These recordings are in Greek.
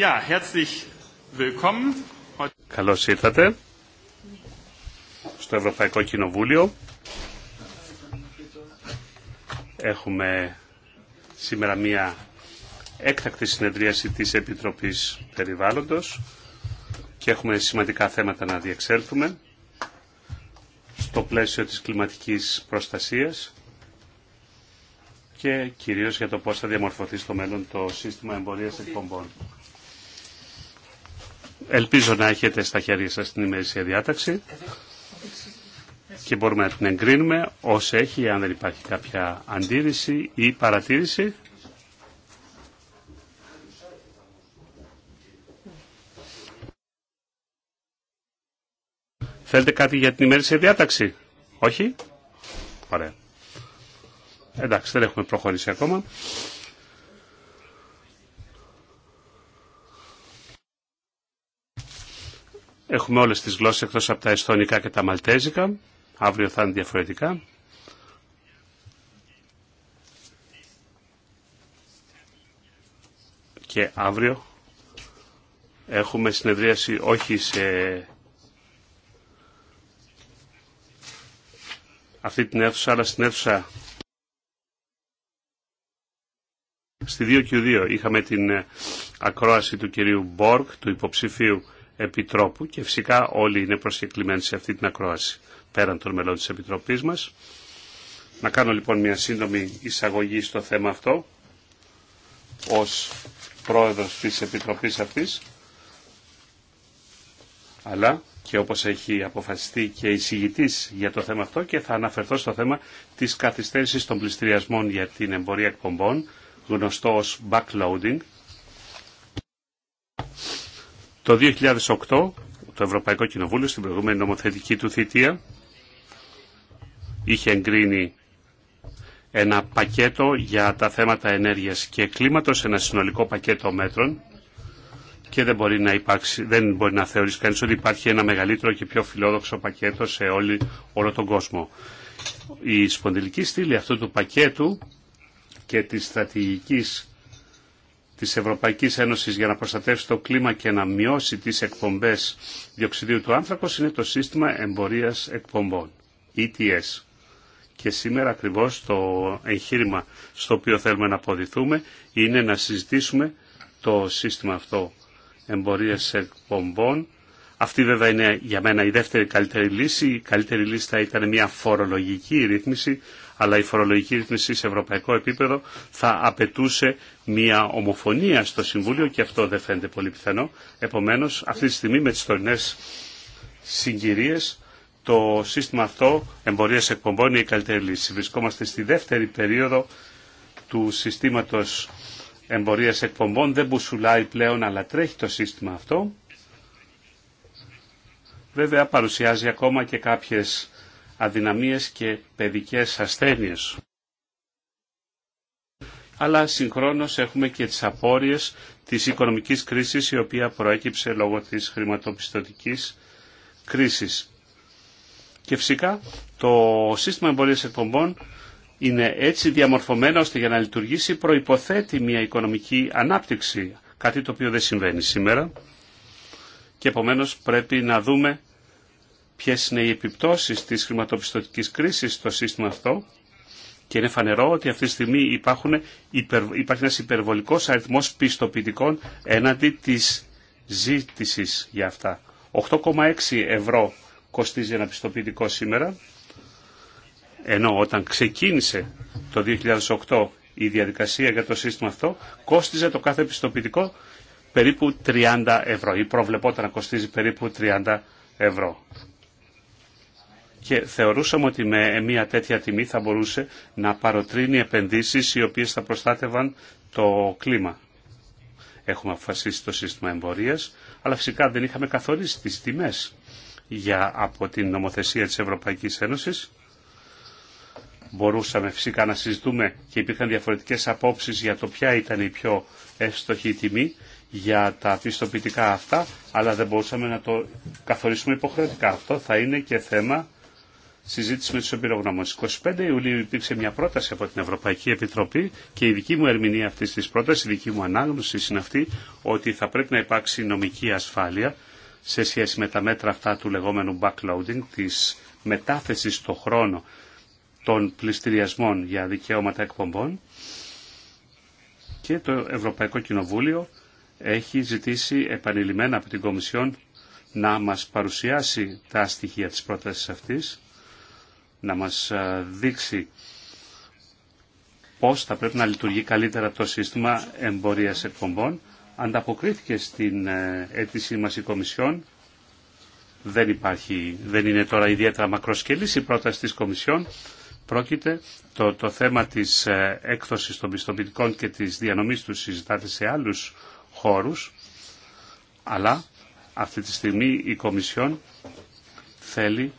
Ja, herzlich willkommen. Καλώς ήρθατε στο Ευρωπαϊκό Κοινοβούλιο. Έχουμε σήμερα μία έκτακτη συνεδρίαση της Επιτροπής Περιβάλλοντος και έχουμε σημαντικά θέματα να διεξέλθουμε στο πλαίσιο της κλιματικής προστασίας και κυρίως για το πώς θα διαμορφωθεί στο μέλλον το σύστημα εμπορίας εκπομπών. Ελπίζω να έχετε στα χέρια σας την ημερήσια διάταξη και μπορούμε να την εγκρίνουμε όσο έχει, αν δεν υπάρχει κάποια αντίρρηση ή παρατήρηση. Θέλετε κάτι για την ημερήσια διάταξη. Όχι. Ωραία. Εντάξει, δεν έχουμε προχωρήσει ακόμα. Έχουμε όλες τις γλώσσες εκτός από τα εσθονικά και τα μαλτέζικα. Αύριο θα είναι διαφορετικά. Και αύριο έχουμε συνεδρίαση όχι σε αυτή την αίθουσα, αλλά στην αίθουσα στη 2Q2 είχαμε την ε, ακρόαση του κυρίου Μπόρκ, του υποψηφίου Επιτρόπου και φυσικά όλοι είναι προσκεκλημένοι σε αυτή την ακρόαση πέραν των μελών της Επιτροπής μας. Να κάνω λοιπόν μια σύντομη εισαγωγή στο θέμα αυτό ως πρόεδρος της Επιτροπής αυτής αλλά και όπως έχει αποφασιστεί και εισηγητής για το θέμα αυτό και θα αναφερθώ στο θέμα της καθυστέρησης των πληστηριασμών για την εμπορία εκπομπών γνωστό ως backloading το 2008 το Ευρωπαϊκό Κοινοβούλιο στην προηγούμενη νομοθετική του θητεία είχε εγκρίνει ένα πακέτο για τα θέματα ενέργειας και κλίματος, ένα συνολικό πακέτο μέτρων και δεν μπορεί να, υπάρξει, δεν μπορεί να θεωρήσει κανείς ότι υπάρχει ένα μεγαλύτερο και πιο φιλόδοξο πακέτο σε όλη, όλο τον κόσμο. Η σπονδυλική στήλη αυτού του πακέτου και της στρατηγικής της Ευρωπαϊκής Ένωσης για να προστατεύσει το κλίμα και να μειώσει τις εκπομπές διοξιδίου του άνθρακος είναι το σύστημα εμπορίας εκπομπών, ETS. Και σήμερα ακριβώς το εγχείρημα στο οποίο θέλουμε να αποδηθούμε είναι να συζητήσουμε το σύστημα αυτό εμπορίας εκπομπών. Αυτή βέβαια είναι για μένα η δεύτερη καλύτερη λύση. Η καλύτερη λύση θα ήταν μια φορολογική ρύθμιση αλλά η φορολογική ρύθμιση σε ευρωπαϊκό επίπεδο θα απαιτούσε μια ομοφωνία στο Συμβούλιο και αυτό δεν φαίνεται πολύ πιθανό. Επομένως, αυτή τη στιγμή με τις τωρινέ συγκυρίες, το σύστημα αυτό εμπορίας εκπομπών είναι η καλύτερη λύση. Βρισκόμαστε στη δεύτερη περίοδο του συστήματος εμπορίας εκπομπών. Δεν μπουσουλάει πλέον, αλλά τρέχει το σύστημα αυτό. Βέβαια παρουσιάζει ακόμα και κάποιες αδυναμίες και παιδικές ασθένειες. Αλλά συγχρόνως έχουμε και τις απόρριες της οικονομικής κρίσης η οποία προέκυψε λόγω της χρηματοπιστωτικής κρίσης. Και φυσικά το σύστημα εμπορίας εκπομπών είναι έτσι διαμορφωμένο ώστε για να λειτουργήσει προϋποθέτει μια οικονομική ανάπτυξη, κάτι το οποίο δεν συμβαίνει σήμερα. Και επομένως πρέπει να δούμε ποιες είναι οι επιπτώσεις της χρηματοπιστωτικής κρίσης στο σύστημα αυτό και είναι φανερό ότι αυτή τη στιγμή υπάρχουν, υπάρχει ένας υπερβολικός αριθμός πιστοποιητικών έναντι της ζήτησης για αυτά. 8,6 ευρώ κοστίζει ένα πιστοποιητικό σήμερα, ενώ όταν ξεκίνησε το 2008 η διαδικασία για το σύστημα αυτό, κόστιζε το κάθε πιστοποιητικό περίπου 30 ευρώ ή προβλεπόταν να κοστίζει περίπου 30 ευρώ και θεωρούσαμε ότι με μια τέτοια τιμή θα μπορούσε να παροτρύνει επενδύσεις οι οποίες θα προστάτευαν το κλίμα. Έχουμε αποφασίσει το σύστημα εμπορίας, αλλά φυσικά δεν είχαμε καθορίσει τις τιμές για, από την νομοθεσία της Ευρωπαϊκής Ένωσης. Μπορούσαμε φυσικά να συζητούμε και υπήρχαν διαφορετικές απόψεις για το ποια ήταν η πιο εύστοχη τιμή για τα πιστοποιητικά αυτά, αλλά δεν μπορούσαμε να το καθορίσουμε υποχρεωτικά. Αυτό θα είναι και θέμα συζήτηση με του εμπειρογνώμου. 25 Ιουλίου υπήρξε μια πρόταση από την Ευρωπαϊκή Επιτροπή και η δική μου ερμηνεία αυτή τη πρόταση, η δική μου ανάγνωση είναι αυτή ότι θα πρέπει να υπάρξει νομική ασφάλεια σε σχέση με τα μέτρα αυτά του λεγόμενου backloading, τη μετάθεση στο χρόνο των πληστηριασμών για δικαιώματα εκπομπών και το Ευρωπαϊκό Κοινοβούλιο έχει ζητήσει επανειλημμένα από την Κομισιόν να μας παρουσιάσει τα στοιχεία της πρότασης αυτής να μας ε, δείξει πώς θα πρέπει να λειτουργεί καλύτερα το σύστημα εμπορίας εκπομπών. Ανταποκρίθηκε στην ε, αίτησή μας η Κομισιόν. Δεν, υπάρχει, δεν είναι τώρα ιδιαίτερα μακροσκελής η πρόταση της Κομισιόν. Πρόκειται το, το θέμα της ε, έκδοσης των πιστοποιητικών και της διανομής του συζητάται σε άλλους χώρους. Αλλά αυτή τη στιγμή η Κομισιόν θέλει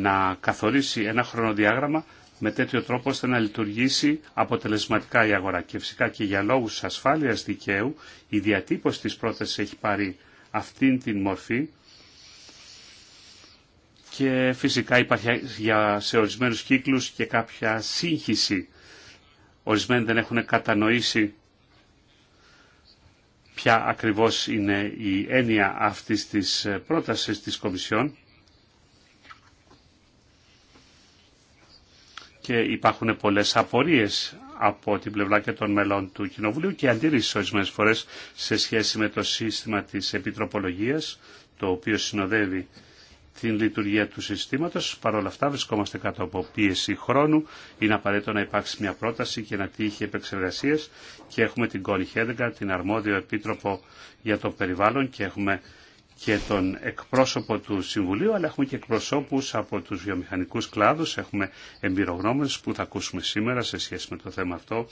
να καθορίσει ένα χρονοδιάγραμμα με τέτοιο τρόπο ώστε να λειτουργήσει αποτελεσματικά η αγορά. Και φυσικά και για λόγους ασφάλειας δικαίου η διατύπωση της πρότασης έχει πάρει αυτήν την μορφή και φυσικά υπάρχει για, σε ορισμένους κύκλους και κάποια σύγχυση. Ορισμένοι δεν έχουν κατανοήσει ποια ακριβώς είναι η έννοια αυτής της πρότασης της Κομισιόν και υπάρχουν πολλές απορίες από την πλευρά και των μελών του Κοινοβουλίου και αντίρρηση ορισμένε φορές σε σχέση με το σύστημα της επιτροπολογίας, το οποίο συνοδεύει την λειτουργία του συστήματος. Παρ' όλα αυτά βρισκόμαστε κάτω από πίεση χρόνου. Είναι απαραίτητο να υπάρξει μια πρόταση και να τύχει επεξεργασίες και έχουμε την Κόνι Χέντεγκα, την αρμόδιο επίτροπο για το περιβάλλον και έχουμε και τον εκπρόσωπο του Συμβουλίου, αλλά έχουμε και εκπροσώπους από τους βιομηχανικούς κλάδους, έχουμε εμπειρογνώμες που θα ακούσουμε σήμερα σε σχέση με το θέμα αυτό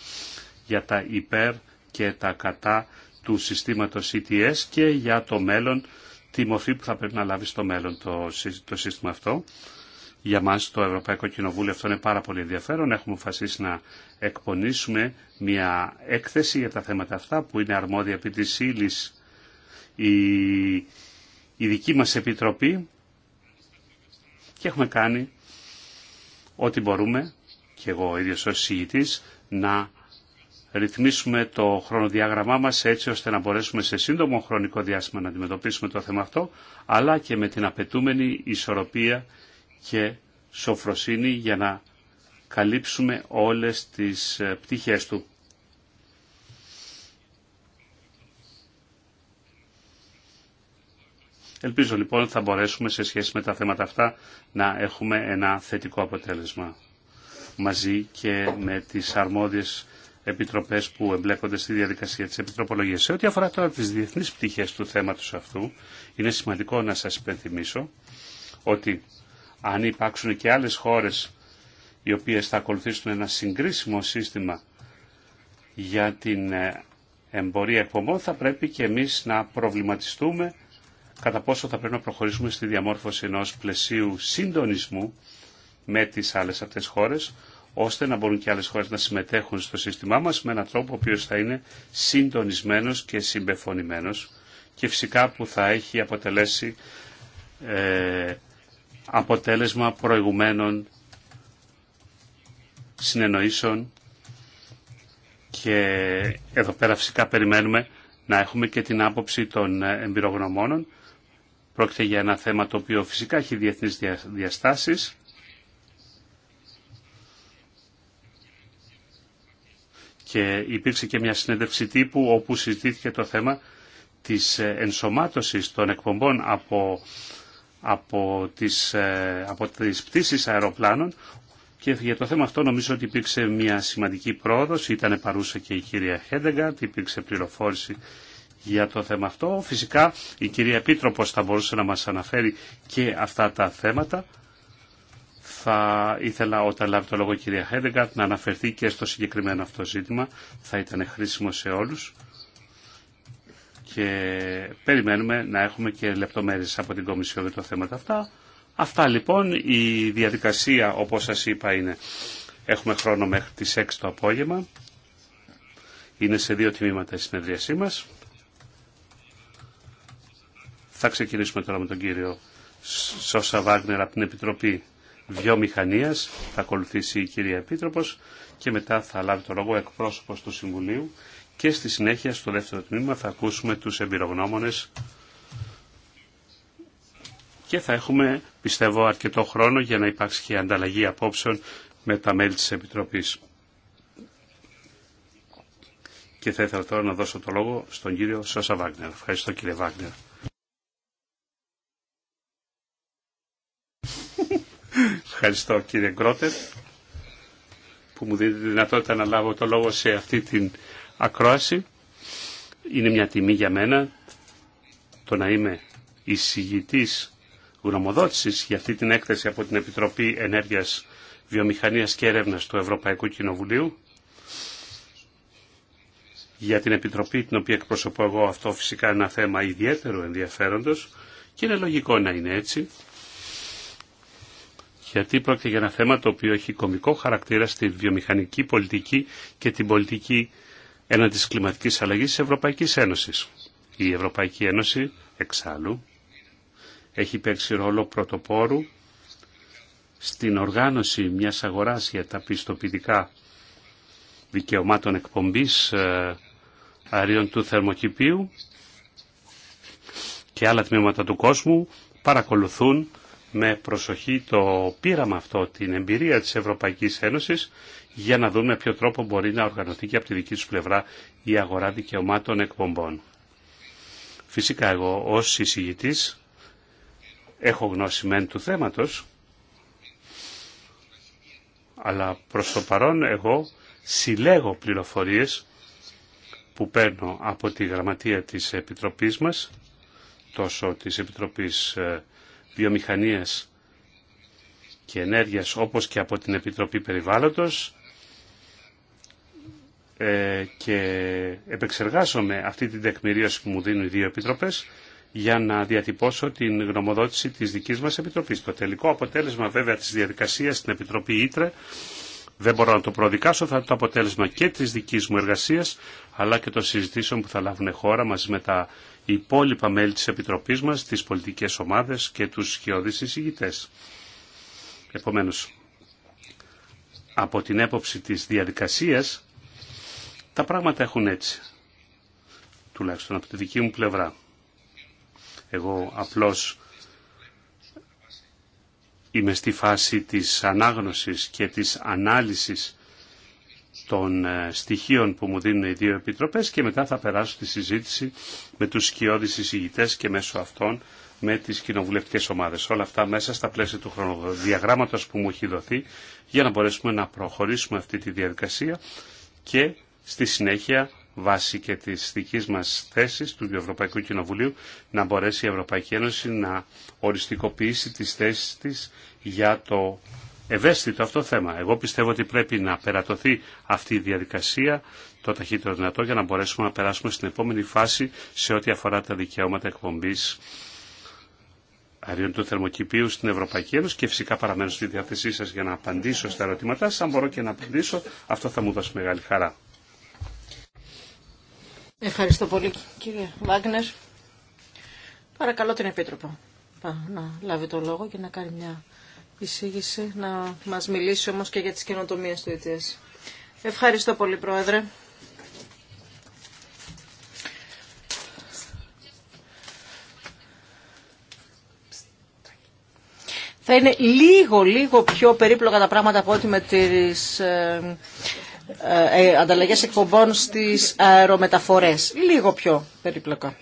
για τα υπέρ και τα κατά του συστήματος ETS και για το μέλλον, τη μορφή που θα πρέπει να λάβει στο μέλλον το, το σύστημα αυτό. Για μας το Ευρωπαϊκό Κοινοβούλιο αυτό είναι πάρα πολύ ενδιαφέρον. Έχουμε αποφασίσει να εκπονήσουμε μια έκθεση για τα θέματα αυτά που είναι αρμόδια επί η η δική μας Επιτροπή και έχουμε κάνει ό,τι μπορούμε και εγώ ο ίδιος ως συγητής να ρυθμίσουμε το χρονοδιάγραμμά μας έτσι ώστε να μπορέσουμε σε σύντομο χρονικό διάστημα να αντιμετωπίσουμε το θέμα αυτό αλλά και με την απαιτούμενη ισορροπία και σοφροσύνη για να καλύψουμε όλες τις ε, πτυχές του. Ελπίζω λοιπόν θα μπορέσουμε σε σχέση με τα θέματα αυτά να έχουμε ένα θετικό αποτέλεσμα μαζί και με τις αρμόδιες επιτροπές που εμπλέκονται στη διαδικασία της επιτροπολογίας. Σε ό,τι αφορά τώρα τις διεθνείς πτυχές του θέματος αυτού, είναι σημαντικό να σας υπενθυμίσω ότι αν υπάρξουν και άλλες χώρες οι οποίες θα ακολουθήσουν ένα συγκρίσιμο σύστημα για την ε, εμπορία εκπομπών, θα πρέπει και εμείς να προβληματιστούμε κατά πόσο θα πρέπει να προχωρήσουμε στη διαμόρφωση ενός πλαισίου συντονισμού με τις άλλες αυτές χώρες, ώστε να μπορούν και άλλες χώρες να συμμετέχουν στο σύστημά μας με έναν τρόπο ο οποίος θα είναι συντονισμένος και συμπεφωνημένος και φυσικά που θα έχει αποτελέσει ε, αποτέλεσμα προηγουμένων συνεννοήσεων και εδώ πέρα φυσικά περιμένουμε να έχουμε και την άποψη των εμπειρογνωμόνων Πρόκειται για ένα θέμα το οποίο φυσικά έχει διεθνείς διαστάσεις και υπήρξε και μια συνέντευξη τύπου όπου συζητήθηκε το θέμα της ε, ενσωμάτωσης των εκπομπών από, από, τις, ε, από τις πτήσεις αεροπλάνων και για το θέμα αυτό νομίζω ότι υπήρξε μια σημαντική πρόοδος, ήταν παρούσα και η κυρία Χέντεγκαρτ, υπήρξε πληροφόρηση για το θέμα αυτό. Φυσικά η κυρία Επίτροπος θα μπορούσε να μας αναφέρει και αυτά τα θέματα. Θα ήθελα όταν λάβει το λόγο η κυρία Χέντεγκαρτ να αναφερθεί και στο συγκεκριμένο αυτό ζήτημα. Θα ήταν χρήσιμο σε όλους και περιμένουμε να έχουμε και λεπτομέρειες από την Κομισιόν για τα θέματα αυτά. Αυτά λοιπόν η διαδικασία όπως σας είπα είναι έχουμε χρόνο μέχρι τις 6 το απόγευμα. Είναι σε δύο τμήματα η συνεδρίασή μας. Θα ξεκινήσουμε τώρα με τον κύριο Σόσα Βάγνερ από την Επιτροπή Βιομηχανίας. Θα ακολουθήσει η κυρία Επίτροπος και μετά θα λάβει το λόγο εκπρόσωπος του Συμβουλίου και στη συνέχεια στο δεύτερο τμήμα θα ακούσουμε τους εμπειρογνώμονες και θα έχουμε, πιστεύω, αρκετό χρόνο για να υπάρξει και ανταλλαγή απόψεων με τα μέλη της Επιτροπής. Και θα ήθελα τώρα να δώσω το λόγο στον κύριο Σόσα Βάγνερ. Ευχαριστώ κύριε Βάγνερ. Ευχαριστώ κύριε Γκρότερ που μου δίνετε τη δυνατότητα να λάβω το λόγο σε αυτή την ακρόαση. Είναι μια τιμή για μένα το να είμαι εισηγητής γνωμοδότησης για αυτή την έκθεση από την Επιτροπή Ενέργειας Βιομηχανίας και Έρευνας του Ευρωπαϊκού Κοινοβουλίου για την Επιτροπή την οποία εκπροσωπώ εγώ αυτό φυσικά είναι ένα θέμα ιδιαίτερο ενδιαφέροντος και είναι λογικό να είναι έτσι γιατί πρόκειται για ένα θέμα το οποίο έχει κομικό χαρακτήρα στη βιομηχανική πολιτική και την πολιτική έναντι της κλιματικής αλλαγής της Ευρωπαϊκής Ένωσης. Η Ευρωπαϊκή Ένωση, εξάλλου, έχει παίξει ρόλο πρωτοπόρου στην οργάνωση μιας αγοράς για τα πιστοποιητικά δικαιωμάτων εκπομπής ε, αερίων του θερμοκηπίου και άλλα τμήματα του κόσμου παρακολουθούν με προσοχή το πείραμα αυτό, την εμπειρία της Ευρωπαϊκής Ένωσης για να δούμε ποιο τρόπο μπορεί να οργανωθεί και από τη δική του πλευρά η αγορά δικαιωμάτων εκπομπών. Φυσικά εγώ ως συζητητής έχω γνώση μεν του θέματος, αλλά προς το παρόν εγώ συλλέγω πληροφορίες που παίρνω από τη γραμματεία της Επιτροπής μας, τόσο της Επιτροπής ε, βιομηχανίας και ενέργειας όπως και από την Επιτροπή Περιβάλλοντος ε, και επεξεργάζομαι αυτή την τεκμηρίωση που μου δίνουν οι δύο επιτροπές για να διατυπώσω την γνωμοδότηση της δικής μας Επιτροπής. Το τελικό αποτέλεσμα βέβαια της διαδικασίας στην Επιτροπή Ήτρε δεν μπορώ να το προδικάσω, θα είναι το αποτέλεσμα και της δικής μου εργασίας, αλλά και των συζητήσεων που θα λάβουν χώρα μαζί με τα υπόλοιπα μέλη της Επιτροπής μας, τις πολιτικές ομάδες και τους σχεώδεις εισηγητές. Επομένως, από την έποψη της διαδικασίας, τα πράγματα έχουν έτσι, τουλάχιστον από τη δική μου πλευρά. Εγώ απλώς είμαι στη φάση της ανάγνωσης και της ανάλυσης των ε, στοιχείων που μου δίνουν οι δύο επιτροπές και μετά θα περάσω τη συζήτηση με τους σκιώδεις εισηγητές και μέσω αυτών με τις κοινοβουλευτικές ομάδες. Όλα αυτά μέσα στα πλαίσια του χρονοδιαγράμματος που μου έχει δοθεί για να μπορέσουμε να προχωρήσουμε αυτή τη διαδικασία και στη συνέχεια βάσει και της δικής μας θέσης του Ευρωπαϊκού Κοινοβουλίου να μπορέσει η Ευρωπαϊκή Ένωση να οριστικοποιήσει τις θέσεις της για το ευαίσθητο αυτό θέμα. Εγώ πιστεύω ότι πρέπει να περατωθεί αυτή η διαδικασία το ταχύτερο δυνατό για να μπορέσουμε να περάσουμε στην επόμενη φάση σε ό,τι αφορά τα δικαιώματα εκπομπής αριών του θερμοκηπίου στην Ευρωπαϊκή Ένωση και φυσικά παραμένω στη διάθεσή σας για να απαντήσω στα ερωτήματά σας. Αν μπορώ και να απαντήσω, αυτό θα μου δώσει μεγάλη χαρά. Ευχαριστώ πολύ κύριε Βάγκνερ. Παρακαλώ την Επίτροπο να λάβει το λόγο και να κάνει μια εισήγηση, να μας μιλήσει όμως και για τις καινοτομίε του ΙΤΕΣ. Ευχαριστώ πολύ Πρόεδρε. Θα είναι λίγο, λίγο πιο περίπλοκα τα πράγματα από ό,τι με τις ε, ε, ε, ανταλλαγές εκπομπών στις αερομεταφορές. Λίγο πιο περίπλοκα.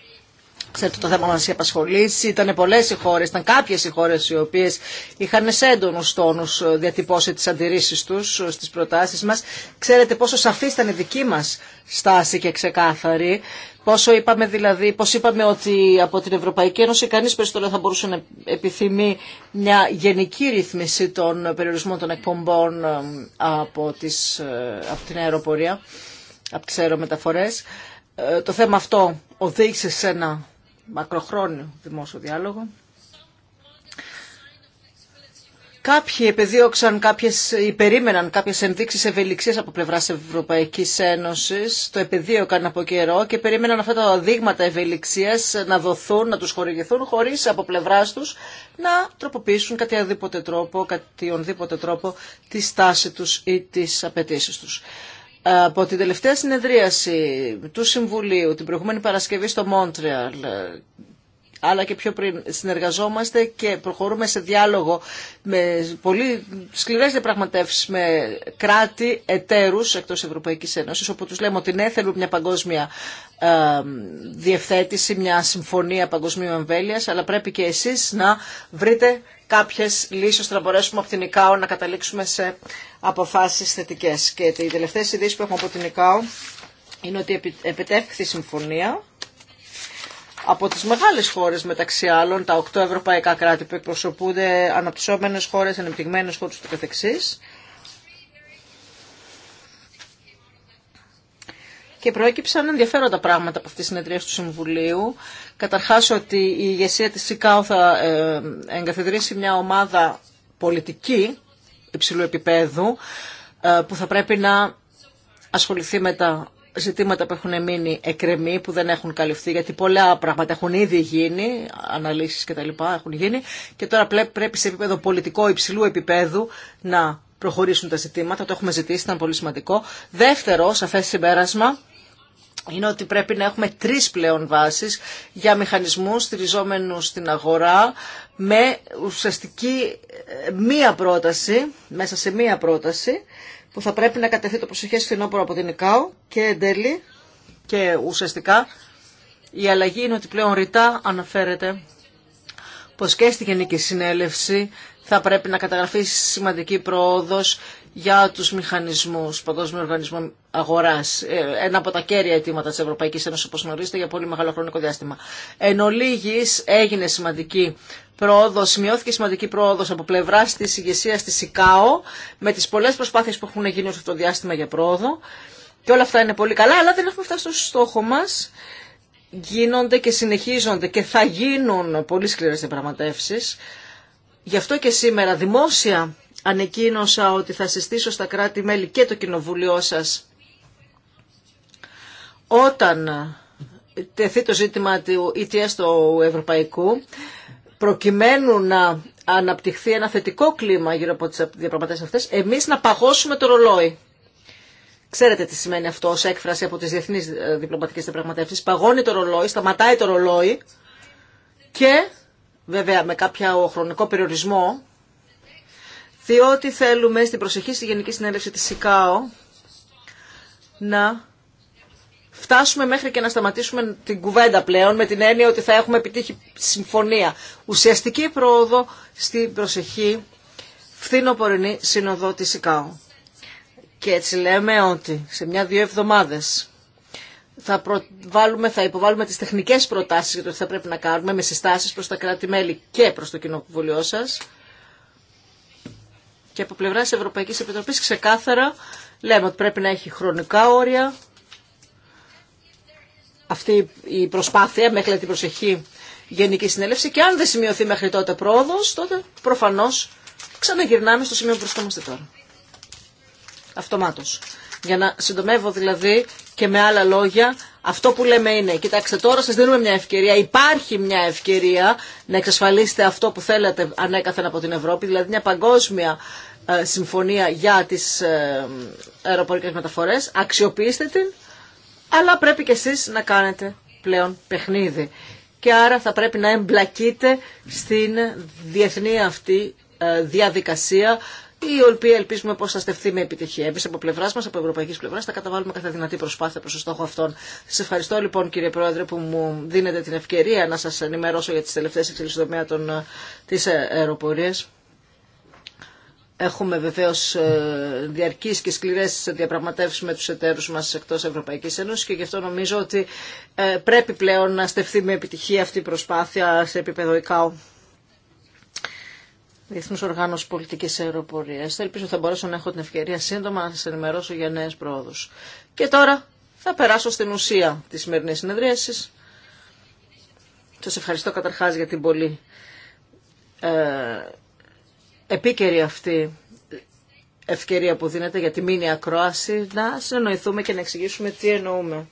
Ξέρετε, το θέμα μας απασχολήσει. Ήταν πολλέ οι χώρε, ήταν κάποιε οι χώρε οι οποίε είχαν σε έντονου τόνου ε, διατυπώσει τι αντιρρήσει του, ε, στι προτάσει μα. Ξέρετε πόσο σαφή ήταν η δική μα στάση και ξεκάθαρη. Πόσο είπαμε δηλαδή, πώς είπαμε ότι από την Ευρωπαϊκή Ένωση κανείς περισσότερο θα μπορούσε να επιθυμεί μια γενική ρύθμιση των περιορισμών των εκπομπών ε, από, τις, από την αεροπορία, από τις αερομεταφορές. Το θέμα αυτό οδήγησε σε ένα μακροχρόνιο δημόσιο διάλογο. Κάποιοι επεδίωξαν, κάποιες, ή περίμεναν κάποιες ενδείξεις ευελιξίας από πλευράς Ευρωπαϊκής Ένωσης, το επεδίωκαν από καιρό και περίμεναν αυτά τα δείγματα ευελιξίας να δοθούν, να τους χορηγηθούν χωρίς από πλευράς τους να τροποποιήσουν κάτι τρόπο, τρόπο τη στάση τους ή τις απαιτήσει τους από την τελευταία συνεδρίαση του Συμβουλίου την προηγούμενη Παρασκευή στο Μόντρεαλ αλλά και πιο πριν συνεργαζόμαστε και προχωρούμε σε διάλογο με πολύ σκληρές διαπραγματεύσεις με κράτη εταίρους εκτός Ευρωπαϊκής Ένωσης όπου τους λέμε ότι ναι θέλουν μια παγκόσμια ε, διευθέτηση, μια συμφωνία παγκοσμίου εμβέλειας αλλά πρέπει και εσείς να βρείτε κάποιες λύσεις ώστε να μπορέσουμε από την ΙΚΑΟ να καταλήξουμε σε αποφάσεις θετικές. Και οι τελευταίες ειδήσει που έχουμε από την ΙΚΑΟ είναι ότι επιτεύχθη συμφωνία από τις μεγάλες χώρες μεταξύ άλλων, τα οκτώ ευρωπαϊκά κράτη που εκπροσωπούνται, αναπτυσσόμενες χώρες, ανεπτυγμένες χώρες του και προέκυψαν ενδιαφέροντα πράγματα από αυτή τη συνεδρία του Συμβουλίου. Καταρχάς ότι η ηγεσία της ΣΥΚΑΟ θα ε, εγκαθιδρύσει μια ομάδα πολιτική υψηλού επίπεδου ε, που θα πρέπει να ασχοληθεί με τα ζητήματα που έχουν μείνει εκρεμή, που δεν έχουν καλυφθεί, γιατί πολλά πράγματα έχουν ήδη γίνει, αναλύσεις και έχουν γίνει, και τώρα πρέπει σε επίπεδο πολιτικό υψηλού επίπεδου να προχωρήσουν τα ζητήματα. Το έχουμε ζητήσει, ήταν πολύ σημαντικό. Δεύτερο, σαφές συμπέρασμα, είναι ότι πρέπει να έχουμε τρεις πλέον βάσεις για μηχανισμούς στηριζόμενους στην αγορά με ουσιαστική ε, μία πρόταση, μέσα σε μία πρόταση που θα πρέπει να κατεθεί το στην φθινόπωρο από την ΕΚΑΟ και εν τέλει και ουσιαστικά η αλλαγή είναι ότι πλέον ρητά αναφέρεται πως και στη Γενική Συνέλευση θα πρέπει να καταγραφεί σημαντική πρόοδος για τους μηχανισμούς, Παγκόσμιο Οργανισμό Αγοράς, ε, ένα από τα κέρια αιτήματα της Ευρωπαϊκής Ένωσης, όπως γνωρίζετε, για πολύ μεγάλο χρονικό διάστημα. Εν ολίγης έγινε σημαντική πρόοδο, σημειώθηκε σημαντική πρόοδο από πλευρά τη ηγεσία τη ΙΚΑΟ, με τι πολλέ προσπάθειε που έχουν γίνει αυτό το διάστημα για πρόοδο. Και όλα αυτά είναι πολύ καλά, αλλά δεν έχουμε φτάσει στο στόχο μα. Γίνονται και συνεχίζονται και θα γίνουν πολύ σκληρέ διαπραγματεύσει Γι' αυτό και σήμερα δημόσια ανεκοίνωσα ότι θα συστήσω στα κράτη-μέλη και το κοινοβούλιο σας όταν τεθεί το ζήτημα του ETS του Ευρωπαϊκού προκειμένου να αναπτυχθεί ένα θετικό κλίμα γύρω από τις διαπραγματεύσεις αυτές, εμείς να παγώσουμε το ρολόι. Ξέρετε τι σημαίνει αυτό ως έκφραση από τις διεθνείς ε, διπλωματικές διαπραγματεύσεις. Παγώνει το ρολόι, σταματάει το ρολόι και βέβαια με κάποιο χρονικό περιορισμό, διότι θέλουμε στην προσεχή στη Γενική Συνέλευση της ΣΥΚΑΟ να φτάσουμε μέχρι και να σταματήσουμε την κουβέντα πλέον με την έννοια ότι θα έχουμε επιτύχει συμφωνία. Ουσιαστική πρόοδο στην προσεχή φθινοπορεινή σύνοδο της ΣΥΚΑΟ. Και έτσι λέμε ότι σε μια-δύο εβδομάδες θα, θα υποβάλουμε τις τεχνικές προτάσεις για το τι θα πρέπει να κάνουμε με συστάσεις προς τα κράτη-μέλη και προς το κοινοβουλίο σας. Και από πλευρά της Ευρωπαϊκής Επιτροπής ξεκάθαρα λέμε ότι πρέπει να έχει χρονικά όρια. Αυτή η προσπάθεια μέχρι την προσεχή Γενική Συνέλευση και αν δεν σημειωθεί μέχρι τότε πρόοδος, τότε προφανώς ξαναγυρνάμε στο σημείο που βρισκόμαστε τώρα. Αυτομάτως. Για να συντομεύω δηλαδή και με άλλα λόγια, αυτό που λέμε είναι, κοιτάξτε τώρα σας δίνουμε μια ευκαιρία, υπάρχει μια ευκαιρία να εξασφαλίσετε αυτό που θέλετε ανέκαθεν από την Ευρώπη, δηλαδή μια παγκόσμια ε, συμφωνία για τις ε, αεροπορικές μεταφορές, αξιοποιήστε την, αλλά πρέπει και εσείς να κάνετε πλέον παιχνίδι. Και άρα θα πρέπει να εμπλακείτε στην διεθνή αυτή ε, διαδικασία η οποία ελπίζουμε πω θα στεφθεί με επιτυχία. Εμεί από πλευρά μα, από ευρωπαϊκή πλευρά, θα καταβάλουμε κάθε δυνατή προσπάθεια προ το στόχο αυτόν. Σα ευχαριστώ λοιπόν κύριε Πρόεδρε που μου δίνετε την ευκαιρία να σα ενημερώσω για τι τελευταίε εξελίξει στον τομέα ε, τη ε, αεροπορία. Έχουμε βεβαίω ε, διαρκεί και σκληρέ διαπραγματεύσει με του εταίρου μα εκτό Ευρωπαϊκή Ένωση και γι' αυτό νομίζω ότι πρέπει πλέον να στεφθεί με επιτυχία αυτή η προσπάθεια σε επίπεδο Διεθνού Οργάνωση Πολιτικής αεροπορία, Ελπίζω θα μπορέσω να έχω την ευκαιρία σύντομα να σα ενημερώσω για νέες πρόοδους. Και τώρα θα περάσω στην ουσία της σημερινή συνεδρίασης. Σα ευχαριστώ καταρχάς για την πολύ ε, επίκαιρη αυτή ευκαιρία που δίνεται για τη μήνυα ακρόαση να συνοηθούμε και να εξηγήσουμε τι εννοούμε.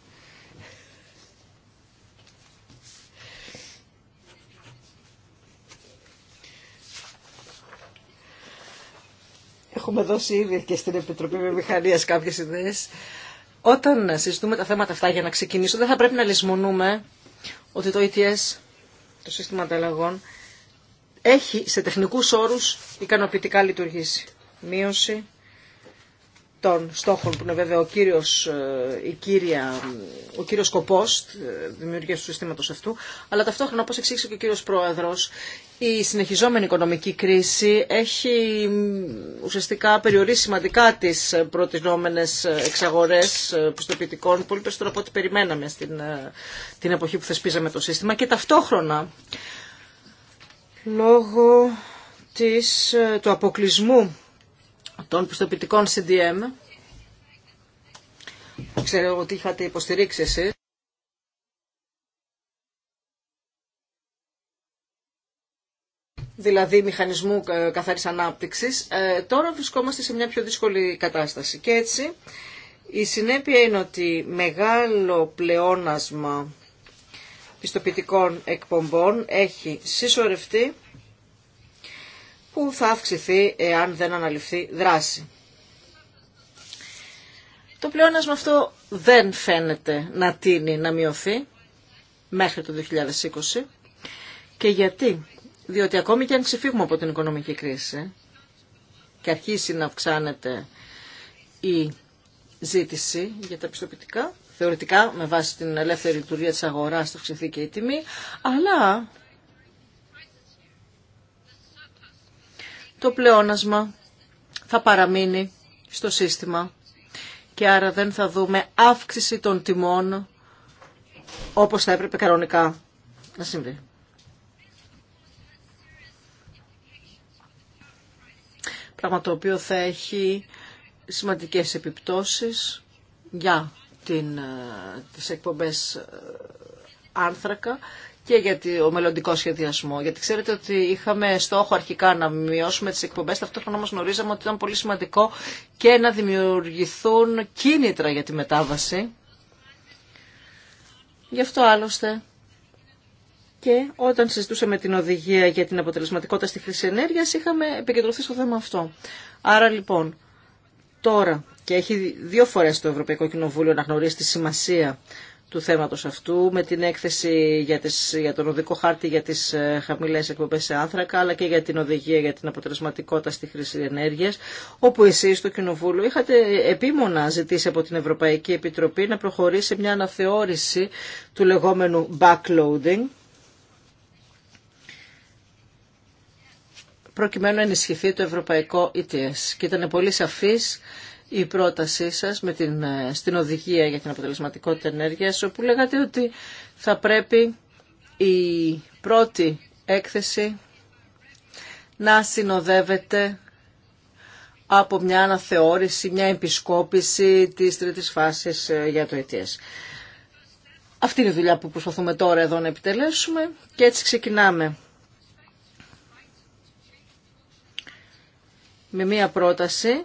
έχουμε δώσει ήδη και στην Επιτροπή Βιομηχανία κάποιε ιδέε. Όταν συζητούμε τα θέματα αυτά για να ξεκινήσω, δεν θα πρέπει να λησμονούμε ότι το ETS, το σύστημα ανταλλαγών, έχει σε τεχνικού όρου ικανοποιητικά λειτουργήσει. Μείωση των στόχων που είναι βέβαια ο κύριος, ε, η κύρια, ο κύριος σκοπός ε, δημιουργίας του συστήματος αυτού, αλλά ταυτόχρονα όπως εξήγησε και ο κύριος Πρόεδρος, η συνεχιζόμενη οικονομική κρίση έχει ουσιαστικά περιορίσει σημαντικά τις προτινόμενες εξαγορές ε, πιστοποιητικών πολύ περισσότερο από ό,τι περιμέναμε στην, την εποχή που θεσπίζαμε το σύστημα και ταυτόχρονα λόγω της, του αποκλεισμού των πιστοποιητικών CDM. Ξέρω ότι είχατε υποστηρίξει εσείς. δηλαδή μηχανισμού ε, καθαρής ανάπτυξης, ε, τώρα βρισκόμαστε σε μια πιο δύσκολη κατάσταση. Και έτσι η συνέπεια είναι ότι μεγάλο πλεόνασμα πιστοποιητικών εκπομπών έχει συσσωρευτεί που θα αυξηθεί εάν δεν αναλυφθεί δράση. Το πλεόνασμα αυτό δεν φαίνεται να τίνει να μειωθεί μέχρι το 2020. Και γιατί. Διότι ακόμη και αν ξεφύγουμε από την οικονομική κρίση και αρχίσει να αυξάνεται η ζήτηση για τα πιστοποιητικά, θεωρητικά με βάση την ελεύθερη λειτουργία της αγοράς θα αυξηθεί και η τιμή, αλλά το πλεόνασμα θα παραμείνει στο σύστημα και άρα δεν θα δούμε αύξηση των τιμών όπως θα έπρεπε κανονικά να συμβεί. Πράγμα το οποίο θα έχει σημαντικές επιπτώσεις για την, ε, τις εκπομπές ε, άνθρακα και για το μελλοντικό σχεδιασμό. Γιατί ξέρετε ότι είχαμε στόχο αρχικά να μειώσουμε τι εκπομπέ ταυτόχρονα όμω γνωρίζαμε ότι ήταν πολύ σημαντικό και να δημιουργηθούν κίνητρα για τη μετάβαση. Γι' αυτό άλλωστε και όταν συζητούσαμε την οδηγία για την αποτελεσματικότητα στη χρήση ενέργεια, είχαμε επικεντρωθεί στο θέμα αυτό. Άρα λοιπόν τώρα και έχει δύο φορέ το Ευρωπαϊκό Κοινοβούλιο να γνωρίσει τη σημασία του θέματος αυτού με την έκθεση για, τις, για τον οδικό χάρτη για τις ε, χαμηλές εκπομπές σε άνθρακα αλλά και για την οδηγία για την αποτελεσματικότητα στη χρήση ενέργειας όπου εσείς στο Κοινοβούλιο είχατε επίμονα ζητήσει από την Ευρωπαϊκή Επιτροπή να προχωρήσει μια αναθεώρηση του λεγόμενου backloading προκειμένου να ενισχυθεί το ευρωπαϊκό ETS. Και ήταν πολύ σαφής η πρότασή σας με την, ε, στην οδηγία για την αποτελεσματικότητα ενέργειας όπου λέγατε ότι θα πρέπει η πρώτη έκθεση να συνοδεύεται από μια αναθεώρηση, μια επισκόπηση της τρίτης φάσης ε, για το ETS. Αυτή είναι η δουλειά που προσπαθούμε τώρα εδώ να επιτελέσουμε και έτσι ξεκινάμε. Με μια πρόταση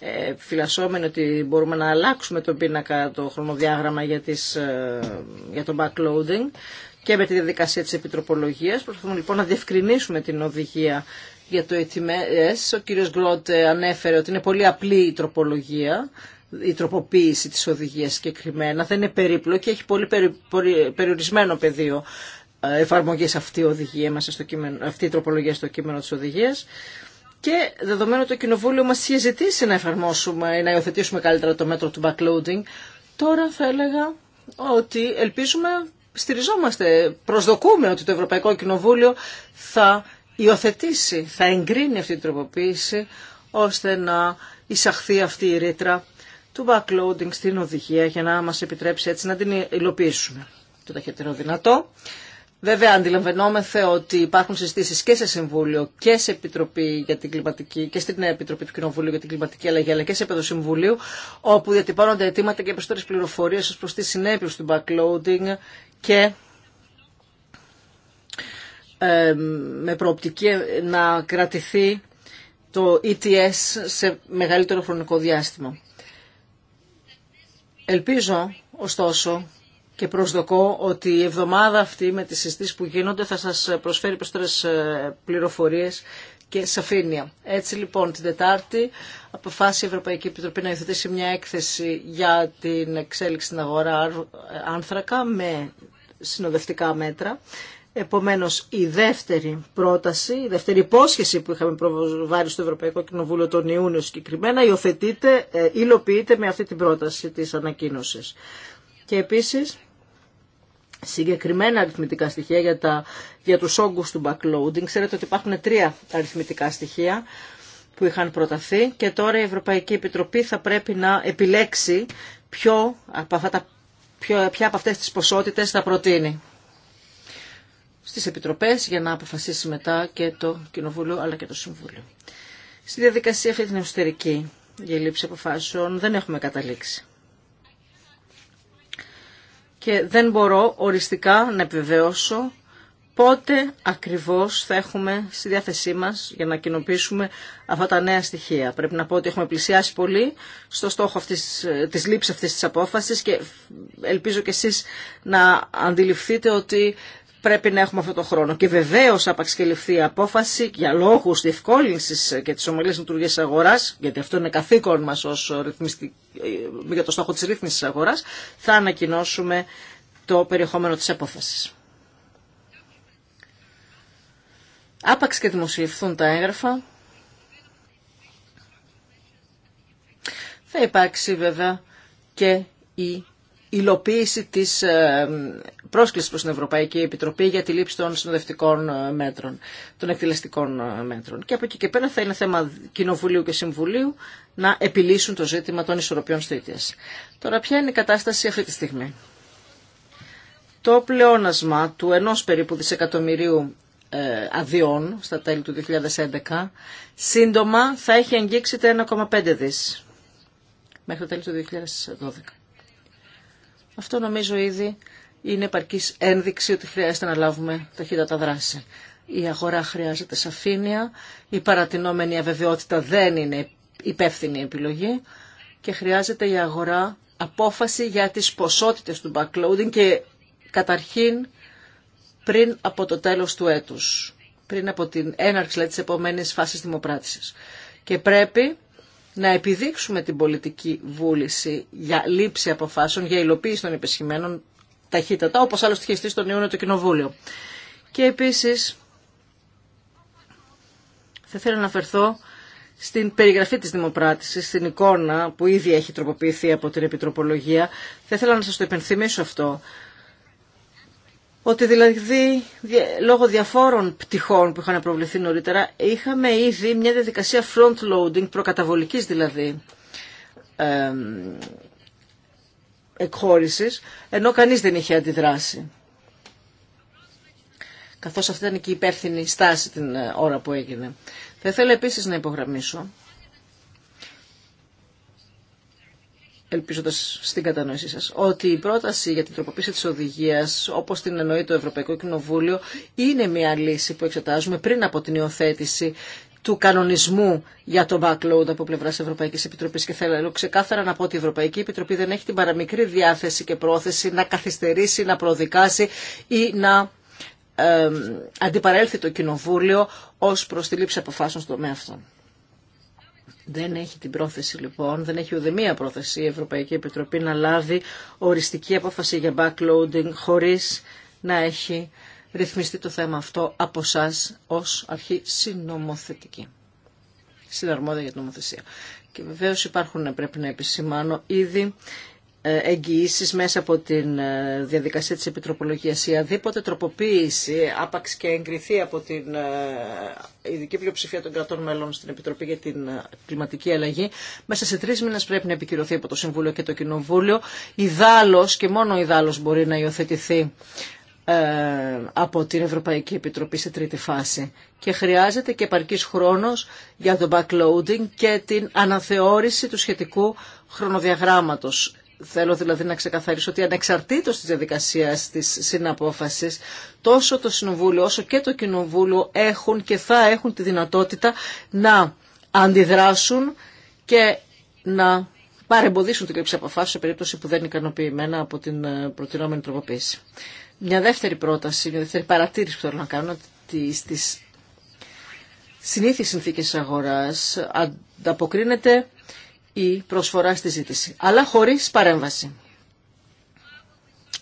ε, φυλασσόμενοι ότι μπορούμε να αλλάξουμε τον πίνακα, το χρονοδιάγραμμα για, τις, ε, για το backloading και με τη διαδικασία της επιτροπολογίας. Προσπαθούμε λοιπόν να διευκρινίσουμε την οδηγία για το ETMS. Ο κύριος Γκλότ ε, ανέφερε ότι είναι πολύ απλή η τροπολογία, η τροποποίηση της οδηγίας συγκεκριμένα. Δεν είναι περίπλοκη, έχει πολύ περιορισμένο πεδίο εφαρμογής αυτή οδηγία μας, αυτή η τροπολογία στο κείμενο της οδηγίας και δεδομένου το κοινοβούλιο μας είχε ζητήσει να εφαρμόσουμε ή να υιοθετήσουμε καλύτερα το μέτρο του backloading, τώρα θα έλεγα ότι ελπίζουμε, στηριζόμαστε, προσδοκούμε ότι το Ευρωπαϊκό Κοινοβούλιο θα υιοθετήσει, θα εγκρίνει αυτή την τροποποίηση ώστε να εισαχθεί αυτή η ρήτρα του backloading στην οδηγία για να μας επιτρέψει έτσι να την υλοποιήσουμε το ταχύτερο δυνατό. Βέβαια, αντιλαμβανόμεθε ότι υπάρχουν συζητήσει και σε Συμβούλιο και σε Επιτροπή για την Κλιματική και στην Επιτροπή του Κοινοβουλίου για την Κλιματική Αλλαγή, αλλά και σε επίπεδο Συμβουλίου, όπου διατυπώνονται αιτήματα και περισσότερε πληροφορίε ω προ τι συνέπειε του backloading και με προοπτική να κρατηθεί το ETS σε μεγαλύτερο χρονικό διάστημα. Ελπίζω, ωστόσο, και προσδοκώ ότι η εβδομάδα αυτή με τις συστήσεις που γίνονται θα σας προσφέρει περισσότερες ε, πληροφορίες και σαφήνεια. Έτσι λοιπόν την Τετάρτη αποφάσισε η Ευρωπαϊκή Επιτροπή να υιοθετήσει μια έκθεση για την εξέλιξη στην αγορά άνθρακα με συνοδευτικά μέτρα. Επομένως η δεύτερη πρόταση, η δεύτερη υπόσχεση που είχαμε προβάρει στο Ευρωπαϊκό Κοινοβούλιο τον Ιούνιο συγκεκριμένα υιοθετείται, ε, υλοποιείται με αυτή την πρόταση της ανακοίνωσης. Και επίσης συγκεκριμένα αριθμητικά στοιχεία για, τα, για τους όγκους του backloading. Ξέρετε ότι υπάρχουν τρία αριθμητικά στοιχεία που είχαν προταθεί και τώρα η Ευρωπαϊκή Επιτροπή θα πρέπει να επιλέξει ποιο από αυτά ποια από αυτές τις ποσότητες θα προτείνει στις επιτροπές για να αποφασίσει μετά και το Κοινοβούλιο αλλά και το Συμβούλιο. Στη διαδικασία αυτή την εσωτερική για λήψη αποφάσεων δεν έχουμε καταλήξει και δεν μπορώ οριστικά να επιβεβαιώσω πότε ακριβώς θα έχουμε στη διάθεσή μας για να κοινοποιήσουμε αυτά τα νέα στοιχεία. Πρέπει να πω ότι έχουμε πλησιάσει πολύ στο στόχο αυτής, της λήψης αυτής της απόφασης και ελπίζω και εσείς να αντιληφθείτε ότι πρέπει να έχουμε αυτό το χρόνο. Και βεβαίω, άπαξ και ληφθεί η απόφαση για λόγου διευκόλυνση και τη ομαλή λειτουργία τη αγορά, γιατί αυτό είναι καθήκον μα ε, για το στόχο τη ρύθμιση τη αγορά, θα ανακοινώσουμε το περιεχόμενο τη απόφαση. Άπαξ και δημοσιευθούν τα έγγραφα. Θα υπάρξει βέβαια και η υλοποίηση της ε, πρόσκλησης προς την Ευρωπαϊκή Επιτροπή για τη λήψη των συνοδευτικών ε, μέτρων, των εκτελεστικών ε, μέτρων. Και από εκεί και πέρα θα είναι θέμα Κοινοβουλίου και Συμβουλίου να επιλύσουν το ζήτημα των ισορροπιών στήτιας. Τώρα ποια είναι η κατάσταση αυτή τη στιγμή. Το πλεόνασμα του ενός περίπου δισεκατομμυρίου αδειών στα τέλη του 2011 σύντομα θα έχει αγγίξει τα 1,5 δις μέχρι το τέλος του 2012. Αυτό νομίζω ήδη είναι επαρκή ένδειξη ότι χρειάζεται να λάβουμε ταχύτατα δράση. Η αγορά χρειάζεται σαφήνεια, η παρατηνόμενη αβεβαιότητα δεν είναι υπεύθυνη επιλογή και χρειάζεται η αγορά απόφαση για τις ποσότητες του backloading και καταρχήν πριν από το τέλος του έτους, πριν από την έναρξη δηλαδή, της επόμενης φάσης δημοπράτησης. Και πρέπει να επιδείξουμε την πολιτική βούληση για λήψη αποφάσεων, για υλοποίηση των υπεσχημένων ταχύτατα, όπως άλλωστε είχε στήσει τον Ιούνιο το Κοινοβούλιο. Και επίσης θα ήθελα να αναφερθώ στην περιγραφή της δημοπράτησης, στην εικόνα που ήδη έχει τροποποιηθεί από την Επιτροπολογία. Θα ήθελα να σας το υπενθυμίσω αυτό ότι δηλαδή λόγω διαφόρων πτυχών που είχαν προβληθεί νωρίτερα είχαμε ήδη μια διαδικασία front-loading, προκαταβολικής δηλαδή, ε, εκχώρησης, ενώ κανείς δεν είχε αντιδράσει. Καθώς αυτή ήταν και η υπεύθυνη στάση την ε, ώρα που έγινε. Θα ήθελα επίσης να υπογραμμίσω ελπίζοντα στην κατανόησή σα, ότι η πρόταση για την τροποποίηση τη οδηγία, όπω την εννοεί το Ευρωπαϊκό Κοινοβούλιο, είναι μια λύση που εξετάζουμε πριν από την υιοθέτηση του κανονισμού για το backload από πλευρά Ευρωπαϊκή Επιτροπή. Και θέλω ξεκάθαρα να πω ότι η Ευρωπαϊκή Επιτροπή δεν έχει την παραμικρή διάθεση και πρόθεση να καθυστερήσει, να προδικάσει ή να ε, αντιπαρέλθει το Κοινοβούλιο ω προ τη λήψη αποφάσεων στον τομέα δεν έχει την πρόθεση λοιπόν, δεν έχει μία πρόθεση η Ευρωπαϊκή Επιτροπή να λάβει οριστική απόφαση για backloading χωρίς να έχει ρυθμιστεί το θέμα αυτό από εσά ως αρχή συνομοθετική. Συναρμόδια για την νομοθεσία. Και βεβαίως υπάρχουν, πρέπει να επισημάνω, ήδη ε, εγγυήσεις μέσα από την ε, διαδικασία της επιτροπολογίας ή αδίποτε τροποποίηση άπαξ και εγκριθεί από την ε, ειδική πλειοψηφία των κρατών μέλων στην Επιτροπή για την Κλιματική Αλλαγή μέσα σε τρεις μήνες πρέπει να επικυρωθεί από το Συμβούλιο και το Κοινοβούλιο ιδάλλως και μόνο ιδάλλως μπορεί να υιοθετηθεί από την Ευρωπαϊκή Επιτροπή σε τρίτη φάση. Και χρειάζεται και επαρκής χρόνος για το backloading και την αναθεώρηση του σχετικού χρονοδιαγράμματος. Θέλω δηλαδή να ξεκαθαρίσω ότι ανεξαρτήτως της διαδικασίας της συναπόφασης, τόσο το Συνοβούλιο όσο και το Κοινοβούλιο έχουν και θα έχουν τη δυνατότητα να αντιδράσουν και να παρεμποδίσουν την κρύψη αποφάσεων σε περίπτωση που δεν είναι ικανοποιημένα από την ε, προτινόμενη τροποποίηση. Μια δεύτερη πρόταση, μια δεύτερη παρατήρηση που θέλω να κάνω, ότι στις συνήθεις συνθήκες αγοράς ανταποκρίνεται η προσφορά στη ζήτηση, αλλά χωρίς παρέμβαση.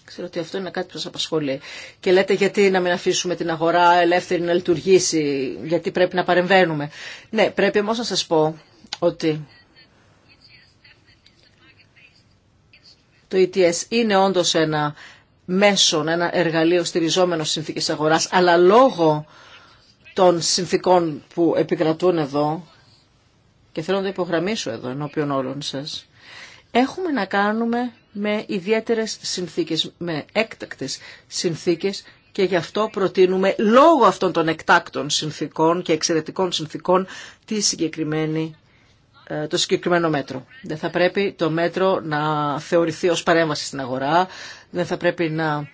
Ξέρω ότι αυτό είναι κάτι που σας απασχολεί. Και λέτε γιατί να μην αφήσουμε την αγορά ελεύθερη να λειτουργήσει, γιατί πρέπει να παρεμβαίνουμε. Ναι, πρέπει όμω να σας πω ότι το ETS είναι όντως ένα μέσο, ένα εργαλείο στηριζόμενο συνθήκες αγοράς, αλλά λόγω των συνθήκων που επικρατούν εδώ, και θέλω να το υπογραμμίσω εδώ ενώπιον όλων σας, έχουμε να κάνουμε με ιδιαίτερες συνθήκες, με έκτακτες συνθήκες και γι' αυτό προτείνουμε λόγω αυτών των εκτάκτων συνθήκων και εξαιρετικών συνθήκων τη συγκεκριμένη ε, το συγκεκριμένο μέτρο. Δεν θα πρέπει το μέτρο να θεωρηθεί ως παρέμβαση στην αγορά, δεν θα πρέπει να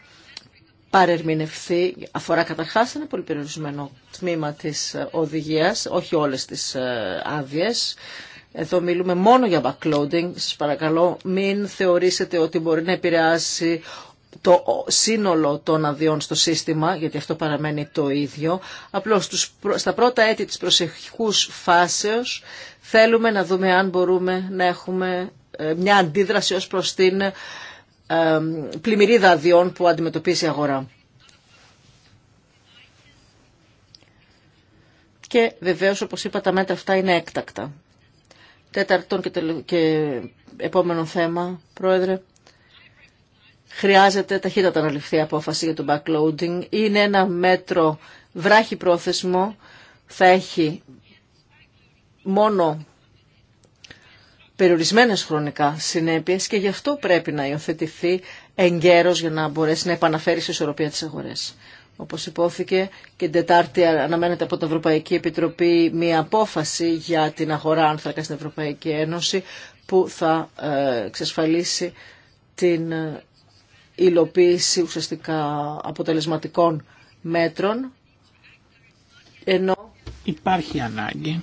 παρερμηνευθεί, αφορά καταρχά ένα πολύ περιορισμένο τμήμα τη ε, οδηγίας, όχι όλες τις ε, άδειε. Εδώ μιλούμε μόνο για backloading. Σας παρακαλώ μην θεωρήσετε ότι μπορεί να επηρεάσει το σύνολο των αδειών στο σύστημα, γιατί αυτό παραμένει το ίδιο. Απλώς στα πρώτα έτη της προσεχικούς φάσεως θέλουμε να δούμε αν μπορούμε να έχουμε ε, μια αντίδραση ως προς την πλημμυρίδα αδειών που αντιμετωπίζει η αγορά. Και βεβαίως, όπως είπα, τα μέτρα αυτά είναι έκτακτα. Τέταρτον και, και επόμενο θέμα, Πρόεδρε. Χρειάζεται ταχύτατα να ληφθεί απόφαση για το backloading. Είναι ένα μέτρο βράχη πρόθεσμο. Θα έχει μόνο περιορισμένες χρονικά συνέπειες και γι' αυτό πρέπει να υιοθετηθεί εγκαίρως για να μπορέσει να επαναφέρει σε ισορροπία τις αγορές. Όπως υπόθηκε και την Τετάρτη αναμένεται από την Ευρωπαϊκή Επιτροπή μία απόφαση για την αγορά άνθρακα στην Ευρωπαϊκή Ένωση που θα ε, εξασφαλίσει την ε, υλοποίηση ουσιαστικά αποτελεσματικών μέτρων ενώ υπάρχει ανάγκη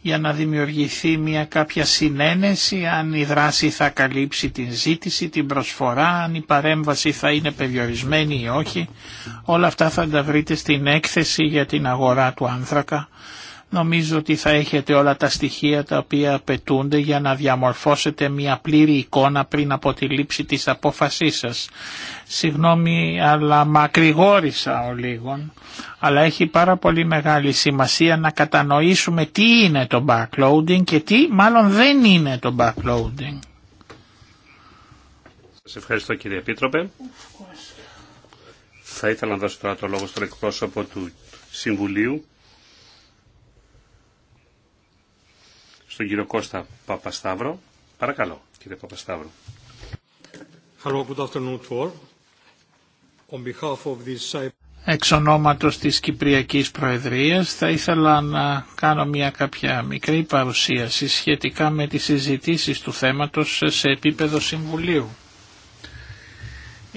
για να δημιουργηθεί μια κάποια συνένεση αν η δράση θα καλύψει την ζήτηση, την προσφορά, αν η παρέμβαση θα είναι περιορισμένη ή όχι. Όλα αυτά θα τα βρείτε στην έκθεση για την αγορά του άνθρακα Νομίζω ότι θα έχετε όλα τα στοιχεία τα οποία απαιτούνται για να διαμορφώσετε μια πλήρη εικόνα πριν από τη λήψη της απόφασής σας. Συγγνώμη, αλλά μακρηγόρησα ο λίγων, αλλά έχει πάρα πολύ μεγάλη σημασία να κατανοήσουμε τι είναι το backloading και τι μάλλον δεν είναι το backloading. Σας ευχαριστώ κύριε Επίτροπε. Θα ήθελα να δώσω τώρα το λόγο στον εκπρόσωπο του Συμβουλίου στον κύριο Κώστα Παπασταύρο. Παρακαλώ, κύριε Παπασταύρο. Hello, good afternoon to On behalf of Εξ ονόματος της Κυπριακής Προεδρίας θα ήθελα να κάνω μια κάποια μικρή παρουσίαση σχετικά με τις συζητήσεις του θέματος σε επίπεδο Συμβουλίου.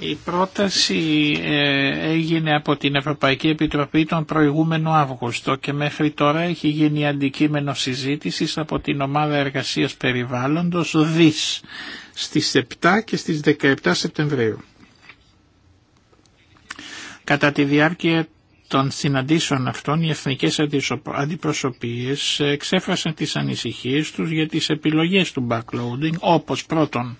Η πρόταση ε, έγινε από την Ευρωπαϊκή Επιτροπή τον προηγούμενο Αύγουστο και μέχρι τώρα έχει γίνει αντικείμενο συζήτησης από την Ομάδα Εργασίας Περιβάλλοντος ΔΙΣ στις 7 και στις 17 Σεπτεμβρίου. Κατά τη διάρκεια των συναντήσεων αυτών οι εθνικές αντιπροσωπείες εξέφρασαν τις ανησυχίες τους για τις επιλογές του backloading όπως πρώτον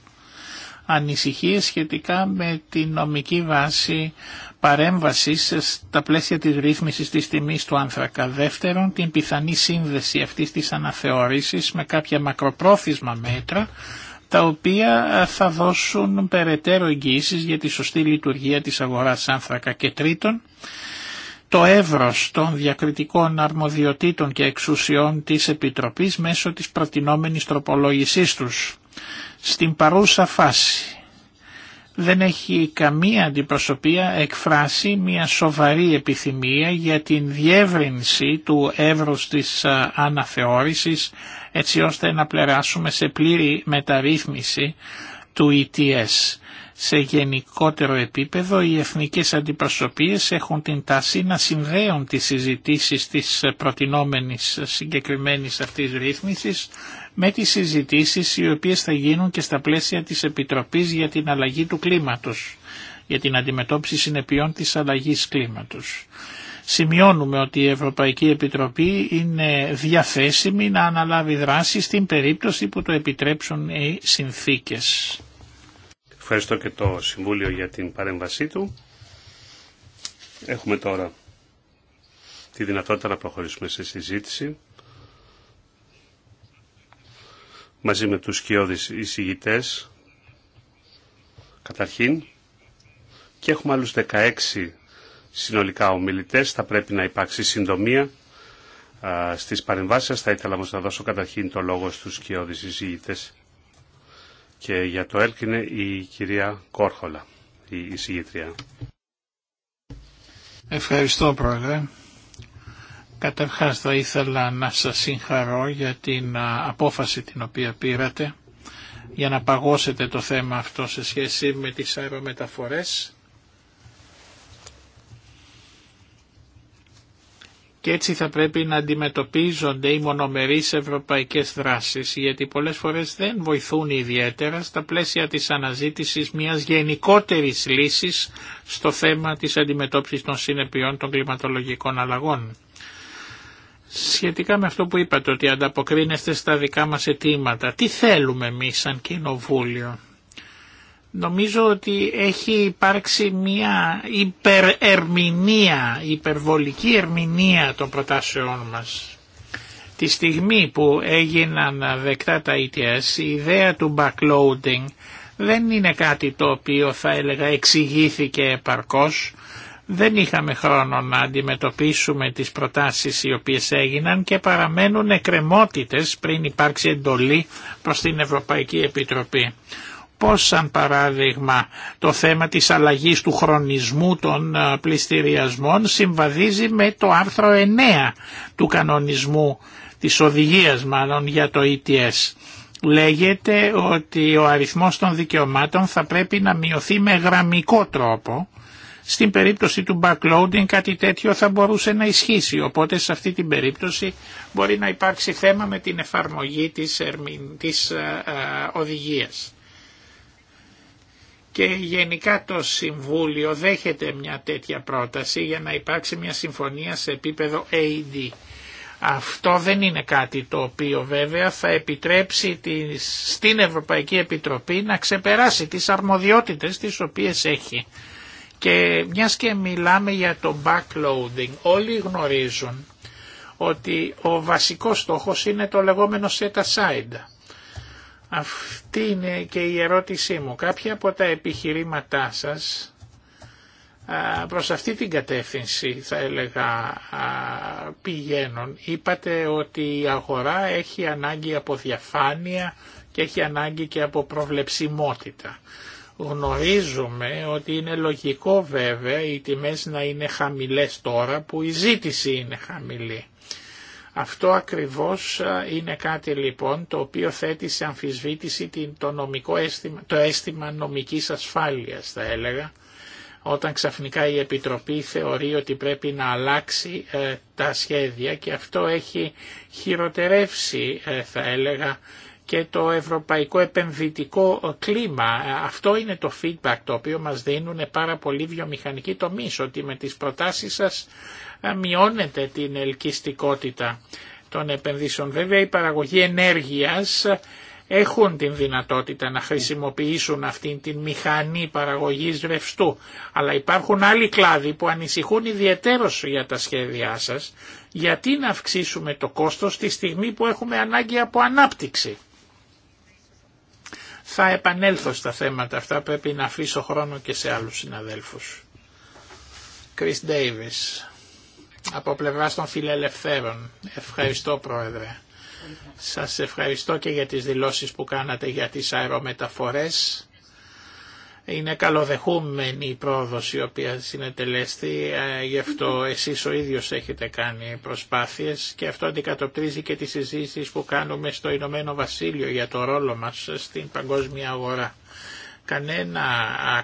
ανησυχίε σχετικά με τη νομική βάση παρέμβασης στα πλαίσια της ρύθμιση της τιμή του άνθρακα. Δεύτερον, την πιθανή σύνδεση αυτή της αναθεώρησης με κάποια μακροπρόθεσμα μέτρα τα οποία θα δώσουν περαιτέρω εγγυήσει για τη σωστή λειτουργία της αγοράς άνθρακα. Και τρίτον, το εύρος των διακριτικών αρμοδιοτήτων και εξουσιών της Επιτροπής μέσω της προτινόμενης τροπολόγησής τους. Στην παρούσα φάση δεν έχει καμία αντιπροσωπεία εκφράσει μια σοβαρή επιθυμία για την διεύρυνση του εύρους της αναθεώρησης έτσι ώστε να πλεράσουμε σε πλήρη μεταρρύθμιση του ETS. Σε γενικότερο επίπεδο οι εθνικές αντιπροσωπείες έχουν την τάση να συνδέουν τις συζητήσεις της προτινόμενης συγκεκριμένης αυτής ρύθμισης με τις συζητήσεις οι οποίες θα γίνουν και στα πλαίσια της Επιτροπής για την αλλαγή του κλίματος, για την αντιμετώπιση συνεπειών της αλλαγής κλίματος. Σημειώνουμε ότι η Ευρωπαϊκή Επιτροπή είναι διαθέσιμη να αναλάβει δράση στην περίπτωση που το επιτρέψουν οι συνθήκες. Ευχαριστώ και το Συμβούλιο για την παρέμβασή του. Έχουμε τώρα τη δυνατότητα να προχωρήσουμε σε συζήτηση. μαζί με τους σκιώδεις εισηγητέ καταρχήν και έχουμε άλλους 16 συνολικά ομιλητές. Θα πρέπει να υπάρξει συντομία στις παρεμβάσεις. Θα ήθελα όμως να δώσω καταρχήν το λόγο στους σκιώδεις εισηγητέ. Και για το ΕΛΚ η κυρία Κόρχολα, η εισηγητρία. Ευχαριστώ πρόεδρε. Καταρχάς θα ήθελα να σας συγχαρώ για την απόφαση την οποία πήρατε για να παγώσετε το θέμα αυτό σε σχέση με τις αερομεταφορές. Και έτσι θα πρέπει να αντιμετωπίζονται οι μονομερείς ευρωπαϊκές δράσεις, γιατί πολλές φορές δεν βοηθούν ιδιαίτερα στα πλαίσια της αναζήτησης μιας γενικότερης λύσης στο θέμα της αντιμετώπισης των συνεπειών των κλιματολογικών αλλαγών σχετικά με αυτό που είπατε ότι ανταποκρίνεστε στα δικά μας αιτήματα. Τι θέλουμε εμείς σαν κοινοβούλιο. Νομίζω ότι έχει υπάρξει μια υπερερμηνεία, υπερβολική ερμηνεία των προτάσεών μας. Τη στιγμή που έγιναν δεκτά τα ETS, η ιδέα του backloading δεν είναι κάτι το οποίο θα έλεγα εξηγήθηκε επαρκώς δεν είχαμε χρόνο να αντιμετωπίσουμε τις προτάσεις οι οποίες έγιναν και παραμένουν εκκρεμότητες πριν υπάρξει εντολή προς την Ευρωπαϊκή Επιτροπή. Πώς σαν παράδειγμα το θέμα της αλλαγής του χρονισμού των ε, πληστηριασμών συμβαδίζει με το άρθρο 9 του κανονισμού της οδηγίας μάλλον για το ETS. Λέγεται ότι ο αριθμός των δικαιωμάτων θα πρέπει να μειωθεί με γραμμικό τρόπο στην περίπτωση του backloading κάτι τέτοιο θα μπορούσε να ισχύσει, οπότε σε αυτή την περίπτωση μπορεί να υπάρξει θέμα με την εφαρμογή της, της ε, ε, οδηγίας. Και γενικά το Συμβούλιο δέχεται μια τέτοια πρόταση για να υπάρξει μια συμφωνία σε επίπεδο AD. Αυτό δεν είναι κάτι το οποίο βέβαια θα επιτρέψει στην Ευρωπαϊκή Επιτροπή να ξεπεράσει τις αρμοδιότητες τις οποίες έχει. Και μιας και μιλάμε για το backloading, όλοι γνωρίζουν ότι ο βασικός στόχος είναι το λεγόμενο set aside. Αυτή είναι και η ερώτησή μου. Κάποια από τα επιχειρήματά σας προς αυτή την κατεύθυνση θα έλεγα πηγαίνουν. Είπατε ότι η αγορά έχει ανάγκη από διαφάνεια και έχει ανάγκη και από προβλεψιμότητα. Γνωρίζουμε ότι είναι λογικό βέβαια οι τιμές να είναι χαμηλές τώρα που η ζήτηση είναι χαμηλή. Αυτό ακριβώς είναι κάτι λοιπόν το οποίο θέτει σε αμφισβήτηση το, νομικό αίσθημα, το αίσθημα νομικής ασφάλειας θα έλεγα όταν ξαφνικά η Επιτροπή θεωρεί ότι πρέπει να αλλάξει ε, τα σχέδια και αυτό έχει χειροτερεύσει ε, θα έλεγα και το ευρωπαϊκό επενδυτικό κλίμα. Αυτό είναι το feedback το οποίο μας δίνουν πάρα πολλοί βιομηχανικοί τομείς, ότι με τις προτάσεις σας ε, μειώνεται την ελκυστικότητα των επενδύσεων. Βέβαια η παραγωγή ενέργειας ε, έχουν την δυνατότητα να χρησιμοποιήσουν αυτήν την μηχανή παραγωγής ρευστού. Αλλά υπάρχουν άλλοι κλάδοι που ανησυχούν ιδιαίτερως για τα σχέδιά σας. Γιατί να αυξήσουμε το κόστος τη στιγμή που έχουμε ανάγκη από ανάπτυξη. Θα επανέλθω στα θέματα αυτά, πρέπει να αφήσω χρόνο και σε άλλους συναδέλφους. Chris Davis, από πλευρά των φιλελευθέρων, ευχαριστώ Πρόεδρε. Σας ευχαριστώ και για τις δηλώσεις που κάνατε για τις αερομεταφορές. Είναι καλοδεχούμενη η πρόοδος η οποία συνετελέστη, ε, γι' αυτό εσείς ο ίδιος έχετε κάνει προσπάθειες και αυτό αντικατοπτρίζει και τις συζήτησεις που κάνουμε στο Ηνωμένο Βασίλειο για το ρόλο μας στην παγκόσμια αγορά. Κανένα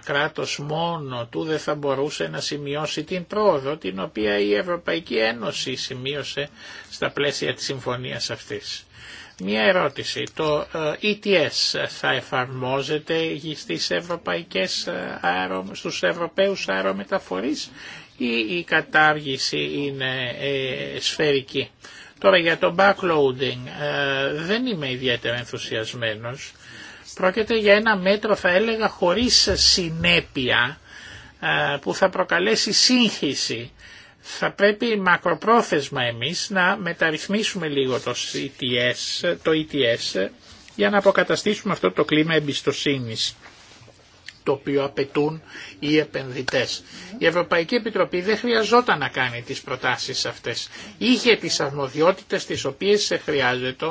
κράτος μόνο του δεν θα μπορούσε να σημειώσει την πρόοδο την οποία η Ευρωπαϊκή Ένωση σημείωσε στα πλαίσια της συμφωνίας αυτής. Μία ερώτηση. Το ε, ETS θα εφαρμόζεται στις ευρωπαϊκές, ε, στους ευρωπαίους αερομεταφορείς ή η κατάργηση είναι ε, σφαιρική. Τώρα για το backloading δεν είμαι ιδιαίτερα ενθουσιασμένος. Πρόκειται για ένα μέτρο θα έλεγα χωρίς συνέπεια που θα προκαλέσει σύγχυση θα πρέπει μακροπρόθεσμα εμείς να μεταρρυθμίσουμε λίγο το ETS, το ETS για να αποκαταστήσουμε αυτό το κλίμα εμπιστοσύνης το οποίο απαιτούν οι επενδυτές. Η Ευρωπαϊκή Επιτροπή δεν χρειαζόταν να κάνει τις προτάσεις αυτές. Είχε τις αρμοδιότητες τις οποίες χρειάζεται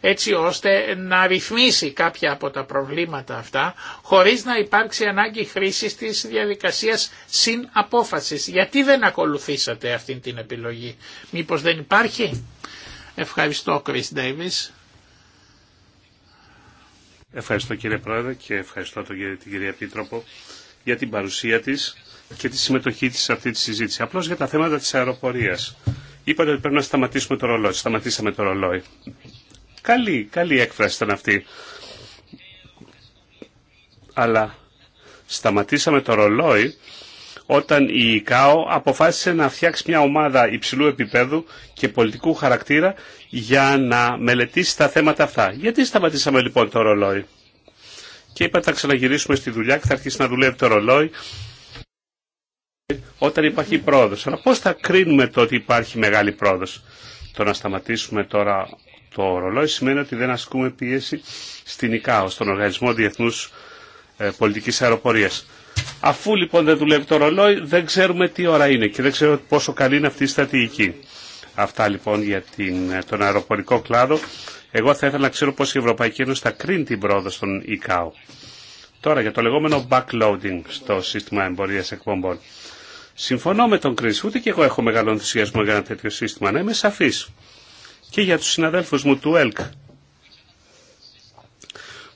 έτσι ώστε να ρυθμίσει κάποια από τα προβλήματα αυτά χωρίς να υπάρξει ανάγκη χρήσης της διαδικασίας συν απόφασης. Γιατί δεν ακολουθήσατε αυτή την επιλογή. Μήπως δεν υπάρχει. Ευχαριστώ Chris Davis. Ευχαριστώ κύριε Πρόεδρε και ευχαριστώ τον, την κυρία Επίτροπο για την παρουσία της και τη συμμετοχή της σε αυτή τη συζήτηση. Απλώς για τα θέματα της αεροπορίας. Είπατε ότι πρέπει να σταματήσουμε το ρολόι. Σταματήσαμε το ρολόι. Καλή, καλή έκφραση ήταν αυτή. Αλλά σταματήσαμε το ρολόι όταν η ΙΚΑΟ αποφάσισε να φτιάξει μια ομάδα υψηλού επίπεδου και πολιτικού χαρακτήρα για να μελετήσει τα θέματα αυτά. Γιατί σταματήσαμε λοιπόν το ρολόι. Και είπα θα ξαναγυρίσουμε στη δουλειά και θα αρχίσει να δουλεύει το ρολόι όταν υπάρχει πρόοδος. Αλλά πώς θα κρίνουμε το ότι υπάρχει μεγάλη πρόοδος. Το να σταματήσουμε τώρα το ρολόι σημαίνει ότι δεν ασκούμε πίεση στην ΙΚΑΟ, στον Οργανισμό Διεθνούς ε, Πολιτικής Αεροπορίας. Αφού λοιπόν δεν δουλεύει το ρολόι, δεν ξέρουμε τι ώρα είναι και δεν ξέρω πόσο καλή είναι αυτή η στρατηγική. Αυτά λοιπόν για την, τον αεροπορικό κλάδο. Εγώ θα ήθελα να ξέρω πώς η Ευρωπαϊκή Ένωση θα κρίνει την πρόοδο στον ΙΚΑΟ. Τώρα για το λεγόμενο backloading στο σύστημα εμπορίας εκπομπών. Συμφωνώ με τον Κρίς, ούτε και εγώ έχω μεγάλο ενθουσιασμό για ένα τέτοιο σύστημα, να είμαι σαφής. Και για τους συναδέλφους μου του ΕΛΚ,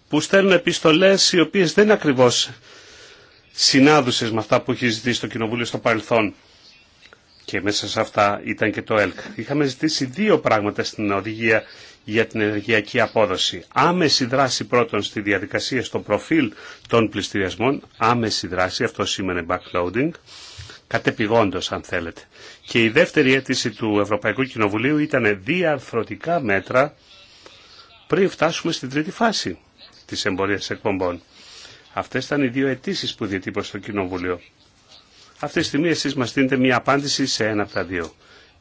που στέλνουν επιστολές οι οποίες δεν ακριβώ συνάδουσες με αυτά που είχε ζητήσει το Κοινοβούλιο στο παρελθόν. Και μέσα σε αυτά ήταν και το ΕΛΚ. Είχαμε ζητήσει δύο πράγματα στην οδηγία για την ενεργειακή απόδοση. Άμεση δράση πρώτον στη διαδικασία, στο προφίλ των πληστηριασμών. Άμεση δράση, αυτό σήμαινε backloading, κατεπηγόντως αν θέλετε. Και η δεύτερη αίτηση του Ευρωπαϊκού Κοινοβουλίου ήταν διαρθρωτικά μέτρα πριν φτάσουμε στην τρίτη φάση της εμπορίας εκπομπών. Αυτέ ήταν οι δύο αιτήσει που διατύπωσε το Κοινοβούλιο. Αυτή τη στιγμή εσείς μας δίνετε μία απάντηση σε ένα από τα δύο.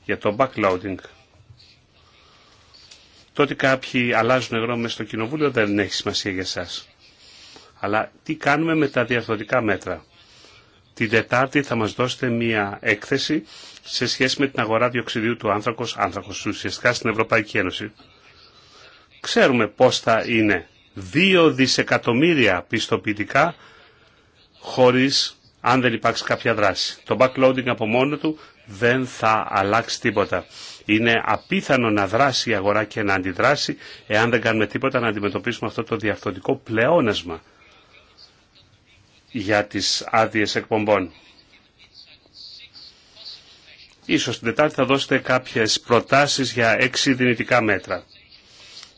Για το backloading. Το ότι κάποιοι αλλάζουν γνώμη στο Κοινοβούλιο δεν έχει σημασία για εσά. Αλλά τι κάνουμε με τα διαφορετικά μέτρα. Την Δετάρτη θα μας δώσετε μία έκθεση σε σχέση με την αγορά διοξιδίου του άνθρακος, άνθρακος ουσιαστικά στην Ευρωπαϊκή Ένωση. Ξέρουμε πώς θα είναι Δύο δισεκατομμύρια πιστοποιητικά χωρίς αν δεν υπάρξει κάποια δράση. Το backloading από μόνο του δεν θα αλλάξει τίποτα. Είναι απίθανο να δράσει η αγορά και να αντιδράσει εάν δεν κάνουμε τίποτα να αντιμετωπίσουμε αυτό το διαφθορτικό πλεόνασμα για τις άδειε εκπομπών. Ίσως την Τετάρτη θα δώσετε κάποιες προτάσεις για έξι δυνητικά μέτρα.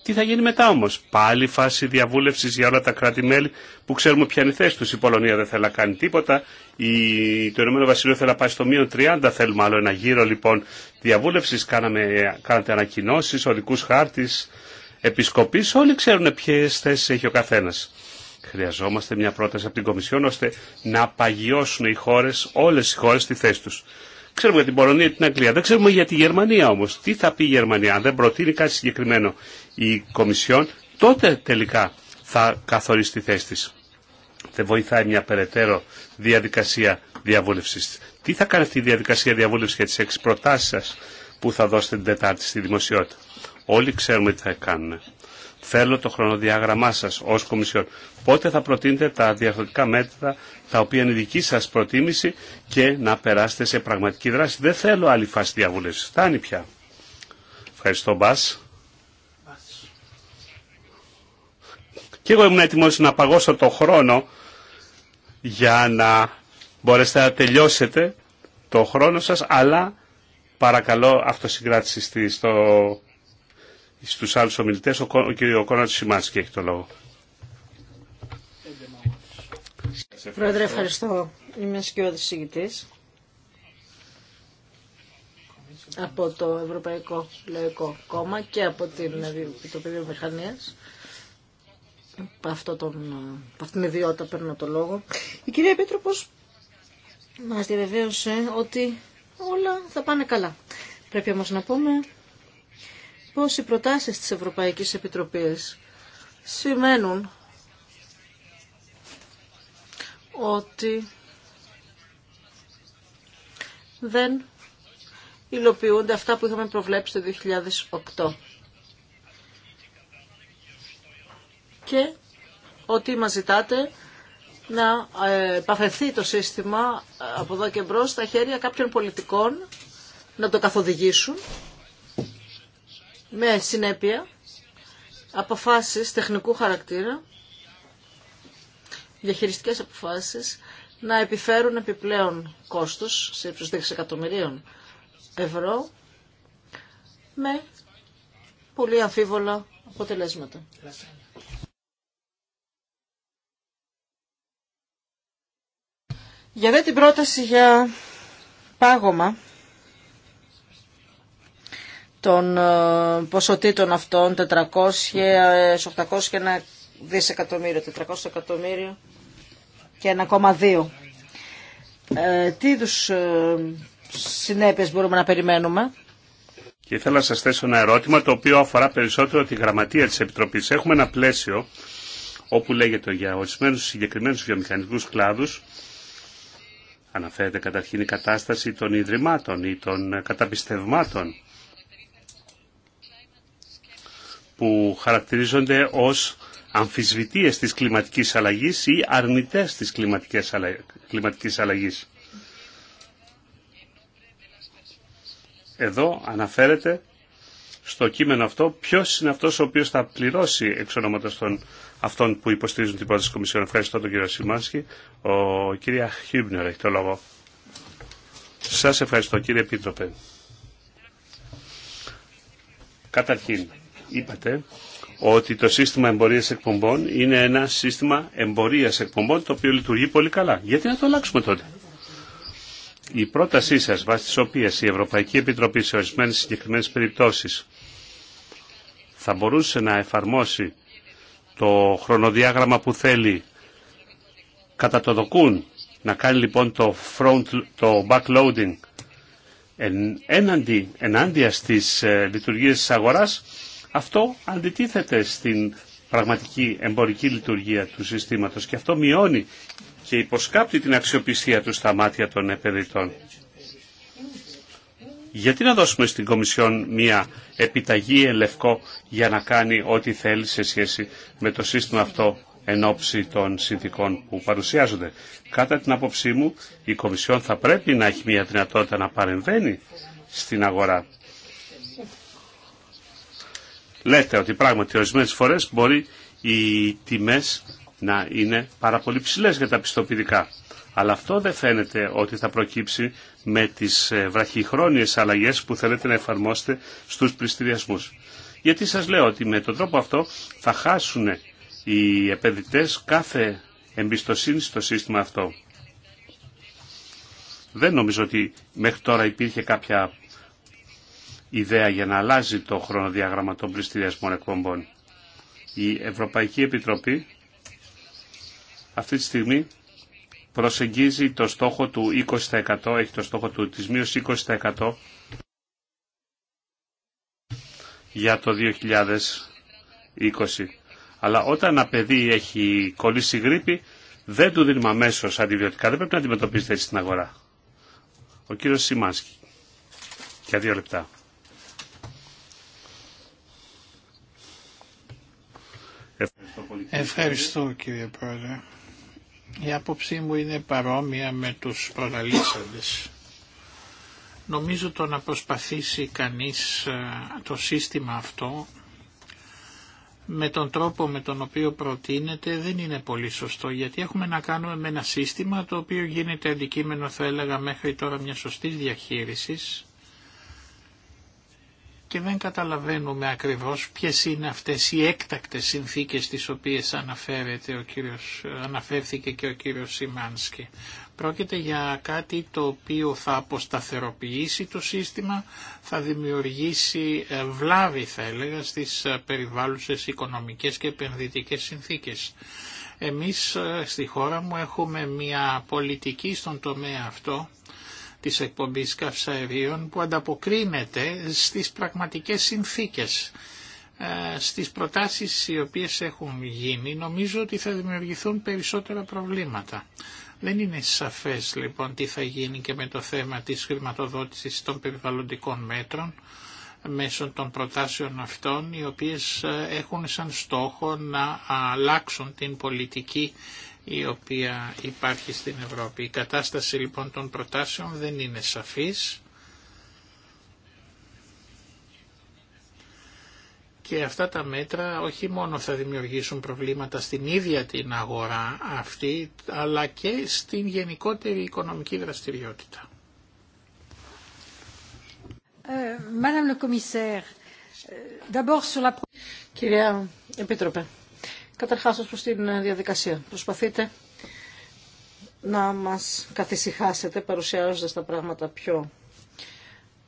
Τι θα γίνει μετά όμω, πάλι φάση διαβούλευση για όλα τα κράτη-μέλη που ξέρουμε ποια είναι η θέση του. Η Πολωνία δεν θέλει να κάνει τίποτα. Η... Το Ηνωμένο Βασίλειο θέλει να πάει στο μείον 30. Θέλουμε άλλο ένα γύρο λοιπόν διαβούλευση. Κάνατε ανακοινώσει, οδικού χάρτη, επισκοπή. Όλοι ξέρουν ποιε θέσει έχει ο καθένα. Χρειαζόμαστε μια πρόταση από την Κομισιόν ώστε να παγιώσουν οι χώρε, όλε οι χώρε, τη θέση του. Ξέρουμε για την Πολωνία και την Αγγλία. Δεν ξέρουμε για τη Γερμανία όμω. Τι θα πει η Γερμανία δεν προτείνει κάτι συγκεκριμένο η Κομισιόν, τότε τελικά θα καθορίσει τη θέση της. Δεν βοηθάει μια περαιτέρω διαδικασία διαβούλευσης. Τι θα κάνει αυτή η διαδικασία διαβούλευσης για τις έξι προτάσεις σας που θα δώσετε την Τετάρτη στη δημοσιότητα. Όλοι ξέρουμε τι θα κάνουν. Θέλω το χρονοδιάγραμμά σας ως Κομισιόν. Πότε θα προτείνετε τα διαφορετικά μέτρα τα οποία είναι δική σας προτίμηση και να περάσετε σε πραγματική δράση. Δεν θέλω άλλη φάση διαβούλευση. Φτάνει πια. Ευχαριστώ Μπάς. Και εγώ ήμουν έτοιμο να παγώσω το χρόνο για να μπορέσετε να τελειώσετε το χρόνο σας, αλλά παρακαλώ αυτοσυγκράτηση στο, στους άλλους ομιλητές. Ο, ο, ο κ. και έχει το λόγο. Πρόεδρε, ευχαριστώ. Είμαι σκιώδης συγητής από το Ευρωπαϊκό Λαϊκό Κόμμα και από την Επιτροπή Βιομηχανίας αυτό τον, ε, αυτήν την ιδιότητα παίρνω το λόγο. Η κυρία Επίτροπος μας διαβεβαίωσε ότι όλα θα πάνε καλά. Πρέπει όμως να πούμε πως οι προτάσεις της Ευρωπαϊκής Επιτροπής σημαίνουν ότι δεν υλοποιούνται αυτά που είχαμε προβλέψει το 2008. και ότι μας ζητάτε να ε, παθεθεί το σύστημα ε, από εδώ και μπρος στα χέρια κάποιων πολιτικών να το καθοδηγήσουν με συνέπεια αποφάσεις τεχνικού χαρακτήρα, διαχειριστικές αποφάσεις, να επιφέρουν επιπλέον κόστος σε ύψος δισεκατομμυρίων ευρώ με πολύ αμφίβολα αποτελέσματα. Για δε την πρόταση για πάγωμα των ε, ποσοτήτων αυτών 400, 800 και ένα δισεκατομμύριο, 400 εκατομμύριο και 1,2. Ε, τι είδου ε, συνέπειες μπορούμε να περιμένουμε. Και ήθελα να σας θέσω ένα ερώτημα το οποίο αφορά περισσότερο τη γραμματεία της Επιτροπής. Έχουμε ένα πλαίσιο όπου λέγεται για ορισμένου συγκεκριμένους βιομηχανικού κλάδους Αναφέρεται καταρχήν η κατάσταση των ιδρυμάτων ή των καταπιστευμάτων που χαρακτηρίζονται ως αμφισβητείες της κλιματικής αλλαγής ή αρνητές της κλιματικής αλλαγής. Εδώ αναφέρεται στο κείμενο αυτό ποιος είναι αυτός ο οποίος θα πληρώσει εξ των αυτών που υποστηρίζουν την πρόταση της Κομισιόν. Ευχαριστώ τον κύριο Σιμάνσκι. Ο κύριο Χίμπνερ έχει το λόγο. Σας ευχαριστώ κύριε Επίτροπε. Καταρχήν, είπατε ότι το σύστημα εμπορίας εκπομπών είναι ένα σύστημα εμπορίας εκπομπών το οποίο λειτουργεί πολύ καλά. Γιατί να το αλλάξουμε τότε. Η πρότασή σας βάσει της οποίας η Ευρωπαϊκή Επιτροπή σε ορισμένες συγκεκριμένες περιπτώσεις θα μπορούσε να εφαρμόσει το χρονοδιάγραμμα που θέλει κατά το ΔΟΚΟΥΝ να κάνει λοιπόν το, front, το backloading έναντι, ενάντια στις ε, λειτουργίες της αγοράς, αυτό αντιτίθεται στην πραγματική εμπορική λειτουργία του συστήματος και αυτό μειώνει και υποσκάπτει την αξιοπιστία του στα μάτια των επενδυτών γιατί να δώσουμε στην Κομισιόν μια επιταγή ελευκό για να κάνει ό,τι θέλει σε σχέση με το σύστημα αυτό εν ώψη των συνθήκων που παρουσιάζονται. Κατά την άποψή μου, η Κομισιόν θα πρέπει να έχει μια δυνατότητα να παρεμβαίνει στην αγορά. Λέτε ότι πράγματι ορισμένε φορές μπορεί οι τιμές να είναι πάρα πολύ ψηλέ για τα πιστοποιητικά. Αλλά αυτό δεν φαίνεται ότι θα προκύψει με τις ε, βραχυχρόνιες αλλαγές που θέλετε να εφαρμόσετε στους πληστηριασμούς. Γιατί σας λέω ότι με τον τρόπο αυτό θα χάσουν οι επενδυτές κάθε εμπιστοσύνη στο σύστημα αυτό. Δεν νομίζω ότι μέχρι τώρα υπήρχε κάποια ιδέα για να αλλάζει το χρονοδιάγραμμα των πληστηριασμών εκπομπών. Η Ευρωπαϊκή Επιτροπή αυτή τη στιγμή προσεγγίζει το στόχο του 20%, έχει το στόχο του της μείωσης 20% για το 2020. Αλλά όταν ένα παιδί έχει κολλήσει γρήπη, δεν του δίνουμε αμέσω αντιβιωτικά. Δεν πρέπει να αντιμετωπίζεται έτσι στην αγορά. Ο κύριος Σιμάνσκι. Για δύο λεπτά. Ευχαριστώ κύριε Πρόεδρε. Η άποψή μου είναι παρόμοια με τους προλαλήσαντες. Νομίζω το να προσπαθήσει κανείς ε, το σύστημα αυτό με τον τρόπο με τον οποίο προτείνεται δεν είναι πολύ σωστό γιατί έχουμε να κάνουμε με ένα σύστημα το οποίο γίνεται αντικείμενο θα έλεγα μέχρι τώρα μια σωστής διαχείρισης και δεν καταλαβαίνουμε ακριβώς ποιες είναι αυτές οι έκτακτες συνθήκες τις οποίες αναφέρεται ο κύριος, αναφέρθηκε και ο κύριος Σιμάνσκι. Πρόκειται για κάτι το οποίο θα αποσταθεροποιήσει το σύστημα, θα δημιουργήσει ε, βλάβη θα έλεγα στις ε, περιβάλλουσες οικονομικές και επενδυτικές συνθήκες. Εμείς ε, στη χώρα μου έχουμε μια πολιτική στον τομέα αυτό της εκπομπής καυσαερίων που ανταποκρίνεται στις πραγματικές συνθήκες. Ε, στις προτάσεις οι οποίες έχουν γίνει νομίζω ότι θα δημιουργηθούν περισσότερα προβλήματα. Δεν είναι σαφές λοιπόν τι θα γίνει και με το θέμα της χρηματοδότησης των περιβαλλοντικών μέτρων μέσω των προτάσεων αυτών οι οποίες ε, έχουν σαν στόχο να αλλάξουν την πολιτική η οποία υπάρχει στην Ευρώπη. Η κατάσταση λοιπόν των προτάσεων δεν είναι σαφής και αυτά τα μέτρα όχι μόνο θα δημιουργήσουν προβλήματα στην ίδια την αγορά αυτή αλλά και στην γενικότερη οικονομική δραστηριότητα. Ε, ε, Κυρία Επίτροπε, Καταρχάς ω προς την ε, διαδικασία. Προσπαθείτε να μας καθησυχάσετε παρουσιάζοντας τα πράγματα πιο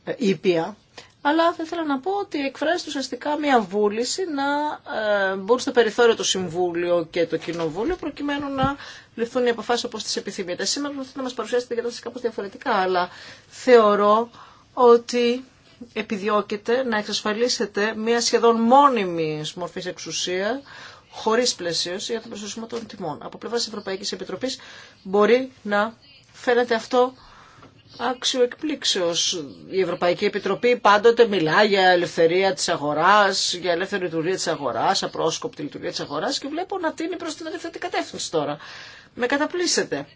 ε, ήπια. Αλλά θα ήθελα να πω ότι εκφράζεται ουσιαστικά μια βούληση να ε, μπουν στο περιθώριο το Συμβούλιο και το Κοινοβούλιο προκειμένου να ληφθούν οι αποφάσει όπω τι επιθυμείτε. Σήμερα προσπαθείτε να μα παρουσιάσετε την κατάσταση κάπω διαφορετικά, αλλά θεωρώ ότι επιδιώκεται να εξασφαλίσετε μια σχεδόν μόνιμη μορφή εξουσία Χωρί πλαισίωση για τον προσδιορισμό των τιμών. Από πλευρά τη Ευρωπαϊκή Επιτροπή μπορεί να φαίνεται αυτό άξιο εκπλήξεως. Η Ευρωπαϊκή Επιτροπή πάντοτε μιλά για ελευθερία τη αγορά, για ελεύθερη λειτουργία της αγοράς, απρόσκοπτη λειτουργία τη αγορά και βλέπω να τίνει προ την ελευθερία κατεύθυνση τώρα. Με καταπλήσετε.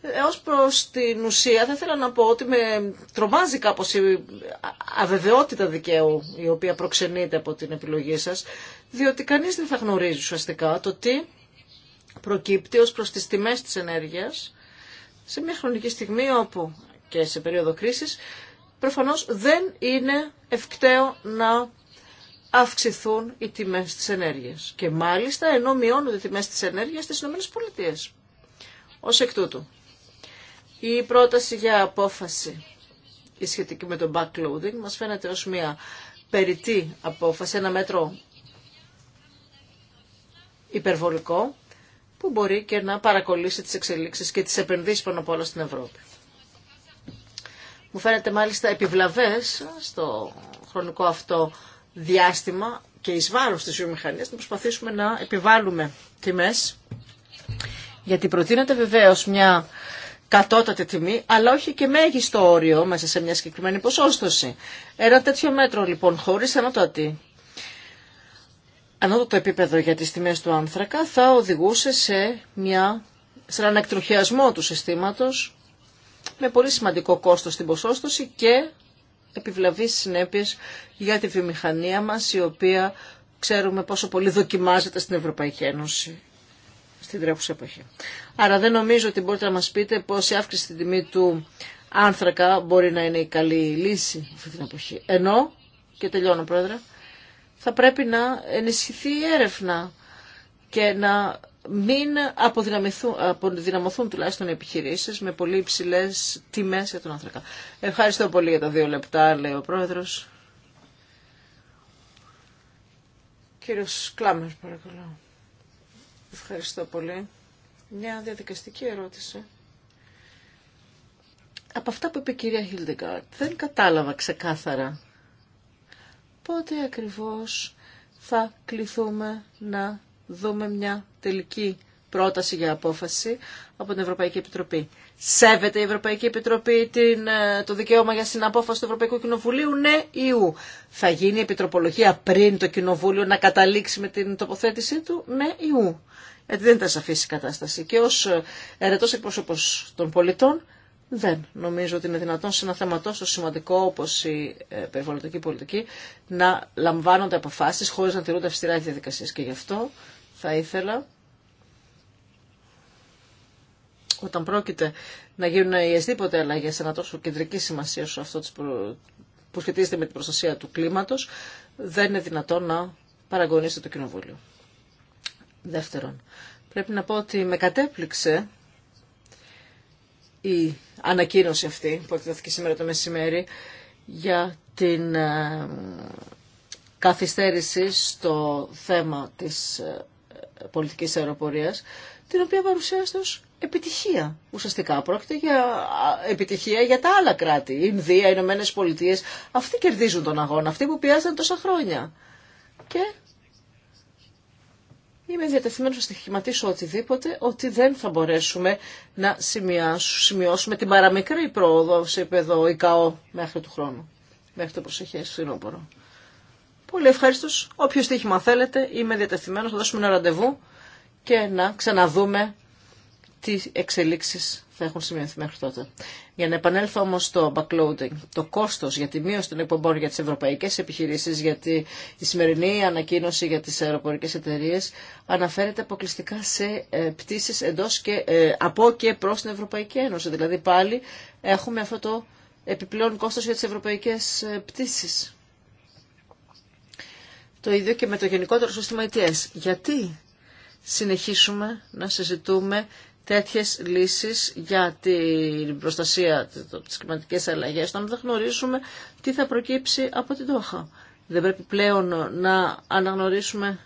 Ε, Ω προ την ουσία, θα ήθελα να πω ότι με τρομάζει κάπω η αβεβαιότητα δικαίου η οποία προξενείται από την επιλογή σα διότι κανείς δεν θα γνωρίζει ουσιαστικά το τι προκύπτει ως προς τις τιμές της ενέργειας σε μια χρονική στιγμή όπου και σε περίοδο κρίσης προφανώς δεν είναι ευκταίο να αυξηθούν οι τιμές της ενέργειας. Και μάλιστα ενώ μειώνονται οι τιμές της ενέργειας στις ΗΠΑ. Ως εκ τούτου, η πρόταση για απόφαση η σχετική με το backloading μας φαίνεται ως μια περιττή απόφαση, ένα μέτρο υπερβολικό που μπορεί και να παρακολύσει τις εξελίξεις και τις επενδύσεις πάνω απ' όλα στην Ευρώπη. Μου φαίνεται μάλιστα επιβλαβές στο χρονικό αυτό διάστημα και εις βάρος της βιομηχανίας να προσπαθήσουμε να επιβάλλουμε τιμές γιατί προτείνεται βεβαίως μια κατώτατη τιμή, αλλά όχι και μέγιστο όριο μέσα σε μια συγκεκριμένη ποσόστοση. Ένα τέτοιο μέτρο λοιπόν χωρίς ανώτατη το επίπεδο για τις τιμές του άνθρακα θα οδηγούσε σε, μια, σε έναν εκτροχιασμό του συστήματος με πολύ σημαντικό κόστος στην ποσόστοση και επιβλαβείς συνέπειες για τη βιομηχανία μας η οποία ξέρουμε πόσο πολύ δοκιμάζεται στην Ευρωπαϊκή Ένωση στην τρέχουσα εποχή. Άρα δεν νομίζω ότι μπορείτε να μας πείτε πως η αύξηση στην τιμή του άνθρακα μπορεί να είναι η καλή λύση αυτή την εποχή. Ενώ, και τελειώνω πρόεδρε, θα πρέπει να ενισχυθεί η έρευνα και να μην αποδυναμωθούν, τουλάχιστον οι επιχειρήσεις με πολύ υψηλέ τιμές για τον άνθρακα. Ευχαριστώ πολύ για τα δύο λεπτά, λέει ο Πρόεδρος. Κύριος Κλάμερ, παρακαλώ. Ευχαριστώ πολύ. Μια διαδικαστική ερώτηση. Από αυτά που είπε η κυρία Χίλντεγκάρτ, δεν κατάλαβα ξεκάθαρα πότε ακριβώς θα κληθούμε να δούμε μια τελική πρόταση για απόφαση από την Ευρωπαϊκή Επιτροπή. Σέβεται η Ευρωπαϊκή Επιτροπή την, ε, το δικαίωμα για συναπόφαση του Ευρωπαϊκού Κοινοβουλίου, ναι ή ου. Θα γίνει η επιτροπολογία πριν το Κοινοβούλιο να καταλήξει με την τοποθέτησή του, ναι ή ου. Γιατί δεν ήταν σαφής η ου γιατι δεν ηταν σαφη η κατασταση Και ω ε, ερετό εκπρόσωπο των πολιτών δεν νομίζω ότι είναι δυνατόν σε ένα θέμα τόσο σημαντικό όπως η περιβαλλοντική πολιτική να λαμβάνονται αποφάσεις χωρίς να τηρούνται αυστηρά οι διαδικασίες. Και γι' αυτό θα ήθελα όταν πρόκειται να γίνουν οι εσδήποτε αλλαγέ σε ένα τόσο κεντρική σημασία σου αυτό που σχετίζεται με την προστασία του κλίματος, δεν είναι δυνατόν να παραγωνίσετε το Κοινοβούλιο. Δεύτερον, πρέπει να πω ότι με κατέπληξε η ανακοίνωση αυτή που εκδόθηκε σήμερα το μεσημέρι για την ε, καθυστέρηση στο θέμα της ε, πολιτικής αεροπορίας, την οποία παρουσιάζεται ως επιτυχία. Ουσιαστικά πρόκειται για επιτυχία για τα άλλα κράτη. Η Ινδία, οι Ηνωμένε Πολιτείε, αυτοί κερδίζουν τον αγώνα, αυτοί που πιάζαν τόσα χρόνια. Και Είμαι διατεθειμένος να στοιχηματίσω οτιδήποτε, ότι δεν θα μπορέσουμε να σημειώσουμε την παραμικρή πρόοδο σε επίπεδο ΙΚΑΟ μέχρι του χρόνου, μέχρι το προσεχές φθινόπωρο. Πολύ ευχαριστώ. Όποιο στοίχημα θέλετε, είμαι διατεθειμένος να δώσουμε ένα ραντεβού και να ξαναδούμε τι εξελίξεις θα έχουν σημειωθεί μέχρι τότε. Για να επανέλθω όμω στο backloading, το κόστο για τη μείωση των εκπομπών για τι ευρωπαϊκέ επιχειρήσει, γιατί η σημερινή ανακοίνωση για τι αεροπορικέ εταιρείε αναφέρεται αποκλειστικά σε ε, πτήσει εντό και ε, από και προ την Ευρωπαϊκή Ένωση. Δηλαδή πάλι έχουμε αυτό το επιπλέον κόστο για τι ευρωπαϊκέ ε, πτήσει. Το ίδιο και με το γενικότερο σύστημα ETS. Γιατί συνεχίσουμε να συζητούμε τέτοιες λύσεις για την προστασία της κλιματικής αλλαγές, όταν δεν γνωρίζουμε τι θα προκύψει από την Τόχα. Δεν πρέπει πλέον να αναγνωρίσουμε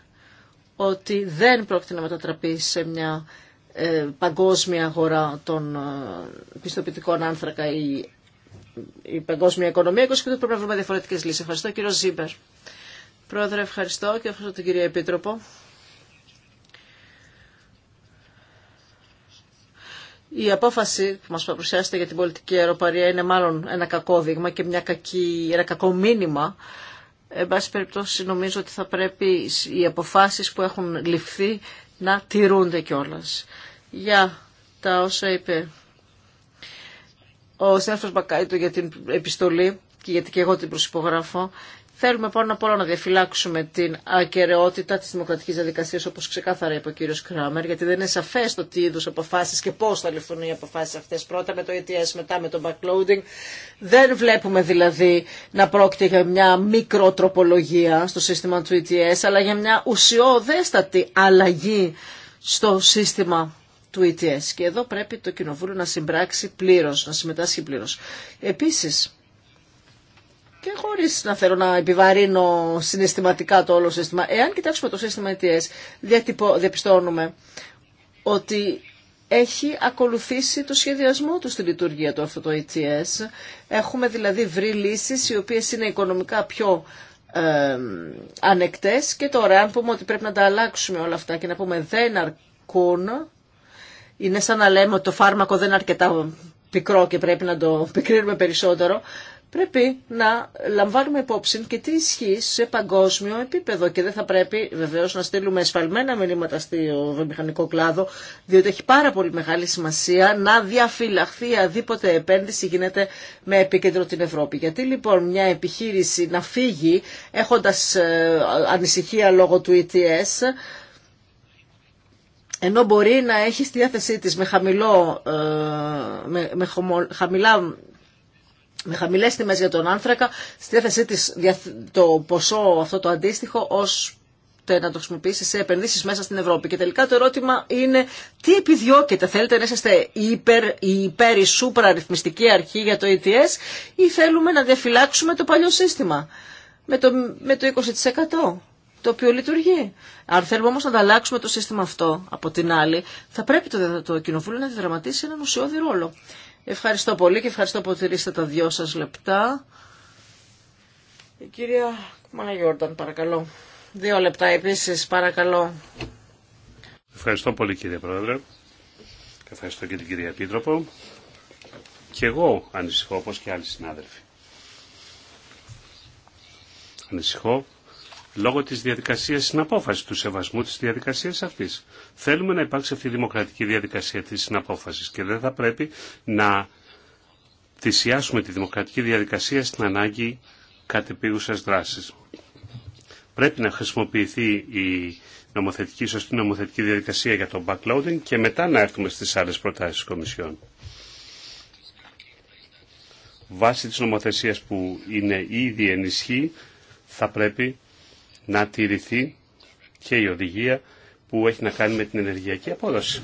ότι δεν πρόκειται να μετατραπεί σε μια ε, παγκόσμια αγορά των ε, πιστοποιητικών άνθρακα ή η, η παγκοσμια οικονομία, και πρέπει να βρούμε διαφορετικές λύσεις. Ευχαριστώ κύριο Ζήμπερ. Πρόεδρε, ευχαριστώ και ευχαριστώ την κυρία Επίτροπο. Η απόφαση που μας παρουσιάσετε για την πολιτική αεροπαρία είναι μάλλον ένα κακό δείγμα και μια κακή, ένα κακό μήνυμα. Εν πάση περιπτώσει νομίζω ότι θα πρέπει οι αποφάσεις που έχουν ληφθεί να τηρούνται κιόλα. Για τα όσα είπε ο Σέφρος Μπακάιτο για την επιστολή και γιατί και εγώ την προσυπογράφω Θέλουμε πάνω απ' όλα να διαφυλάξουμε την ακαιρεότητα τη δημοκρατική διαδικασία, όπω ξεκάθαρα είπε ο κύριο Κράμερ, γιατί δεν είναι σαφέ το τι είδου αποφάσει και πώ θα ληφθούν οι αποφάσει αυτέ. Πρώτα με το ETS, μετά με το backloading. Δεν βλέπουμε δηλαδή να πρόκειται για μια μικροτροπολογία στο σύστημα του ETS, αλλά για μια ουσιώδεστατη αλλαγή στο σύστημα του ETS. Και εδώ πρέπει το Κοινοβούλιο να συμπράξει πλήρω, να συμμετάσχει πλήρω. Επίση, και χωρίς να θέλω να επιβαρύνω συναισθηματικά το όλο σύστημα, εάν κοιτάξουμε το σύστημα ETS, ε διαπιστώνουμε ότι έχει ακολουθήσει το σχεδιασμό του στη λειτουργία του αυτό το ETS. Ε Έχουμε δηλαδή βρει λύσεις οι οποίες είναι οικονομικά πιο ε, ανεκτές και τώρα αν πούμε ότι πρέπει να τα αλλάξουμε όλα αυτά και να πούμε δεν αρκούν, είναι σαν να λέμε ότι το φάρμακο δεν είναι αρκετά πικρό και πρέπει να το πικρύνουμε περισσότερο, πρέπει να λαμβάνουμε υπόψη και τι ισχύει σε παγκόσμιο επίπεδο και δεν θα πρέπει βεβαίως να στείλουμε εσφαλμένα μηνύματα στο βιομηχανικό κλάδο διότι έχει πάρα πολύ μεγάλη σημασία να διαφυλαχθεί αδίποτε επένδυση γίνεται με επίκεντρο την Ευρώπη. Γιατί λοιπόν μια επιχείρηση να φύγει έχοντας ε, ανησυχία λόγω του ETS ενώ μπορεί να έχει στη διάθεσή της με, ε, με χαμηλά με χαμηλές τιμές για τον άνθρακα, στη διάθεσή της το ποσό αυτό το αντίστοιχο ως να το χρησιμοποιήσει σε επενδύσεις μέσα στην Ευρώπη. Και τελικά το ερώτημα είναι τι επιδιώκετε. Θέλετε να είσαστε η υπερ, η υπέρ, η σούπρα αριθμιστική αρχή για το ETS ή θέλουμε να διαφυλάξουμε το παλιό σύστημα με το, με το 20% το οποίο λειτουργεί. Αν θέλουμε όμως να ανταλλάξουμε το σύστημα αυτό από την άλλη, θα πρέπει το, το κοινοβούλιο να διδραματίσει έναν ουσιώδη ρόλο. Ευχαριστώ πολύ και ευχαριστώ που τηρήσατε τα δυο σας λεπτά. Η κυρία Μαγιόρταν, παρακαλώ. Δύο λεπτά επίσης, παρακαλώ. Ευχαριστώ πολύ κύριε Πρόεδρε. Ευχαριστώ και την κυρία Επίτροπο. Και εγώ ανησυχώ όπως και άλλοι συνάδελφοι. Ανησυχώ λόγω της διαδικασίας συναπόφασης, του σεβασμού της διαδικασίας αυτής. Θέλουμε να υπάρξει αυτή η δημοκρατική διαδικασία της συναπόφασης και δεν θα πρέπει να θυσιάσουμε τη δημοκρατική διαδικασία στην ανάγκη κατεπίγουσας δράσης. Πρέπει να χρησιμοποιηθεί η νομοθετική, σωστή νομοθετική διαδικασία για το backloading και μετά να έρθουμε στις άλλες προτάσεις της Κομισιόν. Βάσει της νομοθεσίας που είναι ήδη ενισχύει, θα πρέπει να τηρηθεί και η οδηγία που έχει να κάνει με την ενεργειακή απόδοση.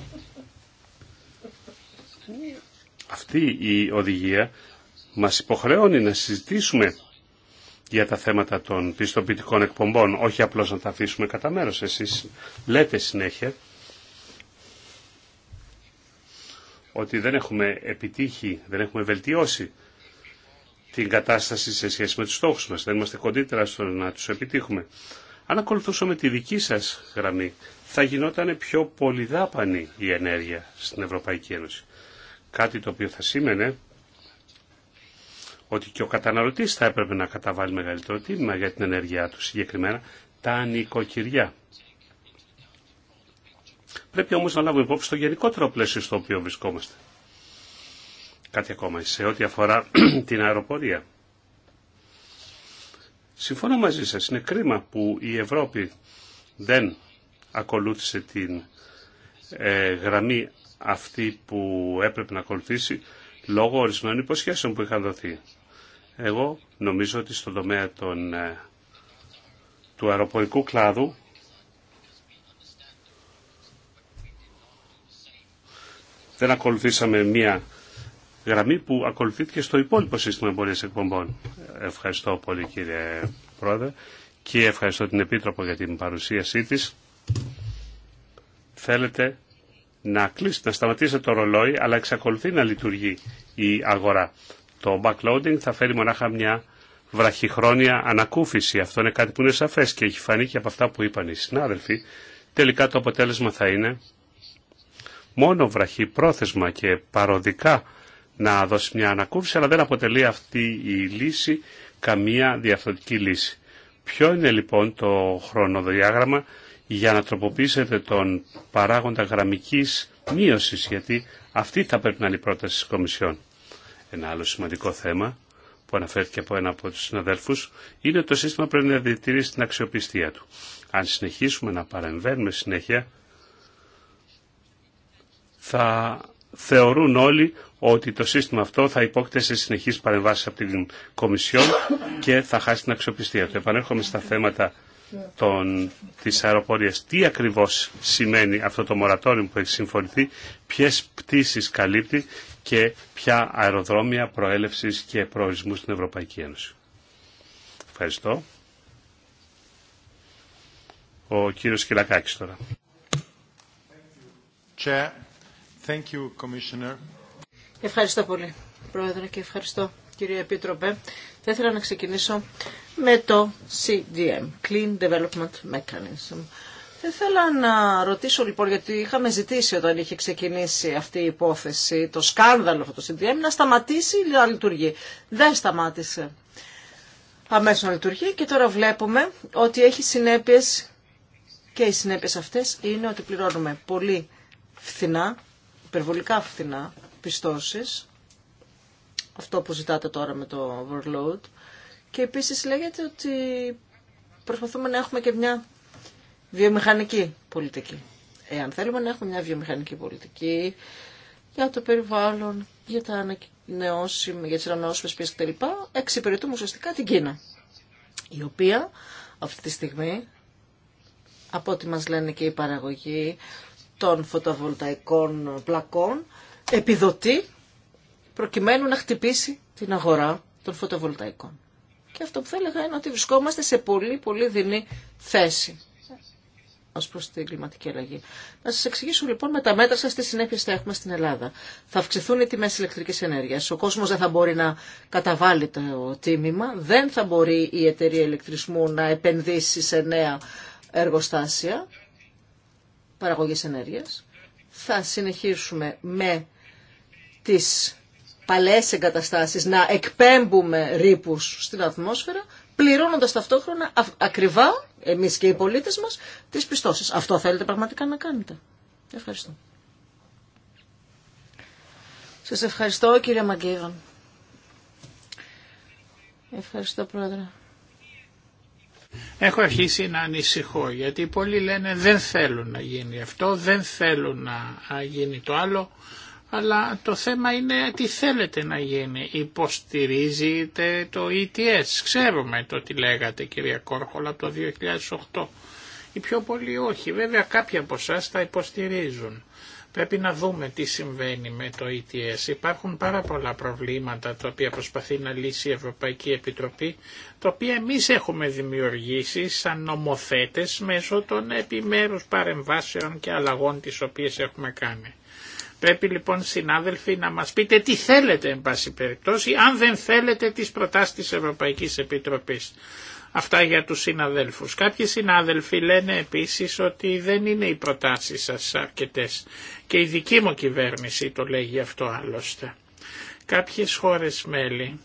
Αυτή η οδηγία μας υποχρεώνει να συζητήσουμε για τα θέματα των πιστοποιητικών εκπομπών, όχι απλώς να τα αφήσουμε κατά μέρος. Εσείς λέτε συνέχεια ότι δεν έχουμε επιτύχει, δεν έχουμε βελτιώσει την κατάσταση σε σχέση με τους στόχους μας. Δεν είμαστε κοντύτερα στο να τους επιτύχουμε. Αν ακολουθούσαμε τη δική σας γραμμή, θα γινόταν πιο πολυδάπανη η ενέργεια στην Ευρωπαϊκή Ένωση. Κάτι το οποίο θα σήμαινε ότι και ο καταναλωτής θα έπρεπε να καταβάλει μεγαλύτερο τίμημα για την ενέργειά του, συγκεκριμένα τα νοικοκυριά. Πρέπει όμως να λάβουμε υπόψη το γενικότερο πλαίσιο στο οποίο βρισκόμαστε. Κάτι ακόμα σε ό,τι αφορά την αεροπορία. Συμφωνώ μαζί σας, είναι κρίμα που η Ευρώπη δεν ακολούθησε την ε, γραμμή αυτή που έπρεπε να ακολουθήσει λόγω ορισμένων υποσχέσεων που είχαν δοθεί. Εγώ νομίζω ότι στον τομέα των, ε, του αεροπορικού κλάδου δεν ακολουθήσαμε μία γραμμή που ακολουθήθηκε στο υπόλοιπο σύστημα εμπορίας εκπομπών. Ευχαριστώ πολύ κύριε Πρόεδρε και ευχαριστώ την Επίτροπο για την παρουσίασή της. Θέλετε να κλείσετε, να σταματήσετε το ρολόι, αλλά εξακολουθεί να λειτουργεί η αγορά. Το backloading θα φέρει μονάχα μια βραχυχρόνια ανακούφιση. Αυτό είναι κάτι που είναι σαφές και έχει φανεί και από αυτά που είπαν οι συνάδελφοι. Τελικά το αποτέλεσμα θα είναι μόνο πρόθεσμα και παροδικά να δώσει μια ανακούφιση, αλλά δεν αποτελεί αυτή η λύση καμία διαφορετική λύση. Ποιο είναι λοιπόν το χρονοδιάγραμμα για να τροποποιήσετε τον παράγοντα γραμμικής μείωσης, γιατί αυτή θα πρέπει να είναι η πρόταση της Κομισιόν. Ένα άλλο σημαντικό θέμα που αναφέρθηκε από ένα από τους συναδέλφους είναι ότι το σύστημα πρέπει να διατηρήσει την αξιοπιστία του. Αν συνεχίσουμε να παρεμβαίνουμε συνέχεια θα θεωρούν όλοι ότι το σύστημα αυτό θα υπόκειται σε συνεχείς παρεμβάσεις από την Κομισιόν και θα χάσει την αξιοπιστία του. Επανέρχομαι στα θέματα των, της αεροπορίας. Τι ακριβώς σημαίνει αυτό το μορατόριο που έχει συμφωνηθεί, ποιες πτήσεις καλύπτει και ποια αεροδρόμια προέλευσης και προορισμού στην Ευρωπαϊκή Ένωση. Ευχαριστώ. Ο κύριος Κυλακάκης τώρα. Ευχαριστώ πολύ, Πρόεδρε, και ευχαριστώ, κύριε Επίτροπε. Θα ήθελα να ξεκινήσω με το CDM, Clean Development Mechanism. Θα ήθελα να ρωτήσω λοιπόν, γιατί είχαμε ζητήσει όταν είχε ξεκινήσει αυτή η υπόθεση, το σκάνδαλο αυτό το CDM, να σταματήσει να λειτουργεί. Δεν σταμάτησε αμέσως να λειτουργεί και τώρα βλέπουμε ότι έχει συνέπειες και οι συνέπειες αυτές είναι ότι πληρώνουμε πολύ φθηνά υπερβολικά φθηνά πιστώσεις, αυτό που ζητάτε τώρα με το overload, και επίσης λέγεται ότι προσπαθούμε να έχουμε και μια βιομηχανική πολιτική. Εάν θέλουμε να έχουμε μια βιομηχανική πολιτική για το περιβάλλον, για τα ανανεώσιμα, για τις ανανεώσιμες πίσεις κτλ, εξυπηρετούμε ουσιαστικά την Κίνα, η οποία αυτή τη στιγμή, από ό,τι μας λένε και οι παραγωγοί, των φωτοβολταϊκών πλακών επιδοτεί προκειμένου να χτυπήσει την αγορά των φωτοβολταϊκών. Και αυτό που θα έλεγα είναι ότι βρισκόμαστε σε πολύ πολύ δεινή θέση ω προ την κλιματική αλλαγή. Να σα εξηγήσω λοιπόν με τα μέτρα σα τι συνέπειε θα έχουμε στην Ελλάδα. Θα αυξηθούν οι τιμέ ηλεκτρική ενέργεια. Ο κόσμο δεν θα μπορεί να καταβάλει το τίμημα. Δεν θα μπορεί η εταιρεία ηλεκτρισμού να επενδύσει σε νέα εργοστάσια παραγωγής ενέργειας. Θα συνεχίσουμε με τις παλές εγκαταστάσεις να εκπέμπουμε ρήπους στην ατμόσφαιρα, πληρώνοντας ταυτόχρονα ακριβά, εμείς και οι πολίτες μας, τις πιστώσεις. Αυτό θέλετε πραγματικά να κάνετε. Ευχαριστώ. Σας ευχαριστώ κύριε Μαγκέιβαν. Ευχαριστώ πρόεδρε. Έχω αρχίσει να ανησυχώ γιατί πολλοί λένε δεν θέλουν να γίνει αυτό, δεν θέλουν να γίνει το άλλο, αλλά το θέμα είναι τι θέλετε να γίνει. Υποστηρίζετε το ETS, ξέρουμε το τι λέγατε κυρία Κόρχολα από το 2008. Οι πιο πολλοί όχι, βέβαια κάποιοι από εσά τα υποστηρίζουν. Πρέπει να δούμε τι συμβαίνει με το ETS. Υπάρχουν πάρα πολλά προβλήματα τα οποία προσπαθεί να λύσει η Ευρωπαϊκή Επιτροπή, τα οποία εμείς έχουμε δημιουργήσει σαν νομοθέτες μέσω των επιμέρους παρεμβάσεων και αλλαγών τις οποίες έχουμε κάνει. Πρέπει λοιπόν συνάδελφοι να μας πείτε τι θέλετε εν πάση περιπτώσει, αν δεν θέλετε τις προτάσεις της Ευρωπαϊκής Επιτροπής. Αυτά για τους συναδέλφους. Κάποιοι συνάδελφοι λένε επίσης ότι δεν είναι οι προτάσεις σας αρκετές και η δική μου κυβέρνηση το λέγει αυτό άλλωστε. Κάποιες χώρες μέλη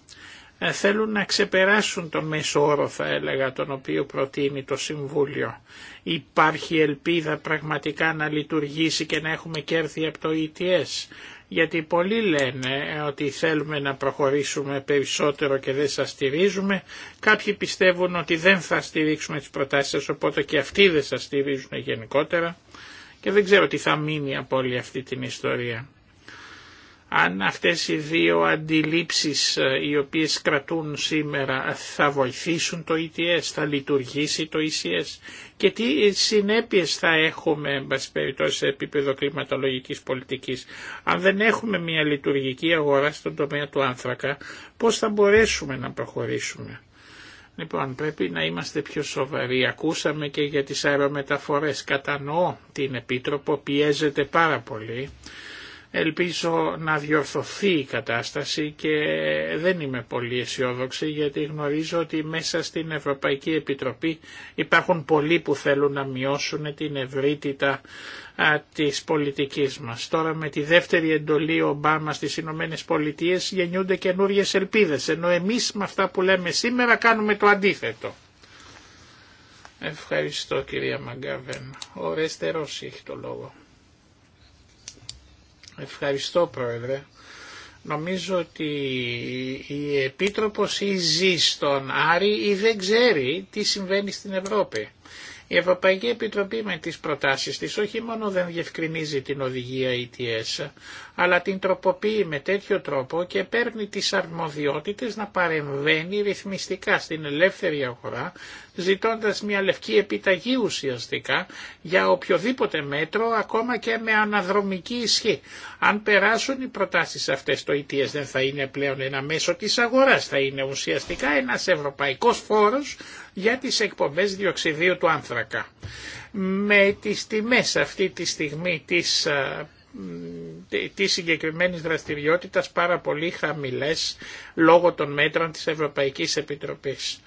ε, θέλουν να ξεπεράσουν τον μέσο όρο θα έλεγα τον οποίο προτείνει το Συμβούλιο. Υπάρχει ελπίδα πραγματικά να λειτουργήσει και να έχουμε κέρδη από το ETS γιατί πολλοί λένε ότι θέλουμε να προχωρήσουμε περισσότερο και δεν σας στηρίζουμε. Κάποιοι πιστεύουν ότι δεν θα στηρίξουμε τις προτάσεις σας, οπότε και αυτοί δεν σας στηρίζουν γενικότερα και δεν ξέρω τι θα μείνει από όλη αυτή την ιστορία αν αυτές οι δύο αντιλήψεις ε, οι οποίες κρατούν σήμερα θα βοηθήσουν το ETS, θα λειτουργήσει το ECS και τι συνέπειες θα έχουμε σε επίπεδο κλιματολογικής πολιτικής. Αν δεν έχουμε μια λειτουργική αγορά στον τομέα του άνθρακα πώς θα μπορέσουμε να προχωρήσουμε. Λοιπόν, πρέπει να είμαστε πιο σοβαροί. Ακούσαμε και για τις αερομεταφορές. Κατανοώ την Επίτροπο, πιέζεται πάρα πολύ Ελπίζω να διορθωθεί η κατάσταση και δεν είμαι πολύ αισιόδοξη γιατί γνωρίζω ότι μέσα στην Ευρωπαϊκή Επιτροπή υπάρχουν πολλοί που θέλουν να μειώσουν την ευρύτητα της πολιτικής μας. Τώρα με τη δεύτερη εντολή Ομπάμα στις Ηνωμένε Πολιτείε γεννιούνται καινούριε ελπίδες ενώ εμείς με αυτά που λέμε σήμερα κάνουμε το αντίθετο. Ευχαριστώ κυρία Μαγκαβέν. Ο Ρέστερος έχει το λόγο. Ευχαριστώ Πρόεδρε. Νομίζω ότι η Επίτροπος ή ζει στον Άρη ή δεν ξέρει τι συμβαίνει στην Ευρώπη. Η Ευρωπαϊκή Επιτροπή με τις προτάσεις της όχι μόνο δεν διευκρινίζει την οδηγία ETS, αλλά την τροποποιεί με τέτοιο τρόπο και παίρνει τις αρμοδιότητες να παρεμβαίνει ρυθμιστικά στην ελεύθερη αγορά, ζητώντας μια λευκή επιταγή ουσιαστικά για οποιοδήποτε μέτρο, ακόμα και με αναδρομική ισχύ. Αν περάσουν οι προτάσεις αυτές, το ETS δεν θα είναι πλέον ένα μέσο της αγοράς, θα είναι ουσιαστικά ένας ευρωπαϊκός φόρος για τις εκπομπές διοξιδίου του άνθρακα. Με τις τιμές αυτή τη στιγμή της ε, της συγκεκριμένης δραστηριότητας πάρα πολύ χαμηλές λόγω των μέτρων της Ευρωπαϊκής Επιτροπής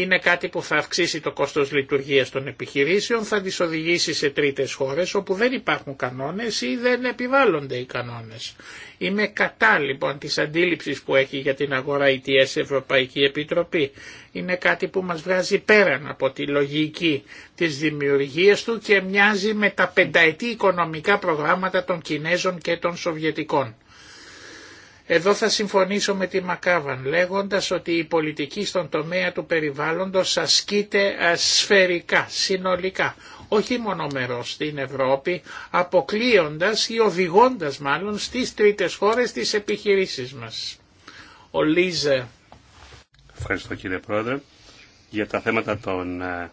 είναι κάτι που θα αυξήσει το κόστος λειτουργίας των επιχειρήσεων, θα τις οδηγήσει σε τρίτες χώρες όπου δεν υπάρχουν κανόνες ή δεν επιβάλλονται οι κανόνες. Είμαι κατά λοιπόν της αντίληψης που έχει για την αγορά ETS Ευρωπαϊκή Επιτροπή. Είναι κάτι που μας βγάζει πέραν από τη λογική της δημιουργίας του και μοιάζει με τα πενταετή οικονομικά προγράμματα των Κινέζων και των Σοβιετικών. Εδώ θα συμφωνήσω με τη Μακάβαν λέγοντας ότι η πολιτική στον τομέα του περιβάλλοντος ασκείται ε, σφαιρικά, συνολικά, όχι μονομερός στην Ευρώπη, αποκλείοντας ή οδηγώντας μάλλον στις τρίτες χώρες τις επιχειρήσεις μας. Ο Λίζε. Ευχαριστώ κύριε Πρόεδρε για τα θέματα των, ε,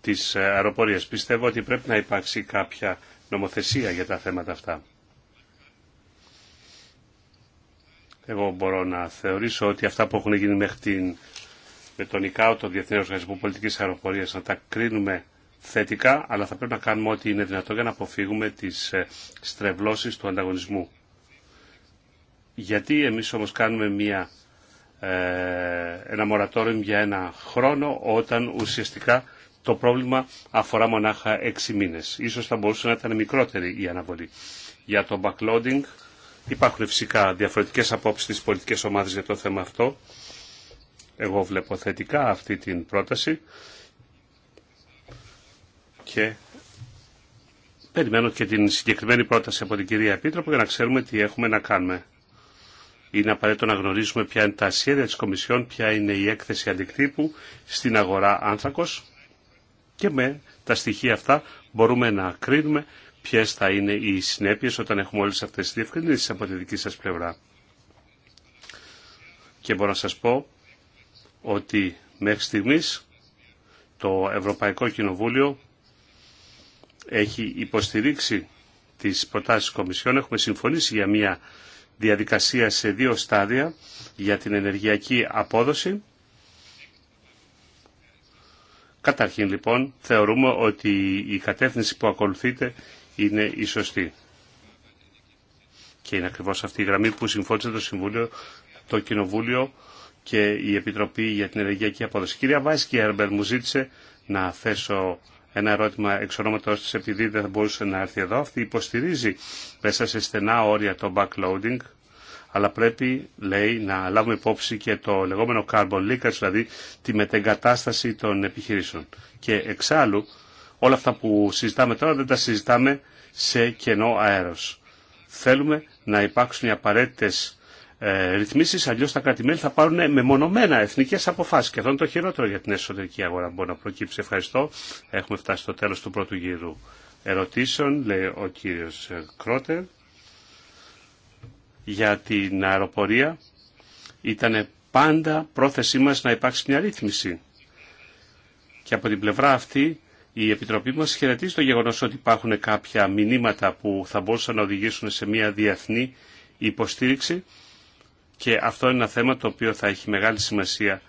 της αεροπορίας. Πιστεύω ότι πρέπει να υπάρξει κάποια νομοθεσία για τα θέματα αυτά. εγώ μπορώ να θεωρήσω ότι αυτά που έχουν γίνει μέχρι την, με τον ΙΚΑΟ, τον Διεθνέ Οργανισμό Πολιτική Αεροπορία, να τα κρίνουμε θετικά, αλλά θα πρέπει να κάνουμε ό,τι είναι δυνατό για να αποφύγουμε τι ε, στρεβλώσει του ανταγωνισμού. Γιατί εμεί όμω κάνουμε μια, ε, ένα μορατόριο για ένα χρόνο, όταν ουσιαστικά το πρόβλημα αφορά μονάχα έξι μήνες. Ίσως θα μπορούσε να ήταν μικρότερη η αναβολή. Για το backloading, Υπάρχουν φυσικά διαφορετικές απόψεις στις πολιτικές ομάδες για το θέμα αυτό. Εγώ βλέπω θετικά αυτή την πρόταση και περιμένω και την συγκεκριμένη πρόταση από την κυρία Επίτροπο για να ξέρουμε τι έχουμε να κάνουμε. Είναι απαραίτητο να γνωρίζουμε ποια είναι τα σχέδια της Κομισιόν, ποια είναι η έκθεση αντικτύπου στην αγορά άνθρακος και με τα στοιχεία αυτά μπορούμε να κρίνουμε ποιε θα είναι οι συνέπειε όταν έχουμε όλε αυτέ τι διευκρινήσει από τη δική σα πλευρά. Και μπορώ να σα πω ότι μέχρι στιγμή το Ευρωπαϊκό Κοινοβούλιο έχει υποστηρίξει τις προτάσεις της Κομισιόν. Έχουμε συμφωνήσει για μια διαδικασία σε δύο στάδια για την ενεργειακή απόδοση. Καταρχήν λοιπόν θεωρούμε ότι η κατεύθυνση που ακολουθείται είναι η σωστή. Και είναι ακριβώς αυτή η γραμμή που συμφώνησε το Συμβούλιο, το Κοινοβούλιο και η Επιτροπή για την Ενεργειακή Απόδοση. Κυρία Βάσκη Έρμπερ μου ζήτησε να θέσω ένα ερώτημα εξ ονόματος της επειδή δεν θα μπορούσε να έρθει εδώ. Αυτή υποστηρίζει μέσα σε στενά όρια το backloading αλλά πρέπει, λέει, να λάβουμε υπόψη και το λεγόμενο carbon leakage, δηλαδή τη μετεγκατάσταση των επιχειρήσεων. Και εξάλλου Όλα αυτά που συζητάμε τώρα δεν τα συζητάμε σε κενό αέρος. Θέλουμε να υπάρξουν οι απαραίτητες ε, ρυθμίσει, αλλιώ τα κράτη-μέλη θα πάρουν μεμονωμένα εθνικέ αποφάσει. Και αυτό είναι το χειρότερο για την εσωτερική αγορά που μπορεί να προκύψει. Ευχαριστώ. Έχουμε φτάσει στο τέλο του πρώτου γύρου ερωτήσεων, λέει ο κύριο ε, Κρότερ. Για την αεροπορία ήταν πάντα πρόθεσή μας να υπάρξει μια ρύθμιση. Και από την πλευρά αυτή η Επιτροπή μας χαιρετίζει το γεγονός ότι υπάρχουν κάποια μηνύματα που θα μπορούσαν να οδηγήσουν σε μια διεθνή υποστήριξη και αυτό είναι ένα θέμα το οποίο θα έχει μεγάλη σημασία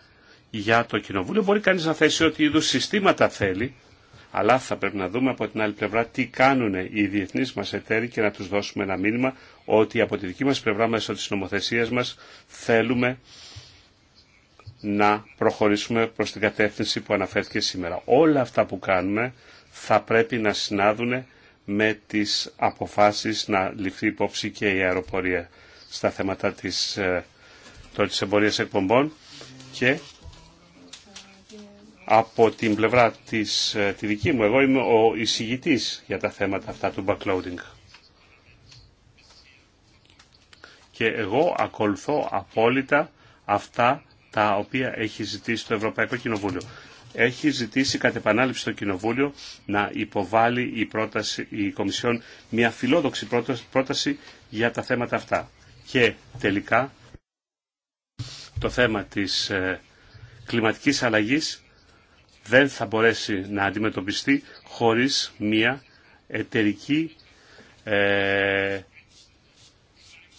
για το Κοινοβούλιο. Μπορεί κανείς να θέσει ό,τι είδου συστήματα θέλει, αλλά θα πρέπει να δούμε από την άλλη πλευρά τι κάνουν οι διεθνείς μας εταίροι και να τους δώσουμε ένα μήνυμα ότι από τη δική μας πλευρά μέσω της νομοθεσίας μας θέλουμε να προχωρήσουμε προς την κατεύθυνση που αναφέρθηκε σήμερα. Όλα αυτά που κάνουμε θα πρέπει να συνάδουν με τις αποφάσεις να ληφθεί υπόψη και η αεροπορία στα θέματα της, ε, το, της εμπορίας εκπομπών και από την πλευρά της, ε, τη δική μου, εγώ είμαι ο εισηγητής για τα θέματα αυτά του backloading. Και εγώ ακολουθώ απόλυτα αυτά τα οποία έχει ζητήσει το Ευρωπαϊκό Κοινοβούλιο. Έχει ζητήσει κατ' επανάληψη το Κοινοβούλιο να υποβάλει η, πρόταση, η Κομισιόν μια φιλόδοξη πρόταση για τα θέματα αυτά. Και τελικά το θέμα της ε, κλιματικής αλλαγής δεν θα μπορέσει να αντιμετωπιστεί χωρίς μια εταιρική ε,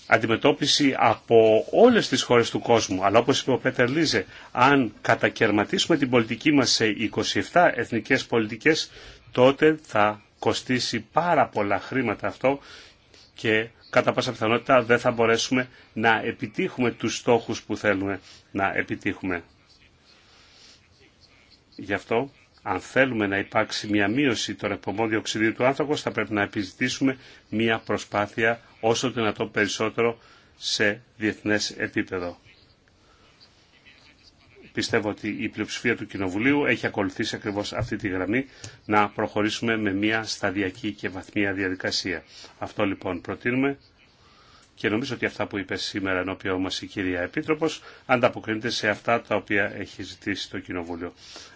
αντιμετώπιση από όλες τις χώρες του κόσμου. Αλλά όπως είπε ο Πέτερ Λίζε, αν κατακαιρματίσουμε την πολιτική μας σε 27 εθνικές πολιτικές, τότε θα κοστίσει πάρα πολλά χρήματα αυτό και κατά πάσα πιθανότητα δεν θα μπορέσουμε να επιτύχουμε τους στόχους που θέλουμε να επιτύχουμε. Γι' αυτό αν θέλουμε να υπάρξει μια μείωση των εκπομπών διοξιδίου του άνθρακος, θα πρέπει να επιζητήσουμε μια προσπάθεια όσο δυνατόν περισσότερο σε διεθνές επίπεδο. Πιστεύω ότι η πλειοψηφία του Κοινοβουλίου έχει ακολουθήσει ακριβώς αυτή τη γραμμή να προχωρήσουμε με μια σταδιακή και βαθμία διαδικασία. Αυτό λοιπόν προτείνουμε και νομίζω ότι αυτά που είπε σήμερα ενώπιό μα η κυρία Επίτροπος ανταποκρίνεται σε αυτά τα οποία έχει ζητήσει το Κοινοβούλιο.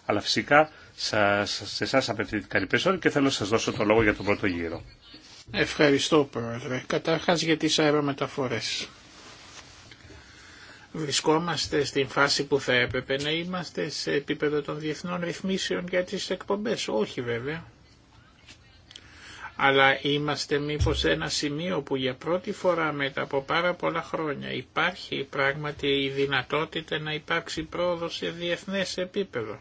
Αλλά φυσικά σας, σε εσάς απευθύνθηκα λοιπόν και θέλω να σας δώσω το λόγο για τον πρώτο γύρο. Ευχαριστώ Πρόεδρε. Καταρχάς για τις αερομεταφορές. Βρισκόμαστε στην φάση που θα έπρεπε να είμαστε σε επίπεδο των διεθνών ρυθμίσεων για τις εκπομπές. Όχι βέβαια. Αλλά είμαστε μήπως σε ένα σημείο που για πρώτη φορά μετά από πάρα πολλά χρόνια υπάρχει πράγματι η δυνατότητα να υπάρξει πρόοδο σε διεθνές επίπεδο.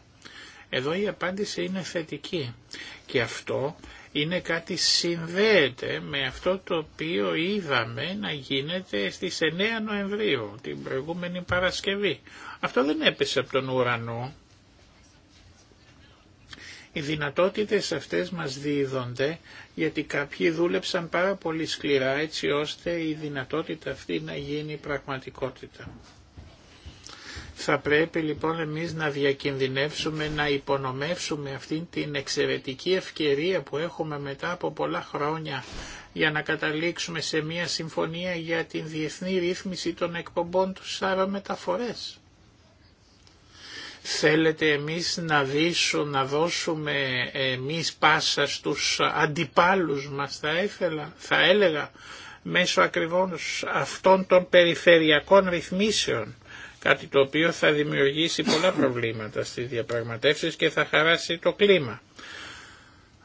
Εδώ η απάντηση είναι θετική και αυτό είναι κάτι συνδέεται με αυτό το οποίο είδαμε να γίνεται στις 9 Νοεμβρίου, την προηγούμενη Παρασκευή. Αυτό δεν έπεσε από τον ουρανό. Οι δυνατότητες αυτές μας δίδονται γιατί κάποιοι δούλεψαν πάρα πολύ σκληρά έτσι ώστε η δυνατότητα αυτή να γίνει πραγματικότητα. Θα πρέπει λοιπόν εμείς να διακινδυνεύσουμε, να υπονομεύσουμε αυτήν την εξαιρετική ευκαιρία που έχουμε μετά από πολλά χρόνια για να καταλήξουμε σε μια συμφωνία για την διεθνή ρύθμιση των εκπομπών του Σάρα Μεταφορές. Θέλετε εμείς να, να δώσουμε εμείς πάσα στους αντιπάλους μας θα, έφελα, θα έλεγα μέσω ακριβώς αυτών των περιφερειακών ρυθμίσεων κάτι το οποίο θα δημιουργήσει πολλά προβλήματα στις διαπραγματεύσεις και θα χαράσει το κλίμα.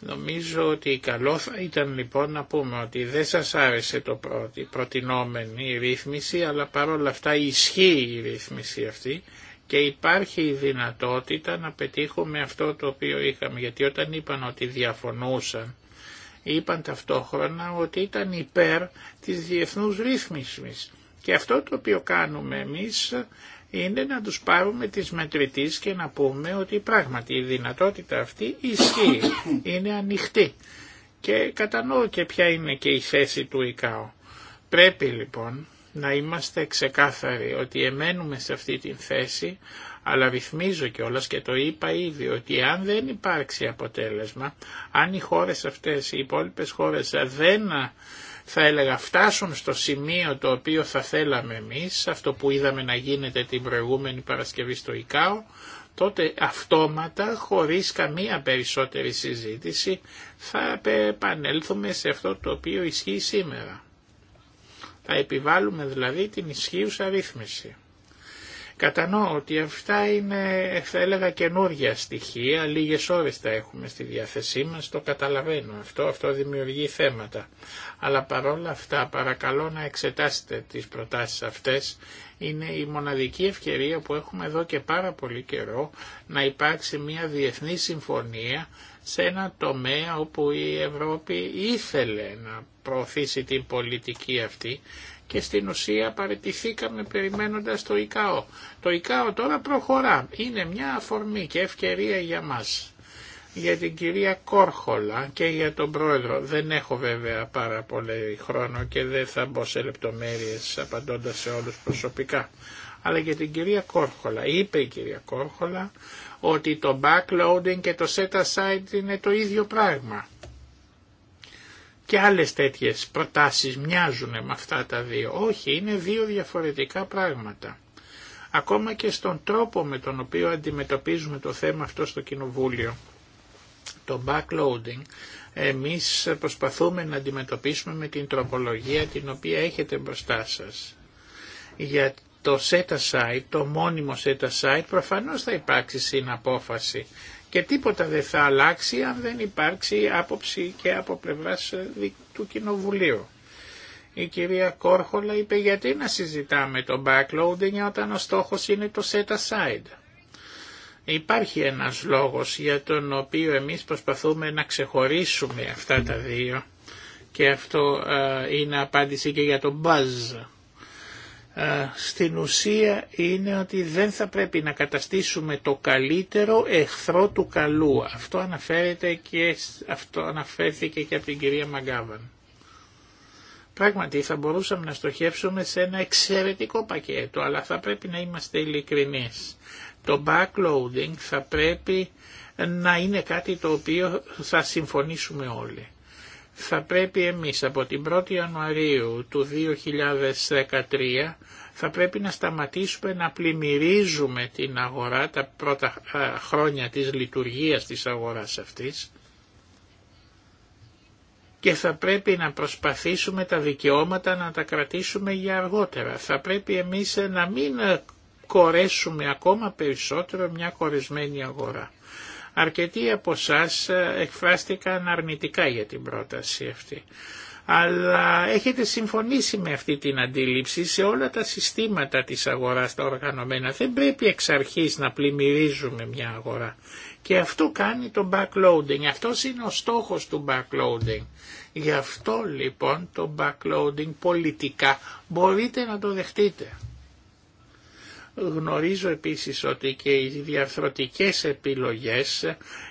Νομίζω ότι καλό θα ήταν λοιπόν να πούμε ότι δεν σας άρεσε το πρώτη, προτινόμενη ρύθμιση, αλλά παρόλα αυτά ισχύει η ρύθμιση αυτή και υπάρχει η δυνατότητα να πετύχουμε αυτό το οποίο είχαμε. Γιατί όταν είπαν ότι διαφωνούσαν, είπαν ταυτόχρονα ότι ήταν υπέρ της διεθνούς ρύθμισης και αυτό το οποίο κάνουμε εμείς είναι να τους πάρουμε τις μετρητής και να πούμε ότι πράγματι η δυνατότητα αυτή ισχύει, είναι ανοιχτή. Και κατανοώ και ποια είναι και η θέση του ΙΚΑΟ. Πρέπει λοιπόν να είμαστε ξεκάθαροι ότι εμένουμε σε αυτή την θέση, αλλά ρυθμίζω κιόλα και το είπα ήδη ότι αν δεν υπάρξει αποτέλεσμα, αν οι χώρες αυτές, οι υπόλοιπες χώρες δεν θα έλεγα φτάσουν στο σημείο το οποίο θα θέλαμε εμείς, αυτό που είδαμε να γίνεται την προηγούμενη Παρασκευή στο ΙΚΑΟ, τότε αυτόματα, χωρίς καμία περισσότερη συζήτηση, θα επανέλθουμε σε αυτό το οποίο ισχύει σήμερα. Θα επιβάλλουμε δηλαδή την ισχύουσα ρύθμιση. Κατανοώ ότι αυτά είναι, θα έλεγα, καινούργια στοιχεία, λίγες ώρες τα έχουμε στη διάθεσή μας, το καταλαβαίνω αυτό, αυτό δημιουργεί θέματα. Αλλά παρόλα αυτά παρακαλώ να εξετάσετε τις προτάσεις αυτές, είναι η μοναδική ευκαιρία που έχουμε εδώ και πάρα πολύ καιρό να υπάρξει μια διεθνή συμφωνία σε ένα τομέα όπου η Ευρώπη ήθελε να προωθήσει την πολιτική αυτή και στην ουσία παραιτηθήκαμε περιμένοντας το ΙΚΑΟ. Το ΙΚΑΟ τώρα προχωρά. Είναι μια αφορμή και ευκαιρία για μας. Για την κυρία Κόρχολα και για τον πρόεδρο. Δεν έχω βέβαια πάρα πολύ χρόνο και δεν θα μπω σε λεπτομέρειες απαντώντας σε όλους προσωπικά. Αλλά για την κυρία Κόρχολα. Είπε η κυρία Κόρχολα ότι το backloading και το set aside είναι το ίδιο πράγμα και άλλες τέτοιες προτάσεις μοιάζουν με αυτά τα δύο. Όχι, είναι δύο διαφορετικά πράγματα. Ακόμα και στον τρόπο με τον οποίο αντιμετωπίζουμε το θέμα αυτό στο Κοινοβούλιο, το backloading, εμείς προσπαθούμε να αντιμετωπίσουμε με την τροπολογία την οποία έχετε μπροστά σας. Για το set aside, το μόνιμο set aside, προφανώς θα υπάρξει συναπόφαση και τίποτα δεν θα αλλάξει αν δεν υπάρξει άποψη και από πλευράς ε, του Κοινοβουλίου. Η κυρία Κόρχολα είπε γιατί να συζητάμε το backloading όταν ο στόχος είναι το set aside. Υπάρχει ένας λόγος για τον οποίο εμείς προσπαθούμε να ξεχωρίσουμε αυτά τα δύο και αυτό ε, είναι απάντηση και για το buzz στην ουσία είναι ότι δεν θα πρέπει να καταστήσουμε το καλύτερο εχθρό του καλού. Αυτό, αναφέρεται και, αυτό αναφέρθηκε και από την κυρία Μαγκάβαν. Πράγματι θα μπορούσαμε να στοχεύσουμε σε ένα εξαιρετικό πακέτο, αλλά θα πρέπει να είμαστε ειλικρινεί. Το backloading θα πρέπει να είναι κάτι το οποίο θα συμφωνήσουμε όλοι θα πρέπει εμείς από την 1η Ιανουαρίου του 2013 θα πρέπει να σταματήσουμε να πλημμυρίζουμε την αγορά τα πρώτα χρόνια της λειτουργίας της αγοράς αυτής και θα πρέπει να προσπαθήσουμε τα δικαιώματα να τα κρατήσουμε για αργότερα. Θα πρέπει εμείς ε, να μην ε, κορέσουμε ακόμα περισσότερο μια κορεσμένη αγορά. Αρκετοί από εσά εκφράστηκαν αρνητικά για την πρόταση αυτή. Αλλά έχετε συμφωνήσει με αυτή την αντίληψη σε όλα τα συστήματα της αγοράς τα οργανωμένα. Δεν πρέπει εξ αρχής να πλημμυρίζουμε μια αγορά. Και αυτό κάνει το backloading. Αυτός είναι ο στόχος του backloading. Γι' αυτό λοιπόν το backloading πολιτικά μπορείτε να το δεχτείτε. Γνωρίζω επίσης ότι και οι διαρθρωτικές επιλογές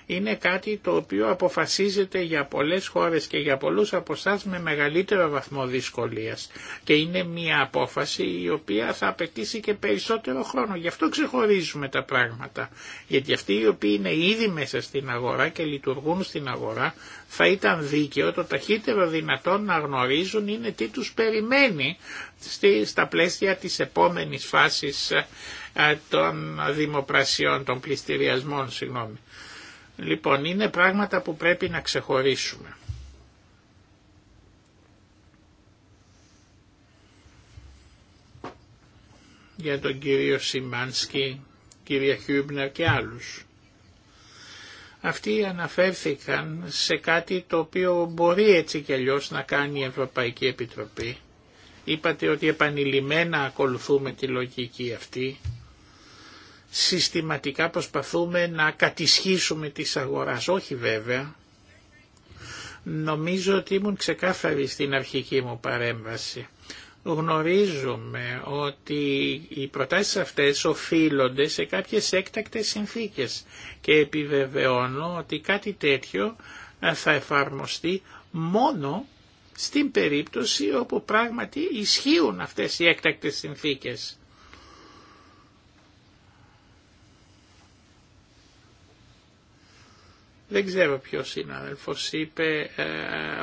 είναι κάτι το οποίο αποφασίζεται για πολλές χώρες και για πολλούς από εσά με μεγαλύτερο βαθμό δυσκολίας και είναι μια απόφαση η οποία θα απαιτήσει και περισσότερο χρόνο. Γι' αυτό ξεχωρίζουμε τα πράγματα, γιατί αυτοί οι οποίοι είναι ήδη μέσα στην αγορά και λειτουργούν στην αγορά θα ήταν δίκαιο το ταχύτερο δυνατόν να γνωρίζουν είναι τι τους περιμένει στα πλαίσια της επόμενης φάσης ε, των δημοπρασιών, των πληστηριασμών, συγγνώμη. Λοιπόν, είναι πράγματα που πρέπει να ξεχωρίσουμε. Για τον κύριο Σιμάνσκι, κυρία Χιούμπνερ και άλλους. Αυτοί αναφέρθηκαν σε κάτι το οποίο μπορεί έτσι και αλλιώ να κάνει η Ευρωπαϊκή Επιτροπή. Είπατε ότι επανειλημμένα ακολουθούμε τη λογική αυτή συστηματικά προσπαθούμε να κατησχίσουμε τις αγοράς. Όχι βέβαια. Νομίζω ότι ήμουν ξεκάθαρη στην αρχική μου παρέμβαση. Γνωρίζουμε ότι οι προτάσεις αυτές οφείλονται σε κάποιες έκτακτες συνθήκες και επιβεβαιώνω ότι κάτι τέτοιο ε, θα εφαρμοστεί μόνο στην περίπτωση όπου πράγματι ισχύουν αυτές οι έκτακτες συνθήκες. Δεν ξέρω ποιος αδελφό. είπε ε,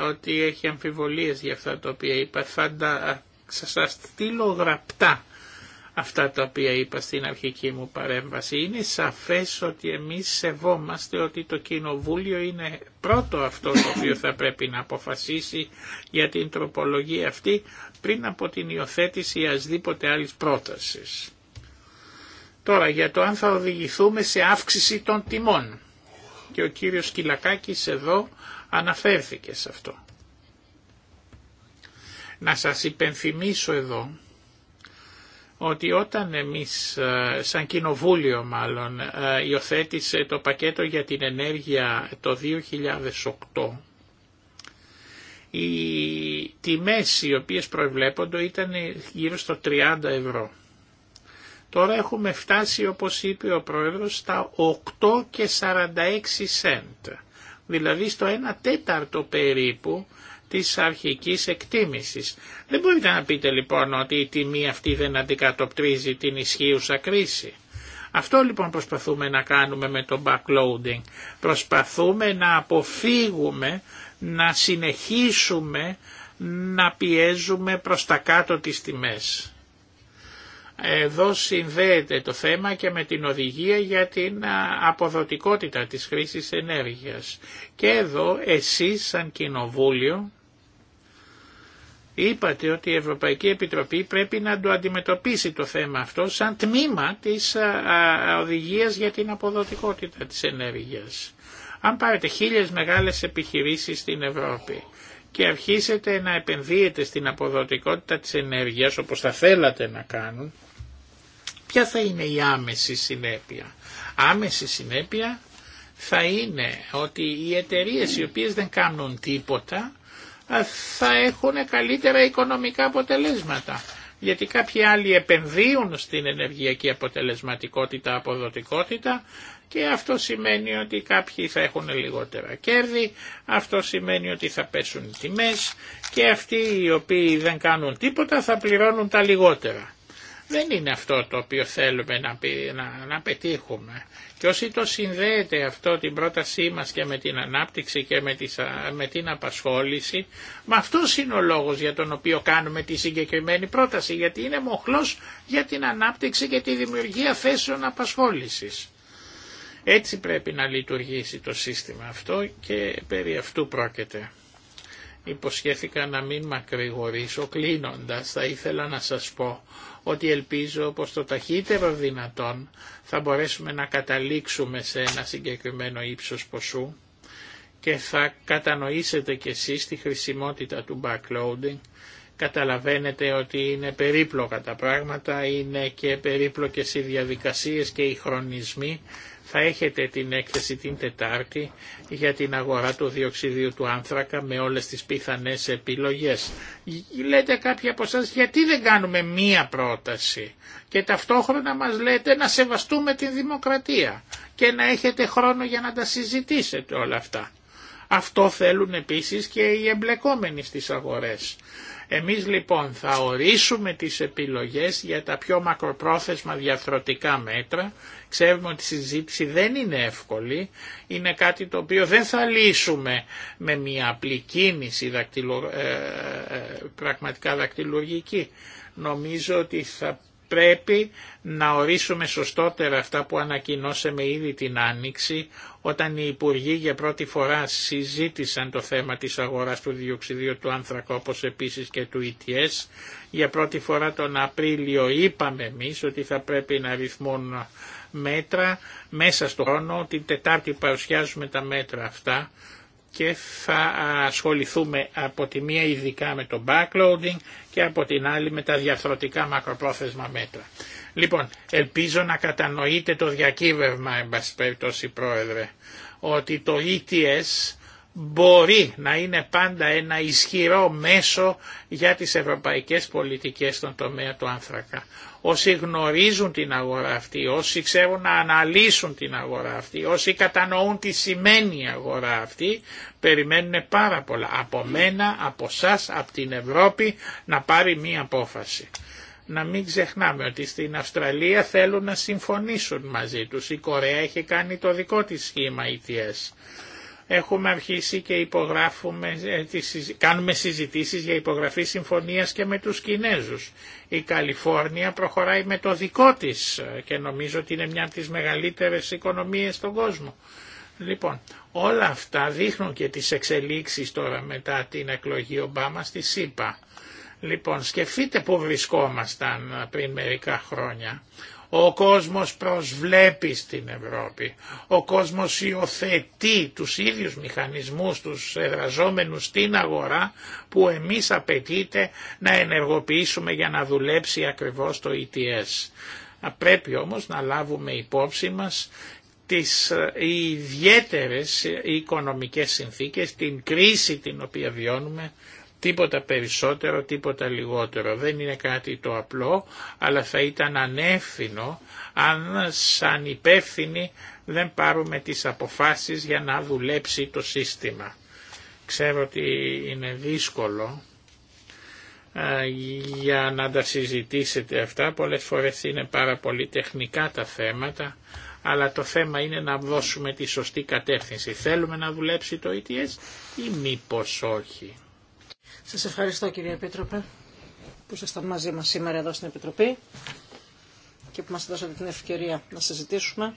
ότι έχει αμφιβολίες για αυτά τα οποία είπα. Θα ε, τα, στείλω γραπτά αυτά τα οποία είπα στην αρχική μου παρέμβαση. Είναι σαφές ότι εμείς σεβόμαστε ότι το Κοινοβούλιο είναι πρώτο αυτό το οποίο θα πρέπει να αποφασίσει για την τροπολογία αυτή πριν από την υιοθέτηση ασδήποτε άλλης πρότασης. Τώρα για το αν θα οδηγηθούμε σε αύξηση των τιμών και ο κύριος Κυλακάκης εδώ αναφέρθηκε σε αυτό. Να σας υπενθυμίσω εδώ ότι όταν εμείς ε, σαν κοινοβούλιο μάλλον ε, υιοθέτησε το πακέτο για την ενέργεια το 2008 οι τιμές οι οποίες προεβλέπονται ήταν γύρω στο 30 ευρώ. Τώρα έχουμε φτάσει όπως είπε ο Πρόεδρος στα 8 και 46 σέντ, δηλαδή στο 1 τέταρτο περίπου της αρχικής εκτίμησης. Δεν μπορείτε να πείτε λοιπόν ότι η τιμή αυτή δεν αντικατοπτρίζει την ισχύουσα κρίση. Αυτό λοιπόν προσπαθούμε να κάνουμε με το backloading. Προσπαθούμε να αποφύγουμε, να συνεχίσουμε να πιέζουμε προς τα κάτω τις τιμές. Εδώ συνδέεται το θέμα και με την οδηγία για την αποδοτικότητα της χρήσης ενέργειας. Και εδώ εσείς σαν κοινοβούλιο είπατε ότι η Ευρωπαϊκή Επιτροπή πρέπει να το αντιμετωπίσει το θέμα αυτό σαν τμήμα της οδηγίας για την αποδοτικότητα της ενέργειας. Αν πάρετε χίλιες μεγάλες επιχειρήσεις στην Ευρώπη και αρχίσετε να επενδύετε στην αποδοτικότητα της ενέργειας όπως θα θέλατε να κάνουν, Ποια θα είναι η άμεση συνέπεια. Άμεση συνέπεια θα είναι ότι οι εταιρείε οι οποίες δεν κάνουν τίποτα θα έχουν καλύτερα οικονομικά αποτελέσματα. Γιατί κάποιοι άλλοι επενδύουν στην ενεργειακή αποτελεσματικότητα, αποδοτικότητα και αυτό σημαίνει ότι κάποιοι θα έχουν λιγότερα κέρδη, αυτό σημαίνει ότι θα πέσουν οι τιμές και αυτοί οι οποίοι δεν κάνουν τίποτα θα πληρώνουν τα λιγότερα. Δεν είναι αυτό το οποίο θέλουμε να, να, να πετύχουμε. Και όσοι το συνδέεται αυτό την πρότασή μας και με την ανάπτυξη και με, με την απασχόληση, μα αυτό είναι ο λόγος για τον οποίο κάνουμε τη συγκεκριμένη πρόταση, γιατί είναι μοχλός για την ανάπτυξη και τη δημιουργία θέσεων απασχόλησης. Έτσι πρέπει να λειτουργήσει το σύστημα αυτό και περί αυτού πρόκειται υποσχέθηκα να μην μακρηγορήσω. Κλείνοντας θα ήθελα να σας πω ότι ελπίζω πως το ταχύτερο δυνατόν θα μπορέσουμε να καταλήξουμε σε ένα συγκεκριμένο ύψος ποσού και θα κατανοήσετε κι εσείς τη χρησιμότητα του backloading. Καταλαβαίνετε ότι είναι περίπλοκα τα πράγματα, είναι και περίπλοκες οι διαδικασίες και οι χρονισμοί θα έχετε την έκθεση την Τετάρτη για την αγορά του διοξιδίου του άνθρακα με όλες τις πιθανές επιλογές. Λέτε κάποιοι από εσάς γιατί δεν κάνουμε μία πρόταση και ταυτόχρονα μας λέτε να σεβαστούμε την δημοκρατία και να έχετε χρόνο για να τα συζητήσετε όλα αυτά. Αυτό θέλουν επίσης και οι εμπλεκόμενοι στις αγορές. Εμείς λοιπόν θα ορίσουμε τις επιλογές για τα πιο μακροπρόθεσμα διαφθρωτικά μέτρα. Ξέρουμε ότι η συζήτηση δεν είναι εύκολη, είναι κάτι το οποίο δεν θα λύσουμε με μια απλή κίνηση ε, ε, ε, πραγματικά δακτυλουργική. Νομίζω ότι θα πρέπει να ορίσουμε σωστότερα αυτά που ανακοινώσαμε ήδη την Άνοιξη όταν οι Υπουργοί για πρώτη φορά συζήτησαν το θέμα της αγοράς του διοξιδίου του άνθρακα όπως επίσης και του ETS. Για πρώτη φορά τον Απρίλιο είπαμε εμείς ότι θα πρέπει να ρυθμούν μέτρα μέσα στον χρόνο. Την Τετάρτη παρουσιάζουμε τα μέτρα αυτά και θα ασχοληθούμε από τη μία ειδικά με το backloading και από την άλλη με τα διαφθορτικά μακροπρόθεσμα μέτρα. Λοιπόν, ελπίζω να κατανοείτε το διακύβευμα, εν πάση Πρόεδρε, ότι το ETS μπορεί να είναι πάντα ένα ισχυρό μέσο για τις ευρωπαϊκές πολιτικές στον τομέα του άνθρακα όσοι γνωρίζουν την αγορά αυτή, όσοι ξέρουν να αναλύσουν την αγορά αυτή, όσοι κατανοούν τι σημαίνει η αγορά αυτή, περιμένουν πάρα πολλά από μένα, από εσά, από την Ευρώπη να πάρει μία απόφαση. Να μην ξεχνάμε ότι στην Αυστραλία θέλουν να συμφωνήσουν μαζί τους. Η Κορέα έχει κάνει το δικό της σχήμα ETS έχουμε αρχίσει και υπογράφουμε, ε, κάνουμε συζητήσεις για υπογραφή συμφωνίας και με τους Κινέζους. Η Καλιφόρνια προχωράει με το δικό της ε, και νομίζω ότι είναι μια από τις μεγαλύτερες οικονομίες στον κόσμο. Λοιπόν, όλα αυτά δείχνουν και τις εξελίξεις τώρα μετά την εκλογή Ομπάμα στη ΣΥΠΑ. Λοιπόν, σκεφτείτε που βρισκόμασταν ε, πριν μερικά χρόνια ο κόσμος προσβλέπει στην Ευρώπη. Ο κόσμος υιοθετεί τους ίδιους μηχανισμούς, τους εργαζόμενους στην αγορά που εμείς απαιτείται να ενεργοποιήσουμε για να δουλέψει ακριβώς το ETS. Πρέπει όμως να λάβουμε υπόψη μας τις ε, ιδιαίτερες οικονομικές συνθήκες, την κρίση την οποία βιώνουμε Τίποτα περισσότερο, τίποτα λιγότερο. Δεν είναι κάτι το απλό, αλλά θα ήταν ανεύθυνο αν σαν υπεύθυνοι δεν πάρουμε τις αποφάσεις για να δουλέψει το σύστημα. Ξέρω ότι είναι δύσκολο ε, για να τα συζητήσετε αυτά. Πολλές φορές είναι πάρα πολύ τεχνικά τα θέματα, αλλά το θέμα είναι να δώσουμε τη σωστή κατεύθυνση. Θέλουμε να δουλέψει το ETS ή μήπως όχι. Σας ευχαριστώ κύριε Επίτροπε που ήσασταν μαζί μας σήμερα εδώ στην Επιτροπή και που μας δώσατε την ευκαιρία να συζητήσουμε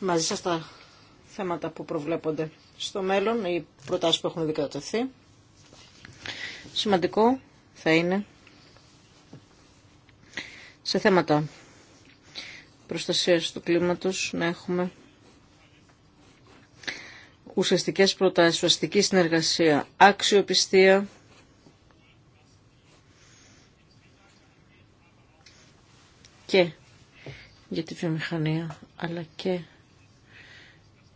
μαζί σας τα θέματα που προβλέπονται στο μέλλον, ή προτάσεις που έχουν δικαιωτευθεί. Σημαντικό θα είναι σε θέματα προστασίας του κλίματος να έχουμε ουσιαστικές προτάσεις, ουσιαστική συνεργασία, αξιοπιστία και για τη βιομηχανία, αλλά και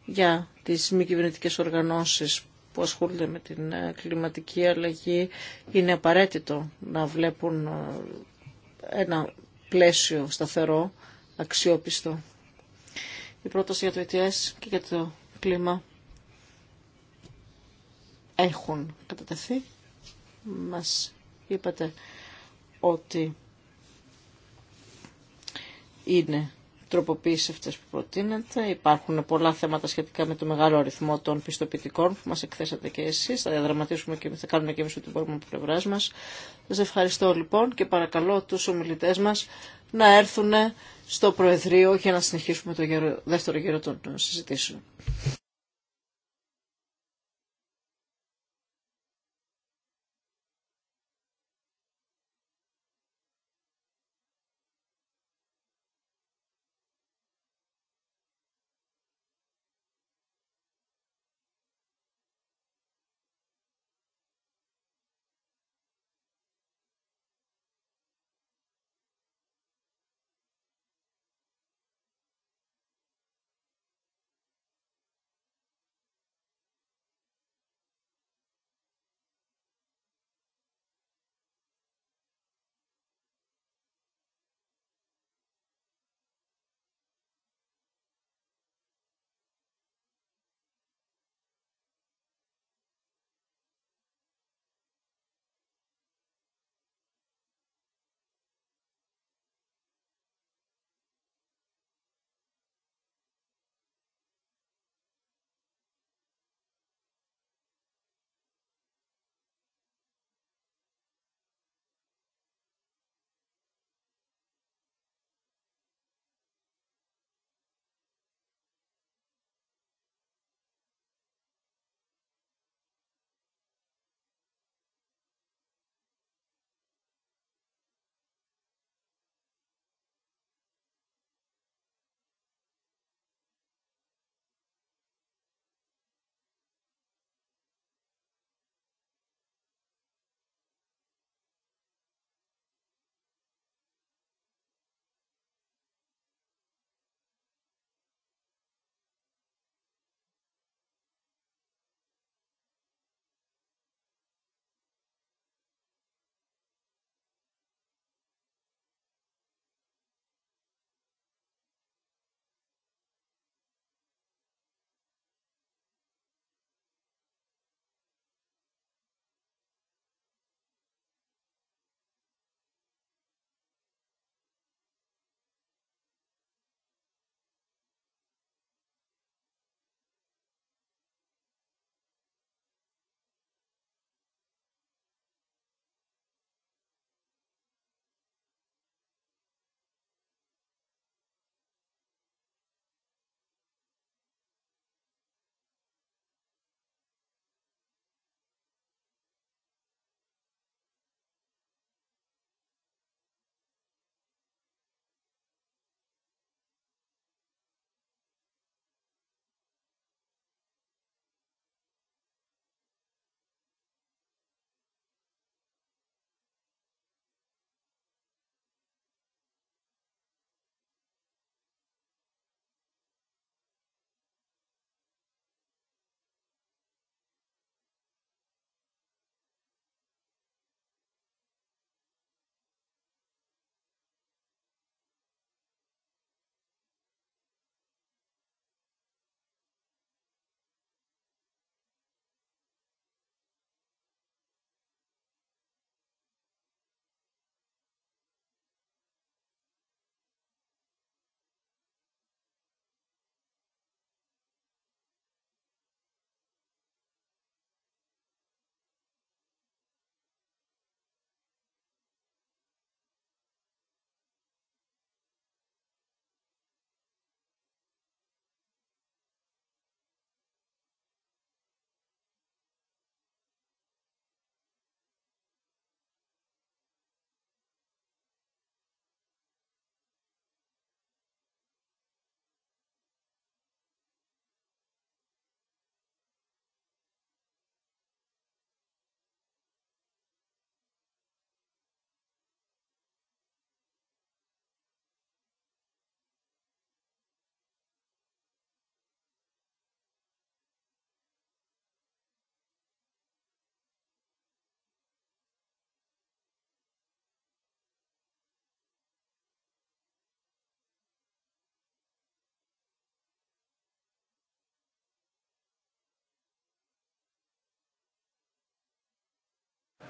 για τις μη κυβερνητικέ οργανώσεις που ασχολούνται με την ε, κλιματική αλλαγή, είναι απαραίτητο να βλέπουν ε, ένα πλαίσιο σταθερό, αξιόπιστο. Η πρόταση για το ETS και για το κλίμα έχουν κατατεθεί. Μας είπατε ότι είναι τροποποίησεις αυτέ που προτείνεται. Υπάρχουν πολλά θέματα σχετικά με το μεγάλο αριθμό των πιστοποιητικών που μας εκθέσατε και εσείς. Θα διαδραματίσουμε και θα κάνουμε και εμεί ό,τι μπορούμε από πλευρά μα. Σα ευχαριστώ λοιπόν και παρακαλώ τους ομιλητέ μας να έρθουν στο Προεδρείο για να συνεχίσουμε το δεύτερο γύρο των συζητήσεων.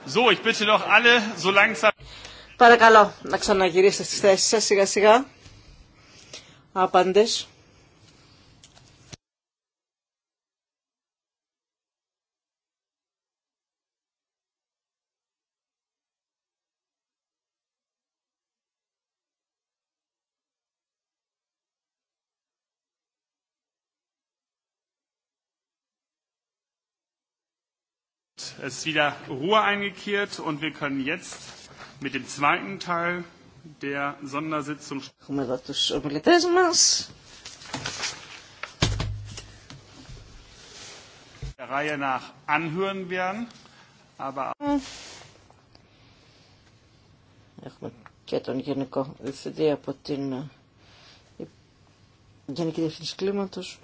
So, ich bitte doch alle, so langsam... Παρακαλώ να ξαναγυρίσετε στις θέσεις σας σιγά σιγά. Άπαντες. ist wieder Ruhe eingekehrt und wir können jetzt mit dem zweiten Teil der Sondersitzung. Έχουμε εδώ τους ομιλητές μας. Der Reihe nach anhören werden, aber hm. Έχουμε και τον Γενικό Διευθυντή από την ε, Γενική Διευθύνση Κλίματος,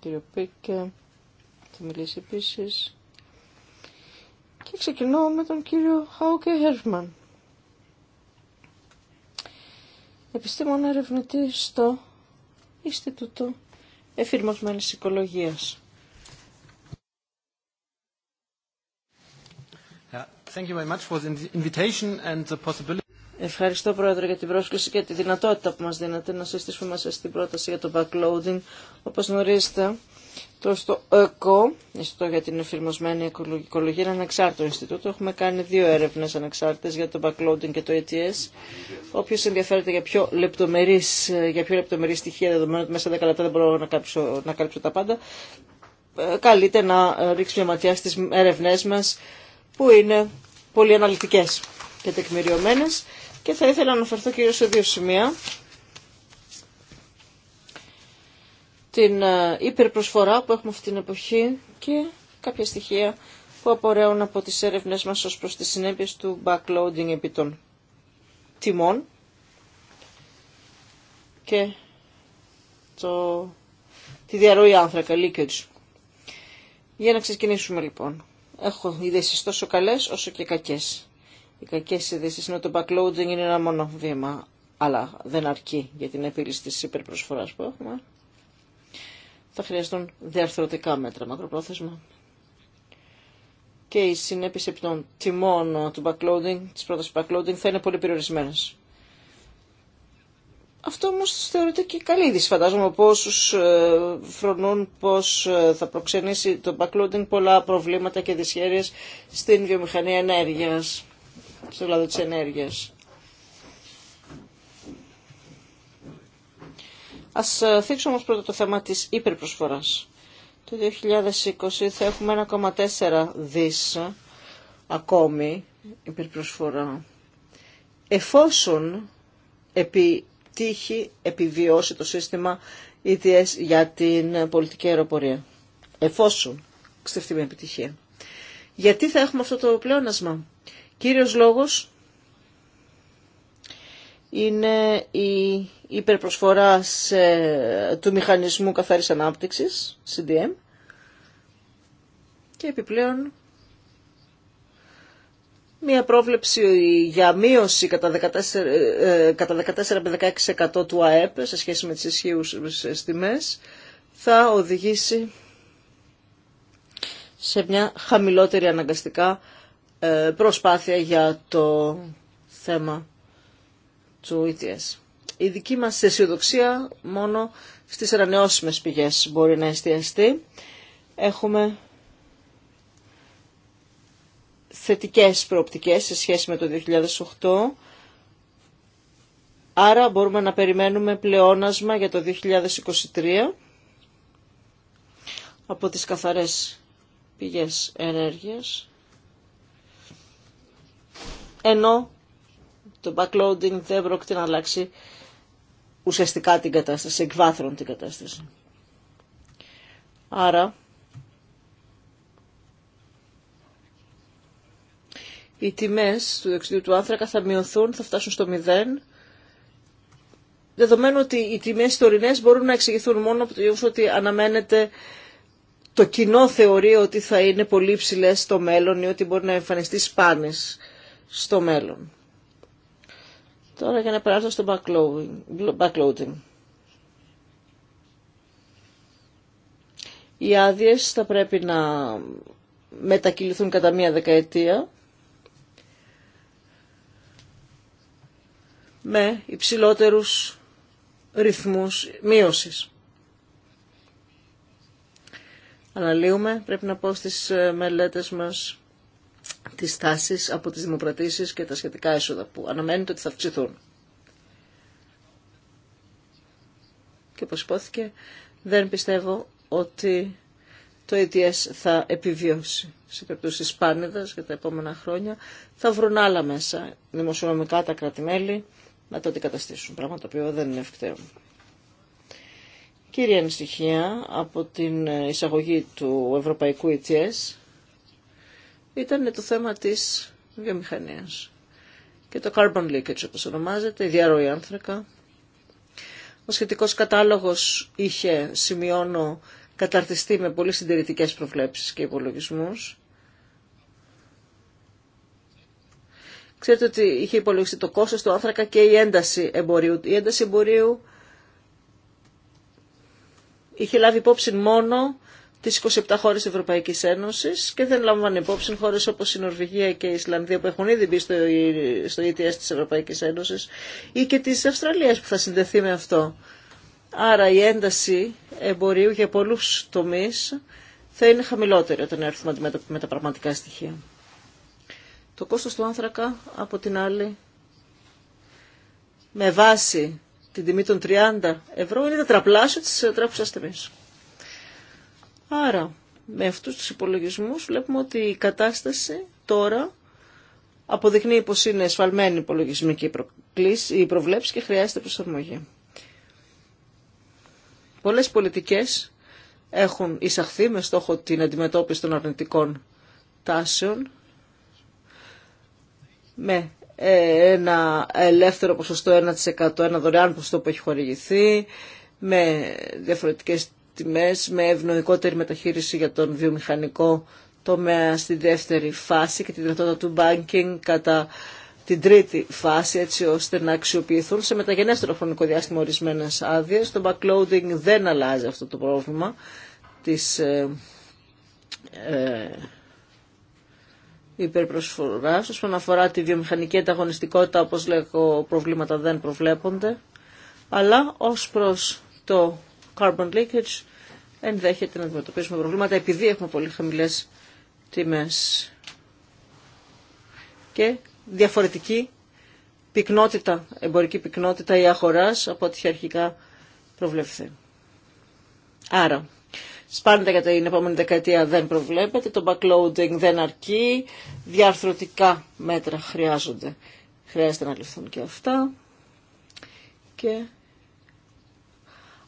κύριο Πίκε, θα μιλήσει επίση. Και ξεκινώ με τον κύριο Χάουκε Χέρφμαν. Επιστήμονα ερευνητή στο Ινστιτούτο Εφηρμοσμένης Οικολογίας. Thank you very much for the invitation and the possibility. Ευχαριστώ Πρόεδρε για την πρόσκληση και τη δυνατότητα που μας δίνετε να συστήσουμε σας την πρόταση για το backloading. Όπως γνωρίζετε, το στο ΕΚΟ, Ινστιτούτο για την Εφηρμοσμένη Οικολογία, είναι ανεξάρτητο Ινστιτούτο. Έχουμε κάνει δύο έρευνες ανεξάρτητες για το backloading και το ETS. Όποιος ενδιαφέρεται για πιο λεπτομερείς, για πιο λεπτομερείς στοιχεία, δεδομένου ότι μέσα 10 λεπτά δεν μπορώ να κάλυψω, να κάλυψω τα πάντα, ε, καλείται να ε, ρίξει μια ματιά στις έρευνές μας, που είναι πολύ αναλυτικές και τεκμηριωμένες και θα ήθελα να αναφερθώ κυρίως σε δύο σημεία. Την ε, υπερπροσφορά που έχουμε αυτή την εποχή και κάποια στοιχεία που απορρέουν από τις έρευνες μας ως προς τις συνέπειες του backloading επί των τιμών και το, τη διαρροή άνθρακα, leakage. Για να ξεκινήσουμε λοιπόν. Έχω ειδήσει τόσο καλές όσο και κακές. Οι κακέ ειδήσει είναι ότι το backloading είναι ένα μόνο βήμα, αλλά δεν αρκεί για την επίλυση τη υπερπροσφορά που έχουμε. Θα χρειαστούν διαρθρωτικά μέτρα μακροπρόθεσμα. Και οι συνέπειε επί των τιμών του backloading, τη πρόταση backloading, θα είναι πολύ περιορισμένε. Αυτό όμω θεωρείται και καλή είδηση. Φαντάζομαι από όσου ε, φρονούν πω ε, θα προξενήσει το backloading πολλά προβλήματα και δυσχέρειε στην βιομηχανία ενέργεια στο κλάδο της ενέργειας. Ας ε, θίξουμε όμως πρώτα το θέμα της υπερπροσφοράς. Το 2020 θα έχουμε 1,4 δις ακόμη υπερπροσφορά. Εφόσον επιτύχει, επιβιώσει το σύστημα ETS για την πολιτική αεροπορία. Εφόσον ξεφτεί με επιτυχία. Γιατί θα έχουμε αυτό το πλεόνασμα. Κύριος λόγος είναι η υπερπροσφορά σε, του μηχανισμού καθαρής ανάπτυξης, CDM, και επιπλέον μια πρόβλεψη για μείωση κατά 14, ε, κατά 14 16% του ΑΕΠ σε σχέση με τις ισχύουσες τιμές θα οδηγήσει σε μια χαμηλότερη αναγκαστικά ε, προσπάθεια για το θέμα του ETS. Η δική μας αισιοδοξία μόνο στις ανανεώσιμες πηγές μπορεί να εστιαστεί. Έχουμε θετικές προοπτικές σε σχέση με το 2008. Άρα μπορούμε να περιμένουμε πλεόνασμα για το 2023 από τις καθαρές πηγές ενέργειας ενώ το backloading δεν πρόκειται να αλλάξει ουσιαστικά την κατάσταση, εκβάθρων την κατάσταση. Άρα, οι τιμές του δεξιδιού του άνθρακα θα μειωθούν, θα φτάσουν στο μηδέν, δεδομένου ότι οι τιμές τωρινές μπορούν να εξηγηθούν μόνο από το γεγονός ότι αναμένεται το κοινό θεωρεί ότι θα είναι πολύ ψηλές στο μέλλον ή ότι μπορεί να εμφανιστεί σπάνες στο μέλλον. Τώρα για να περάσω στο backloading. Οι άδειε θα πρέπει να μετακυληθούν κατά μία δεκαετία με υψηλότερους ρυθμούς μείωσης. Αναλύουμε, πρέπει να πω στις ε, μελέτες μας, τις τάσεις από τις δημοπρατήσεις και τα σχετικά έσοδα που αναμένεται ότι θα αυξηθούν. Και όπως υπόθηκε, δεν πιστεύω ότι το ETS ε θα επιβιώσει. Σε περίπτωση της για τα επόμενα χρόνια θα βρουν άλλα μέσα δημοσιονομικά τα κράτη-μέλη να το αντικαταστήσουν, πράγμα το οποίο δεν είναι ευκταίο. Κύρια ανησυχία από την εισαγωγή του Ευρωπαϊκού ETS ε ήταν το θέμα της βιομηχανίας και το carbon leakage όπως ονομάζεται, η διαρροή άνθρακα. Ο σχετικός κατάλογος είχε, σημειώνω, καταρτιστεί με πολύ συντηρητικές προβλέψεις και υπολογισμούς. Ξέρετε ότι είχε υπολογιστεί το κόστος του άνθρακα και η ένταση εμπορίου. Η ένταση εμπορίου είχε λάβει υπόψη μόνο τι 27 χώρες Ευρωπαϊκή Ένωση και δεν λάμβανε υπόψη χώρε όπω η Νορβηγία και η Ισλανδία που έχουν ήδη μπει στο, στο ETS της Ευρωπαϊκής Ένωσης ή και τη Αυστραλία που θα συνδεθεί με αυτό. Άρα η ένταση εμπορίου για πολλού τομεί θα είναι χαμηλότερη όταν έρθουμε με τα πραγματικά στοιχεία. Το κόστος του άνθρακα, από την άλλη, με βάση την τιμή των 30 ευρώ, είναι τετραπλάσιο της τρέχουσας τιμής. Άρα, με αυτούς τους υπολογισμούς βλέπουμε ότι η κατάσταση τώρα αποδεικνύει πως είναι εσφαλμένη η υπολογισμική η προβλέψη και χρειάζεται προσαρμογή. Πολλές πολιτικές έχουν εισαχθεί με στόχο την αντιμετώπιση των αρνητικών τάσεων με ε, ένα ελεύθερο ποσοστό 1%, ένα δωρεάν ποσοστό που έχει χορηγηθεί, με διαφορετικές τιμές με ευνοϊκότερη μεταχείριση για τον βιομηχανικό τομέα στη δεύτερη φάση και τη δυνατότητα του banking κατά την τρίτη φάση έτσι ώστε να αξιοποιηθούν σε μεταγενέστερο χρονικό διάστημα ορισμένε άδειε. Το backloading δεν αλλάζει αυτό το πρόβλημα της ε, ε, υπερπροσφοράς. Όσον αφορά τη βιομηχανική ανταγωνιστικότητα, όπως λέγω, προβλήματα δεν προβλέπονται. Αλλά ως προς το carbon leakage ενδέχεται να αντιμετωπίσουμε προβλήματα επειδή έχουμε πολύ χαμηλές τιμές και διαφορετική πυκνότητα, εμπορική πυκνότητα ή αγοράς από ό,τι αρχικά προβλεφθεί. Άρα, σπάνια για την επόμενη δεκαετία δεν προβλέπεται, το backloading δεν αρκεί, διαρθρωτικά μέτρα χρειάζονται. Χρειάζεται να ληφθούν και αυτά και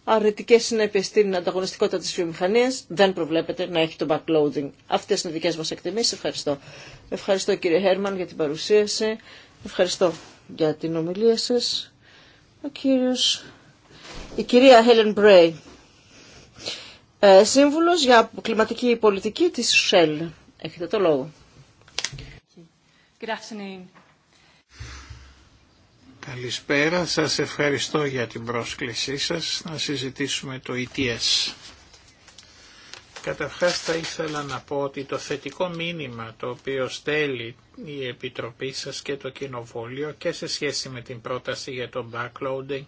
αρνητικές συνέπειες στην ανταγωνιστικότητα της βιομηχανίας. Δεν προβλέπεται να έχει το backloading. Αυτές είναι οι δικές μας εκτιμήσεις. Ευχαριστώ. Ευχαριστώ κύριε Χέρμαν για την παρουσίαση. Ευχαριστώ για την ομιλία σας. Ο κύριος... Η κυρία Helen Bray, ε, σύμβουλος για κλιματική πολιτική της Shell. Έχετε το λόγο. Good Καλησπέρα, σας ευχαριστώ για την πρόσκλησή σας να συζητήσουμε το ETS. Καταρχάς θα ήθελα να πω ότι το θετικό μήνυμα το οποίο στέλνει η Επιτροπή σας και το Κοινοβούλιο και σε σχέση με την πρόταση για το backloading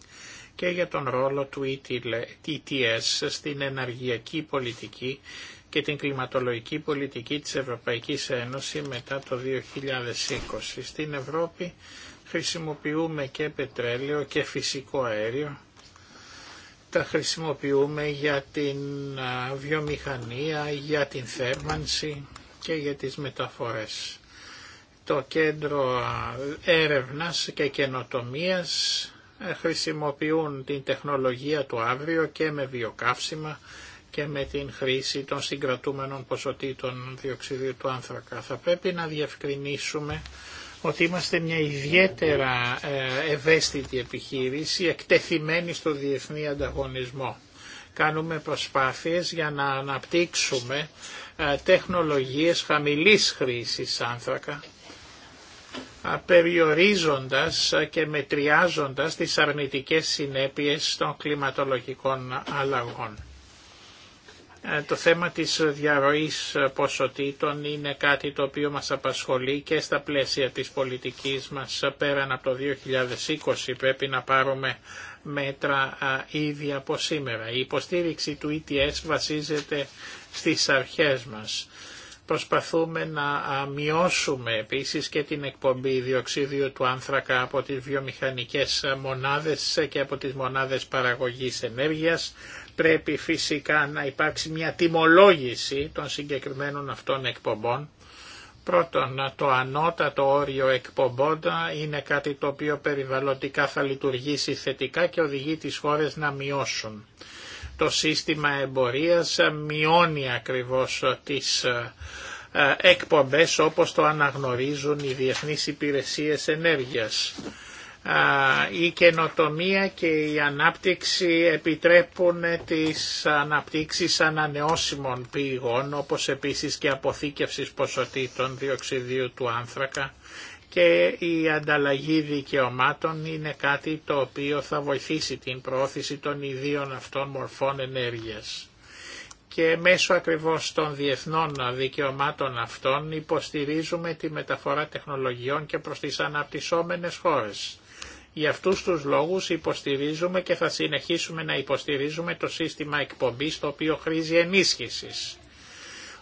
και για τον ρόλο του ETS e στην ενεργειακή πολιτική και την κλιματολογική πολιτική της Ευρωπαϊκής Ένωσης μετά το 2020. Στην Ευρώπη χρησιμοποιούμε και πετρέλαιο και φυσικό αέριο. Τα χρησιμοποιούμε για την βιομηχανία, για την θέρμανση και για τις μεταφορές. Το κέντρο έρευνας και καινοτομίας ε, χρησιμοποιούν την τεχνολογία του αύριο και με βιοκαύσιμα και με την χρήση των συγκρατούμενων ποσοτήτων διοξιδίου του άνθρακα. Θα πρέπει να διευκρινίσουμε ότι είμαστε μια ιδιαίτερα ε, ευαίσθητη επιχείρηση εκτεθειμένη στο διεθνή ανταγωνισμό. Κάνουμε προσπάθειες για να αναπτύξουμε ε, τεχνολογίες χαμηλής χρήσης άνθρακα, ε, περιορίζοντας και μετριάζοντας τις αρνητικές συνέπειες των κλιματολογικών αλλαγών. Ε, το θέμα της διαρροής ποσοτήτων είναι κάτι το οποίο μας απασχολεί και στα πλαίσια της πολιτικής μας πέραν από το 2020 πρέπει να πάρουμε μέτρα ήδη από σήμερα. Η υποστήριξη του ETS βασίζεται στις αρχές μας. Προσπαθούμε να μειώσουμε επίσης και την εκπομπή διοξίδιου του άνθρακα από τις βιομηχανικές μονάδες και από τις μονάδες παραγωγής ενέργειας πρέπει φυσικά να υπάρξει μια τιμολόγηση των συγκεκριμένων αυτών εκπομπών. Πρώτον, το ανώτατο όριο εκπομπών είναι κάτι το οποίο περιβαλλοντικά θα λειτουργήσει θετικά και οδηγεί τις χώρες να μειώσουν. Το σύστημα εμπορίας μειώνει ακριβώς τις ε, ε, εκπομπές όπως το αναγνωρίζουν οι διεθνείς υπηρεσίες ενέργειας η καινοτομία και η ανάπτυξη επιτρέπουν τις αναπτύξεις ανανεώσιμων πηγών όπως επίσης και αποθήκευσης ποσοτήτων διοξιδίου του άνθρακα και η ανταλλαγή δικαιωμάτων είναι κάτι το οποίο θα βοηθήσει την προώθηση των ιδίων αυτών μορφών ενέργειας. Και μέσω ακριβώς των διεθνών δικαιωμάτων αυτών υποστηρίζουμε τη μεταφορά τεχνολογιών και προς τις αναπτυσσόμενες χώρες για αυτούς τους λόγους υποστηρίζουμε και θα συνεχίσουμε να υποστηρίζουμε το σύστημα εκπομπής το οποίο χρήζει ενίσχυσης.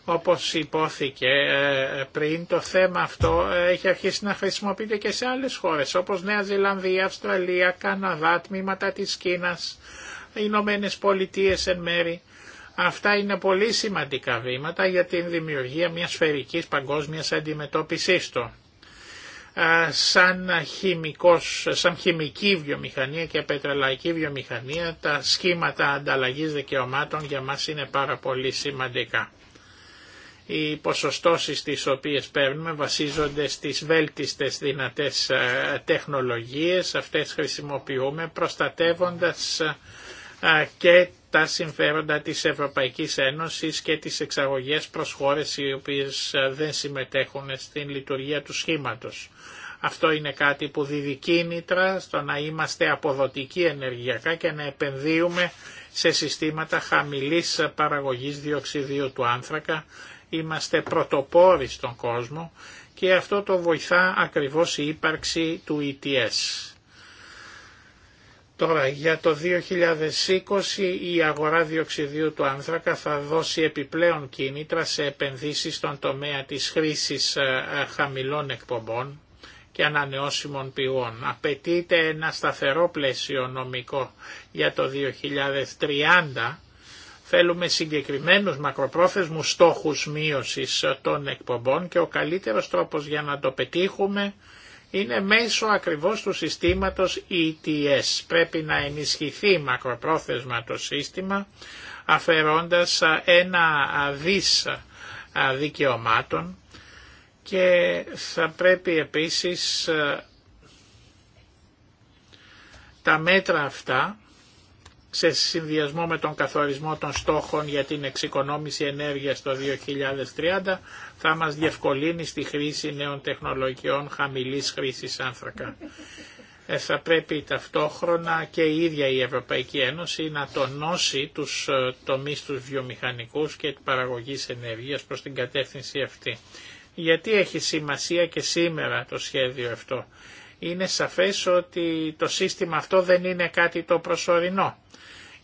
Όπως υπόθηκε ε, πριν, το θέμα αυτό ε, έχει αρχίσει να χρησιμοποιείται και σε άλλες χώρες, όπως Νέα Ζηλανδία, Αυστραλία, Καναδά, τμήματα της Κίνας, Ηνωμένε Πολιτείε εν μέρη. Αυτά είναι πολύ σημαντικά βήματα για την δημιουργία μιας σφαιρικής παγκόσμιας αντιμετώπισης του σαν, χημικός, σαν χημική βιομηχανία και πετρελαϊκή βιομηχανία τα σχήματα ανταλλαγής δικαιωμάτων για μας είναι πάρα πολύ σημαντικά. Οι ποσοστώσεις τις οποίες παίρνουμε βασίζονται στις βέλτιστες δυνατές τεχνολογίες, αυτές χρησιμοποιούμε προστατεύοντας και τα συμφέροντα της Ευρωπαϊκής Ένωσης και τις εξαγωγές προς χώρες οι οποίες ε, δεν συμμετέχουν στην λειτουργία του σχήματος. Αυτό είναι κάτι που δίδει κίνητρα στο να είμαστε αποδοτικοί ενεργειακά και να επενδύουμε σε συστήματα χαμηλής παραγωγής διοξιδίου του άνθρακα. Είμαστε πρωτοπόροι στον κόσμο και αυτό το βοηθά ακριβώς η ύπαρξη του ETS. Τώρα για το 2020 η αγορά διοξιδίου του άνθρακα θα δώσει επιπλέον κίνητρα σε επενδύσεις στον τομέα της χρήσης ε, ε, χαμηλών εκπομπών και ανανεώσιμων πηγών. Απαιτείται ένα σταθερό πλαίσιο νομικό για το 2030. Θέλουμε συγκεκριμένους μακροπρόθεσμους στόχους μείωσης ε, των εκπομπών και ο καλύτερος τρόπος για να το πετύχουμε είναι μέσω ακριβώς του συστήματος ETS. Πρέπει να ενισχυθεί μακροπρόθεσμα το σύστημα αφαιρώντας ένα δις δικαιωμάτων και θα πρέπει επίσης τα μέτρα αυτά σε συνδυασμό με τον καθορισμό των στόχων για την εξοικονόμηση ενέργειας το 2030 θα μας διευκολύνει στη χρήση νέων τεχνολογιών χαμηλής χρήσης άνθρακα. Ε, θα πρέπει ταυτόχρονα και η ίδια η Ευρωπαϊκή Ένωση να τονώσει τους ε, τομείς τους βιομηχανικούς και την παραγωγή ενέργειας προς την κατεύθυνση αυτή. Γιατί έχει σημασία και σήμερα το σχέδιο αυτό. Είναι σαφές ότι το σύστημα αυτό δεν είναι κάτι το προσωρινό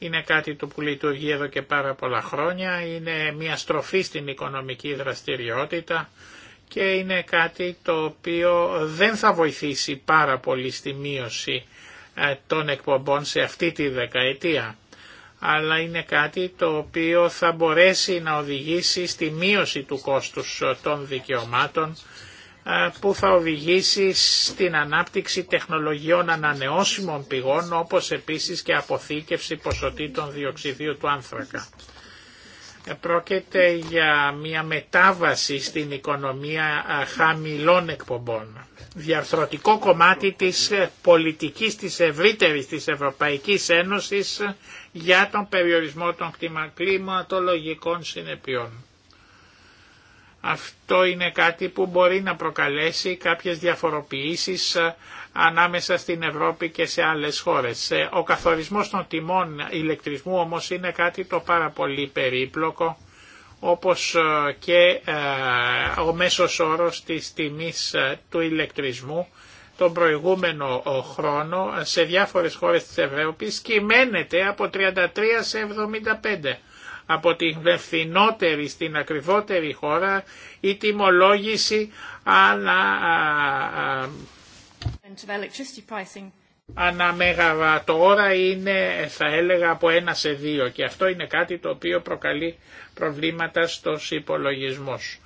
είναι κάτι το που λειτουργεί εδώ και πάρα πολλά χρόνια, είναι μια στροφή στην οικονομική δραστηριότητα και είναι κάτι το οποίο δεν θα βοηθήσει πάρα πολύ στη μείωση ε, των εκπομπών σε αυτή τη δεκαετία αλλά είναι κάτι το οποίο θα μπορέσει να οδηγήσει στη μείωση του κόστους ε, των δικαιωμάτων που θα οδηγήσει στην ανάπτυξη τεχνολογιών ανανεώσιμων πηγών όπως επίσης και αποθήκευση ποσοτήτων διοξιδίου του άνθρακα. Ε, πρόκειται για μια μετάβαση στην οικονομία χαμηλών εκπομπών. Διαρθρωτικό κομμάτι της ε, πολιτικής της ευρύτερης της Ευρωπαϊκής Ένωσης ε, για τον περιορισμό των κλιματολογικών συνεπειών. Αυτό είναι κάτι που μπορεί να προκαλέσει κάποιες διαφοροποιήσεις ε, ανάμεσα στην Ευρώπη και σε άλλες χώρες. Ο καθορισμός των τιμών ηλεκτρισμού όμως είναι κάτι το πάρα πολύ περίπλοκο όπως ε, και ε, ο μέσος όρος της τιμής του ηλεκτρισμού τον προηγούμενο χρόνο σε διάφορες χώρες της Ευρώπης κυμαίνεται από 33 σε 75 από την φθηνότερη στην ακριβότερη χώρα η τιμολόγηση ανα, ανα ώρα είναι θα έλεγα από ένα σε δύο και αυτό είναι κάτι το οποίο προκαλεί προβλήματα στους υπολογισμούς.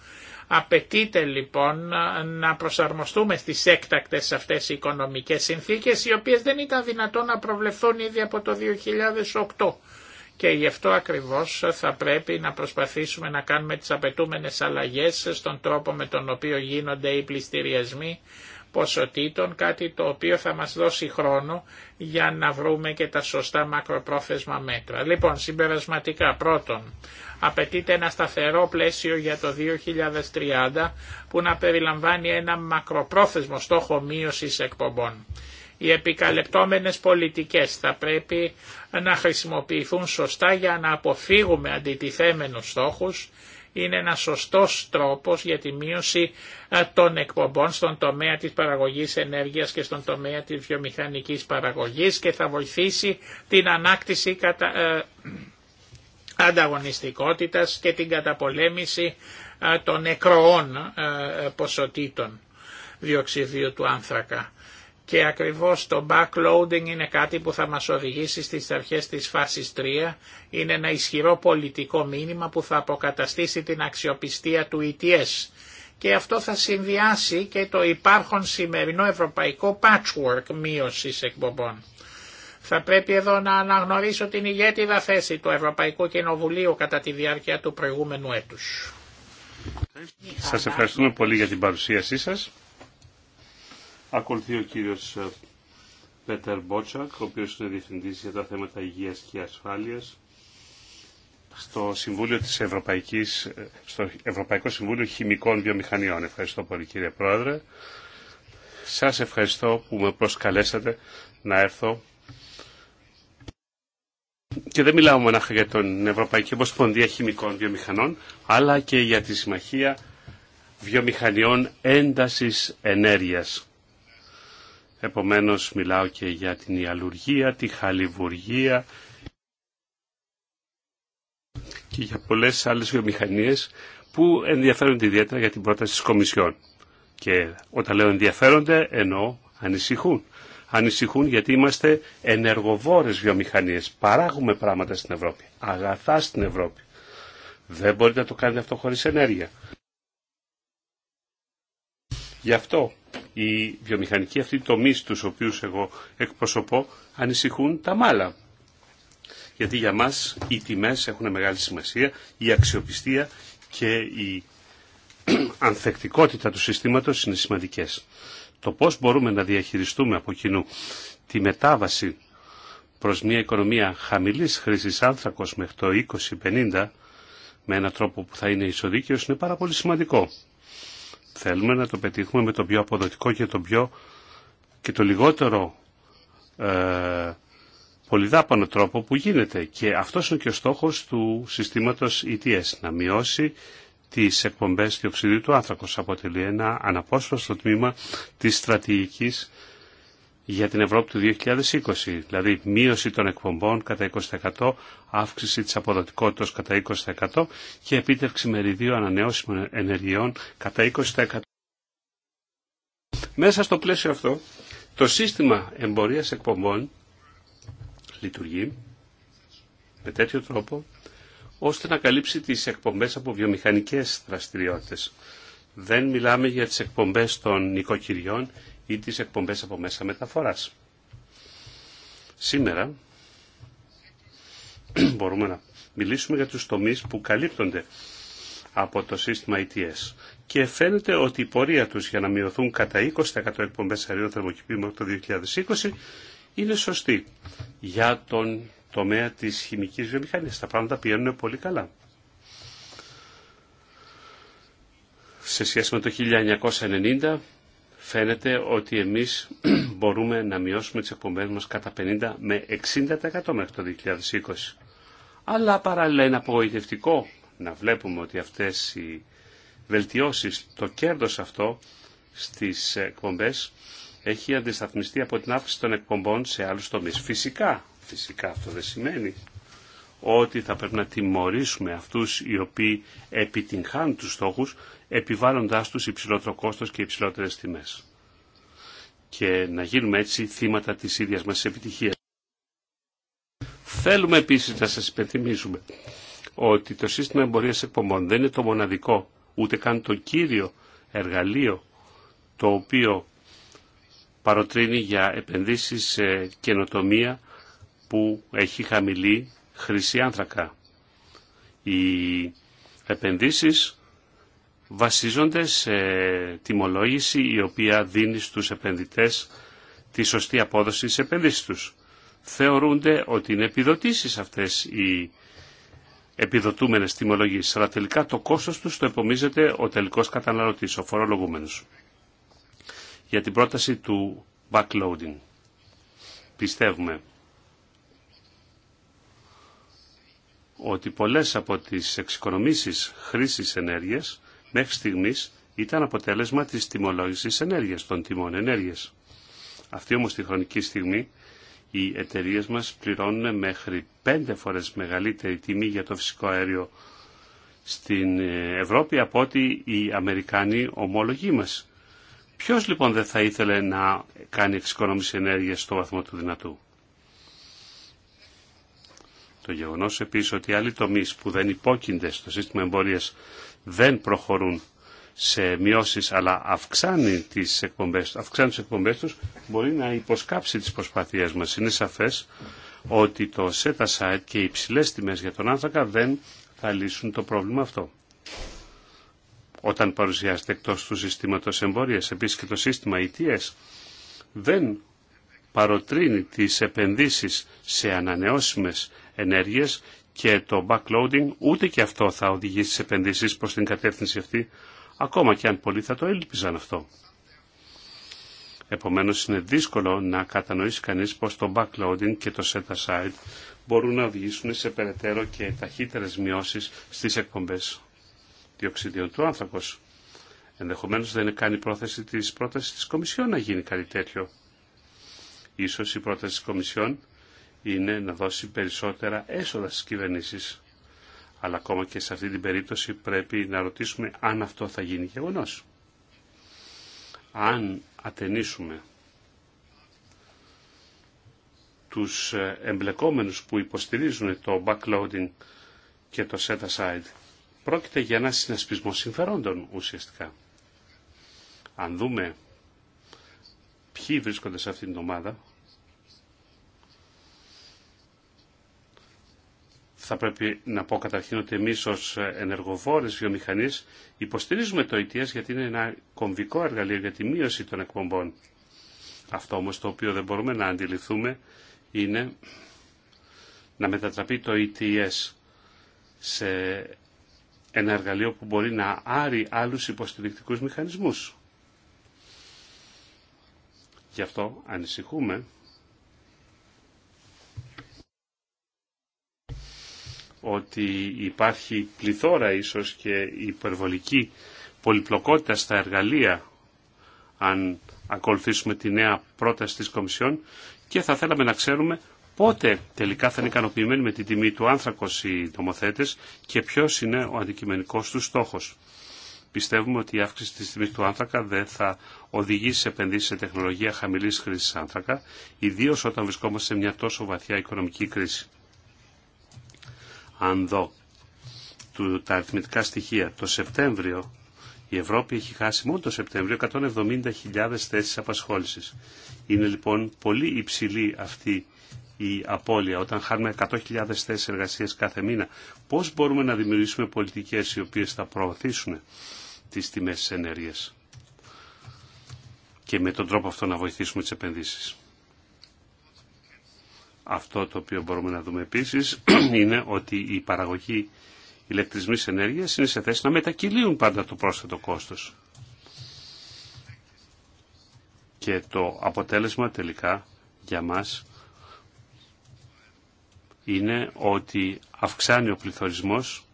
Απαιτείται λοιπόν να προσαρμοστούμε στις έκτακτες αυτές οι οικονομικές συνθήκες οι οποίες δεν ήταν δυνατόν να προβλεφθούν ήδη από το 2008 και γι' αυτό ακριβώς θα πρέπει να προσπαθήσουμε να κάνουμε τις απαιτούμενες αλλαγές στον τρόπο με τον οποίο γίνονται οι πληστηριασμοί ποσοτήτων, κάτι το οποίο θα μας δώσει χρόνο για να βρούμε και τα σωστά μακροπρόθεσμα μέτρα. Λοιπόν, συμπερασματικά, πρώτον, απαιτείται ένα σταθερό πλαίσιο για το 2030 που να περιλαμβάνει ένα μακροπρόθεσμο στόχο μείωσης εκπομπών. Οι επικαλεπτόμενες πολιτικές θα πρέπει να χρησιμοποιηθούν σωστά για να αποφύγουμε αντιτιθέμενους στόχους είναι ένα σωστός τρόπος για τη μείωση των εκπομπών στον τομέα της παραγωγής ενέργειας και στον τομέα της βιομηχανικής παραγωγής και θα βοηθήσει την ανάκτηση κατα... ανταγωνιστικότητας και την καταπολέμηση των νεκροών ποσοτήτων διοξιδίου του άνθρακα και ακριβώς το backloading είναι κάτι που θα μας οδηγήσει στις αρχές της φάσης 3. Είναι ένα ισχυρό πολιτικό μήνυμα που θα αποκαταστήσει την αξιοπιστία του ETS. Και αυτό θα συνδυάσει και το υπάρχον σημερινό ευρωπαϊκό patchwork μείωσης εκπομπών. Θα πρέπει εδώ να αναγνωρίσω την ηγέτιδα θέση του Ευρωπαϊκού Κοινοβουλίου κατά τη διάρκεια του προηγούμενου έτους. Σας ευχαριστούμε πολύ για την παρουσίασή σας. Ακολουθεί ο κύριος ε, Πέτερ Μπότσακ, ο οποίος είναι διευθυντής για τα θέματα υγείας και ασφάλειας στο ε, στο Ευρωπαϊκό Συμβούλιο Χημικών Βιομηχανιών. Ευχαριστώ πολύ κύριε Πρόεδρε. Σας ευχαριστώ που με προσκαλέσατε να έρθω. Και δεν μιλάω μονάχα για την Ευρωπαϊκή Ομοσπονδία Χημικών Βιομηχανών, αλλά και για τη Συμμαχία Βιομηχανιών Έντασης Ενέργειας. Επομένως μιλάω και για την ιαλουργία, τη χαλιβουργία και για πολλές άλλες βιομηχανίες που ενδιαφέρονται ιδιαίτερα για την πρόταση της Κομισιόν. Και όταν λέω ενδιαφέρονται εννοώ ανησυχούν. Ανησυχούν γιατί είμαστε ενεργοβόρες βιομηχανίες. Παράγουμε πράγματα στην Ευρώπη, αγαθά στην Ευρώπη. Δεν μπορείτε να το κάνετε αυτό χωρίς ενέργεια. Γι' αυτό οι βιομηχανικοί αυτοί τομεί τους οποίους εγώ εκπροσωπώ ανησυχούν τα μάλα. Γιατί για μας οι τιμές έχουν μεγάλη σημασία, η αξιοπιστία και η ανθεκτικότητα του συστήματος είναι σημαντικές. Το πώς μπορούμε να διαχειριστούμε από κοινού τη μετάβαση προς μια οικονομία χαμηλής χρήσης άνθρακος μέχρι το 2050 με έναν τρόπο που θα είναι ισοδίκαιος είναι πάρα πολύ σημαντικό. Θέλουμε να το πετύχουμε με το πιο αποδοτικό και το, πιο, και το λιγότερο ε, πολυδάπανο τρόπο που γίνεται. Και αυτός είναι και ο στόχος του συστήματος ETS, να μειώσει τις εκπομπές διοξιδίου του άνθρακος. Αποτελεί ένα αναπόσπαστο τμήμα της στρατηγικής για την Ευρώπη του 2020, δηλαδή μείωση των εκπομπών κατά 20%, αύξηση της αποδοτικότητας κατά 20% και επίτευξη μεριδίου ανανεώσιμων ενεργειών κατά 20%. Μέσα στο πλαίσιο αυτό, το σύστημα εμπορίας εκπομπών λειτουργεί με τέτοιο τρόπο, ώστε να καλύψει τις εκπομπές από βιομηχανικές δραστηριότητες. Δεν μιλάμε για τις εκπομπές των νοικοκυριών ή τις εκπομπές από μέσα μεταφοράς. Σήμερα μπορούμε να μιλήσουμε για τους τομείς που καλύπτονται από το σύστημα ETS. Και φαίνεται ότι η πορεία τους για να μειωθούν κατά 20% εκπομπές αερίων θερμοκηπίου το 2020 είναι σωστή για τον τομέα της χημικής βιομηχανίας. Τα πράγματα πηγαίνουν πολύ καλά. Σε σχέση με το 1990 φαίνεται ότι εμείς μπορούμε να μειώσουμε τις εκπομπές μας κατά 50 με 60% μέχρι το 2020. Αλλά παράλληλα είναι απογοητευτικό να βλέπουμε ότι αυτές οι βελτιώσεις, το κέρδος αυτό στις εκπομπές έχει αντισταθμιστεί από την αύξηση των εκπομπών σε άλλους τομείς. Φυσικά, φυσικά αυτό δεν σημαίνει ότι θα πρέπει να τιμωρήσουμε αυτούς οι οποίοι επιτυγχάνουν τους στόχους επιβάλλοντάς τους υψηλότερο κόστος και υψηλότερες τιμές. Και να γίνουμε έτσι θύματα της ίδιας μας επιτυχίας. Θέλουμε επίσης να σας υπενθυμίσουμε ότι το σύστημα εμπορίας εκπομπών δεν είναι το μοναδικό, ούτε καν το κύριο εργαλείο το οποίο παροτρύνει για επενδύσεις σε καινοτομία που έχει χαμηλή χρυσή άνθρακα. Οι επενδύσεις βασίζονται σε τιμολόγηση η οποία δίνει στους επενδυτές τη σωστή απόδοση της επενδύσεις τους. Θεωρούνται ότι είναι επιδοτήσεις αυτές οι επιδοτούμενες τιμολογίες, αλλά τελικά το κόστος τους το επομίζεται ο τελικός καταναλωτής, ο φορολογούμενος. Για την πρόταση του backloading. Πιστεύουμε ότι πολλές από τις εξοικονομήσεις χρήσης ενέργειας μέχρι στιγμή ήταν αποτέλεσμα της τιμολόγηση ενέργειας, των τιμών ενέργειας. Αυτή όμως τη χρονική στιγμή οι εταιρείε μας πληρώνουν μέχρι πέντε φορές μεγαλύτερη τιμή για το φυσικό αέριο στην ε, Ευρώπη από ότι οι Αμερικάνοι ομολογοί μας. Ποιο λοιπόν δεν θα ήθελε να κάνει εξοικονόμηση ενέργειας στο βαθμό του δυνατού. Το γεγονός επίσης ότι άλλοι τομείς που δεν υπόκεινται στο σύστημα εμπορίας δεν προχωρούν σε μειώσεις αλλά αυξάνει τις εκπομπές, αυξάνει εκπομπές τους μπορεί να υποσκάψει τις προσπαθίες μας. Είναι σαφές ότι το set aside και οι υψηλέ τιμές για τον άνθρακα δεν θα λύσουν το πρόβλημα αυτό. Όταν παρουσιάζεται εκτός του συστήματος εμπορίας, επίσης και το σύστημα ETS δεν παροτρύνει τις επενδύσεις σε ανανεώσιμες ενέργειες και το backloading, ούτε και αυτό θα οδηγήσει σε επενδύσεις προς την κατεύθυνση αυτή, ακόμα και αν πολλοί θα το έλπιζαν αυτό. Επομένως είναι δύσκολο να κατανοήσει κανείς πως το backloading και το set aside μπορούν να οδηγήσουν σε περαιτέρω και ταχύτερες μειώσεις στις εκπομπές διοξιδίων του άνθρακος. Ενδεχομένως δεν είναι καν η πρόθεση της πρότασης της Κομισιόν να γίνει κάτι τέτοιο. Ίσως η πρόταση της Κομισιόν είναι να δώσει περισσότερα έσοδα στις κυβερνήσεις. Αλλά ακόμα και σε αυτή την περίπτωση πρέπει να ρωτήσουμε αν αυτό θα γίνει γεγονό. Αν ατενίσουμε τους εμπλεκόμενους που υποστηρίζουν το backloading και το set aside, πρόκειται για ένα συνασπισμό συμφερόντων ουσιαστικά. Αν δούμε ποιοι βρίσκονται σε αυτήν την ομάδα, θα πρέπει να πω καταρχήν ότι εμείς ως ενεργοβόρες βιομηχανείς υποστηρίζουμε το ETS γιατί είναι ένα κομβικό εργαλείο για τη μείωση των εκπομπών. Αυτό όμως το οποίο δεν μπορούμε να αντιληφθούμε είναι να μετατραπεί το ETS σε ένα εργαλείο που μπορεί να άρει άλλους υποστηρικτικούς μηχανισμούς. Γι' αυτό ανησυχούμε ότι υπάρχει πληθώρα ίσως και υπερβολική πολυπλοκότητα στα εργαλεία αν ακολουθήσουμε τη νέα πρόταση της Κομισιόν και θα θέλαμε να ξέρουμε πότε τελικά θα είναι ικανοποιημένοι με την τιμή του άνθρακος οι νομοθέτες και ποιος είναι ο αντικειμενικός του στόχος. Πιστεύουμε ότι η αύξηση της τιμής του άνθρακα δεν θα οδηγήσει σε επενδύσεις σε τεχνολογία χαμηλής χρήσης άνθρακα, ιδίως όταν βρισκόμαστε σε μια τόσο βαθιά οικονομική κρίση αν δω του, τα αριθμητικά στοιχεία, το Σεπτέμβριο η Ευρώπη έχει χάσει μόνο το Σεπτέμβριο 170.000 θέσεις απασχόλησης. Είναι λοιπόν πολύ υψηλή αυτή η απώλεια. Όταν χάνουμε 100.000 θέσεις εργασίας κάθε μήνα, πώς μπορούμε να δημιουργήσουμε πολιτικές οι οποίες θα προωθήσουν τις τιμές της ενέργειας και με τον τρόπο αυτό να βοηθήσουμε τις επενδύσεις. Αυτό το οποίο μπορούμε να δούμε επίσης είναι ότι η παραγωγή ηλεκτρισμής ενέργειας είναι σε θέση να μετακυλίουν πάντα το πρόσθετο κόστος. Και το αποτέλεσμα τελικά για μας είναι ότι αυξάνει ο πληθωρισμός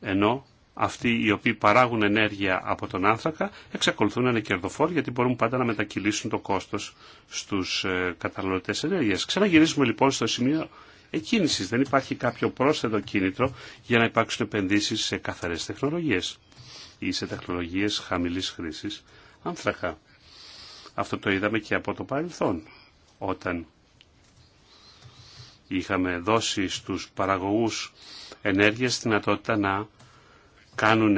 ενώ αυτοί οι οποίοι παράγουν ενέργεια από τον άνθρακα εξακολουθούν να είναι κερδοφόροι γιατί μπορούν πάντα να μετακυλήσουν το κόστος στους ε, καταναλωτές ενέργειας. Ξαναγυρίζουμε λοιπόν στο σημείο εκκίνησης. Δεν υπάρχει κάποιο πρόσθετο κίνητρο για να υπάρξουν επενδύσεις σε καθαρές τεχνολογίες ή σε τεχνολογίες χαμηλής χρήσης άνθρακα. Αυτό το είδαμε και από το παρελθόν όταν είχαμε δώσει στους παραγωγούς ενέργειας δυνατότητα να κάνουν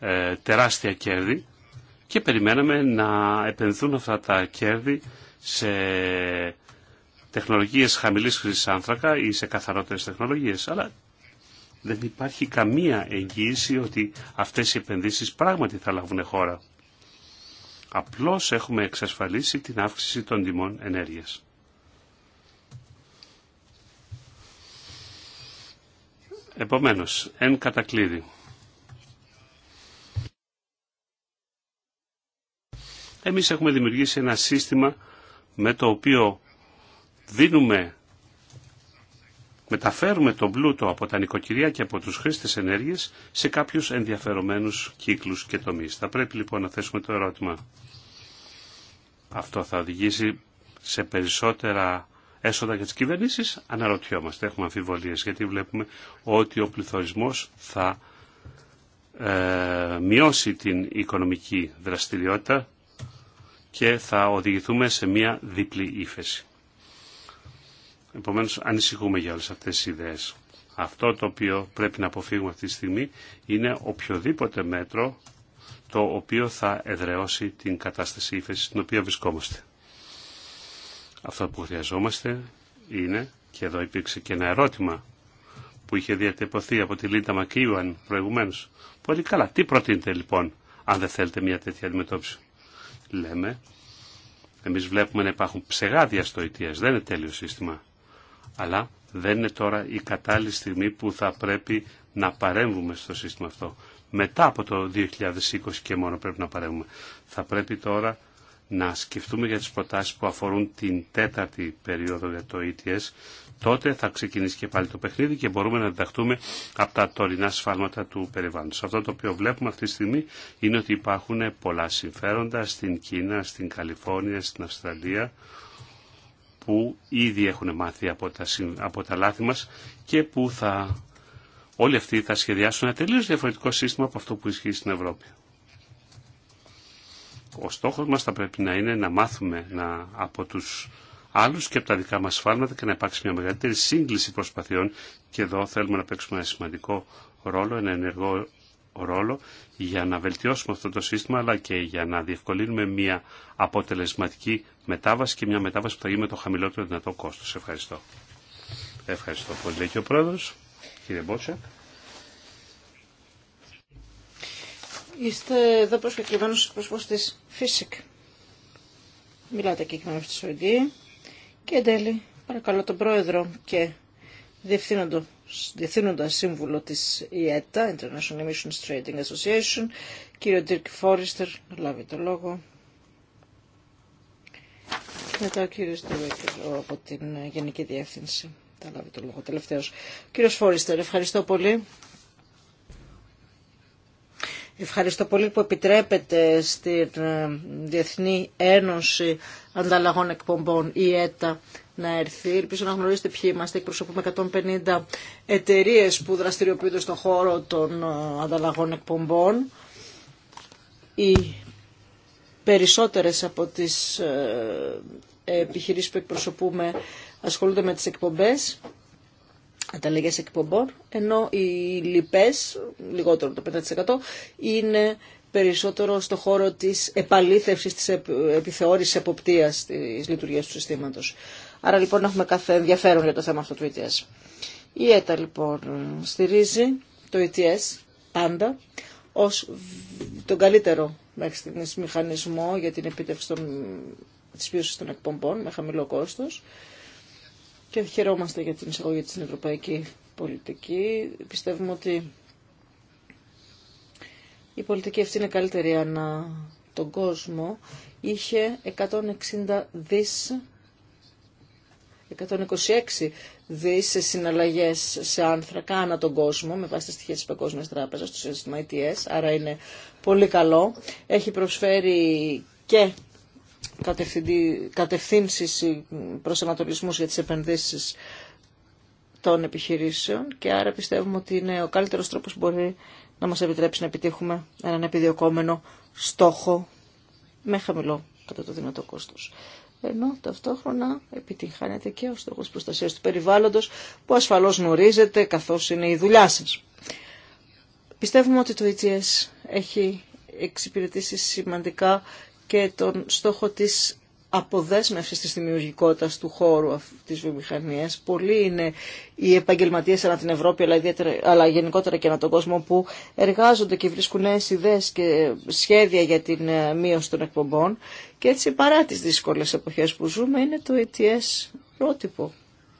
ε, τεράστια κέρδη και περιμέναμε να επενδύουν αυτά τα κέρδη σε τεχνολογίες χαμηλής χρήσης άνθρακα ή σε καθαρότερες τεχνολογίες. Αλλά δεν υπάρχει καμία εγγύηση ότι αυτές οι επενδύσεις πράγματι θα λάβουν χώρα. Απλώς έχουμε εξασφαλίσει την αύξηση των τιμών ενέργειας. Επομένως, εν κατακλείδη, Εμείς έχουμε δημιουργήσει ένα σύστημα με το οποίο δίνουμε, μεταφέρουμε τον πλούτο από τα νοικοκυριά και από τους χρήστες ενέργειας σε κάποιους ενδιαφερομένους κύκλους και τομείς. Θα πρέπει λοιπόν να θέσουμε το ερώτημα. Αυτό θα οδηγήσει σε περισσότερα έσοδα για τις κυβερνήσεις. Αναρωτιόμαστε, έχουμε αμφιβολίες γιατί βλέπουμε ότι ο πληθωρισμός θα ε, μειώσει την οικονομική δραστηριότητα και θα οδηγηθούμε σε μια διπλή ύφεση. Επομένως ανησυχούμε για όλες αυτές τις ιδέες. Αυτό το οποίο πρέπει να αποφύγουμε αυτή τη στιγμή είναι οποιοδήποτε μέτρο το οποίο θα εδραιώσει την κατάσταση ύφεση στην οποία βρισκόμαστε. Αυτό που χρειαζόμαστε είναι, και εδώ υπήρξε και ένα ερώτημα που είχε διατυπωθεί από τη Λίντα Μακίουαν προηγουμένω. Πολύ καλά. Τι προτείνετε λοιπόν, αν δεν θέλετε μια τέτοια αντιμετώπιση λέμε, εμείς βλέπουμε να υπάρχουν ψεγάδια στο ETS, δεν είναι τέλειο σύστημα. Αλλά δεν είναι τώρα η κατάλληλη στιγμή που θα πρέπει να παρέμβουμε στο σύστημα αυτό. Μετά από το 2020 και μόνο πρέπει να παρέμβουμε. Θα πρέπει τώρα να σκεφτούμε για τις προτάσεις που αφορούν την τέταρτη περίοδο για το ETS τότε θα ξεκινήσει και πάλι το παιχνίδι και μπορούμε να διδαχτούμε από τα τωρινά σφάλματα του περιβάλλοντος. Αυτό το οποίο βλέπουμε αυτή τη στιγμή είναι ότι υπάρχουν πολλά συμφέροντα στην Κίνα, στην Καλιφόρνια, στην Αυστραλία που ήδη έχουν μάθει από τα, από τα λάθη μας και που θα, όλοι αυτοί θα σχεδιάσουν ένα τελείως διαφορετικό σύστημα από αυτό που ισχύει στην Ευρώπη. Ο στόχος μας θα πρέπει να είναι να μάθουμε να, από τους άλλους και από τα δικά μας φάρματα και να υπάρξει μια μεγαλύτερη σύγκληση προσπαθειών και εδώ θέλουμε να παίξουμε ένα σημαντικό ρόλο, ένα ενεργό ρόλο για να βελτιώσουμε αυτό το σύστημα αλλά και για να διευκολύνουμε μια αποτελεσματική μετάβαση και μια μετάβαση που θα γίνει με το χαμηλότερο δυνατό κόστος. Ευχαριστώ. Ευχαριστώ πολύ και ο πρόεδρος, κύριε Μπότσα. Είστε εδώ προσκεκλημένος εκπροσωπός της ΦΙΣΙΚ. Μιλάτε και εκ αυτή τη και εν τέλει, παρακαλώ τον πρόεδρο και Διευθύνοντα Σύμβουλο της ΙΕΤΑ, International Emissions Trading Association, κύριο Dirk Φόριστερ, να λάβει το λόγο. Μετά ο κύριος Ντεβέκερ από την Γενική Διεύθυνση τα λάβει το λόγο τελευταίος. Κύριος Φόριστερ, ευχαριστώ πολύ Ευχαριστώ πολύ που επιτρέπετε στην ε, Διεθνή Ένωση Ανταλλαγών Εκπομπών, η ΕΤΑ, να έρθει. Ελπίζω να γνωρίζετε ποιοι είμαστε. Εκπροσωπούμε 150 εταιρείε που δραστηριοποιούνται στον χώρο των ε, ανταλλαγών εκπομπών. Οι περισσότερες από τις ε, επιχειρήσεις που εκπροσωπούμε ασχολούνται με τις εκπομπές ανταλλαγές εκπομπών, ενώ οι λοιπές, λιγότερο το 5%, είναι περισσότερο στο χώρο της επαλήθευσης, της επιθεώρησης εποπτείας της λειτουργίας του συστήματος. Άρα λοιπόν έχουμε κάθε ενδιαφέρον για το θέμα αυτό του ETS. Ε Η ΕΤΑ λοιπόν στηρίζει το ETS ε πάντα ως τον καλύτερο μέχρι στιγμής μηχανισμό για την επίτευξη των, της πίωσης των εκπομπών με χαμηλό κόστος και χαιρόμαστε για την εισαγωγή της ευρωπαϊκή πολιτική. Πιστεύουμε ότι η πολιτική αυτή είναι καλύτερη ανά τον κόσμο. Είχε 160 δις 126 δις σε συναλλαγές σε άνθρακα ανά τον κόσμο με βάση τα στοιχεία της Παγκόσμιας Τράπεζας, του σύστημα ITS, ε άρα είναι πολύ καλό. Έχει προσφέρει και κατευθύνσεις ή προσανατολισμούς για τις επενδύσεις των επιχειρήσεων και άρα πιστεύουμε ότι είναι ο καλύτερος τρόπος που μπορεί να μας επιτρέψει να επιτύχουμε έναν επιδιωκόμενο στόχο με χαμηλό κατά το δυνατό κόστος. Ενώ ταυτόχρονα επιτυγχάνεται και ο στόχο προστασία του περιβάλλοντος που ασφαλώ γνωρίζετε καθώ είναι η δουλειά σα. Πιστεύουμε ότι το ETS έχει εξυπηρετήσει σημαντικά και τον στόχο της αποδέσμευσης της δημιουργικότητας του χώρου της βιομηχανίας. Πολλοί είναι οι επαγγελματίες ανά την Ευρώπη, αλλά, ιδιαίτερα, αλλά γενικότερα και ανά τον κόσμο, που εργάζονται και βρίσκουν νέες ιδέες και σχέδια για την ε, μείωση των εκπομπών. Και έτσι παρά τις δύσκολες εποχές που ζούμε, είναι το ETS ε πρότυπο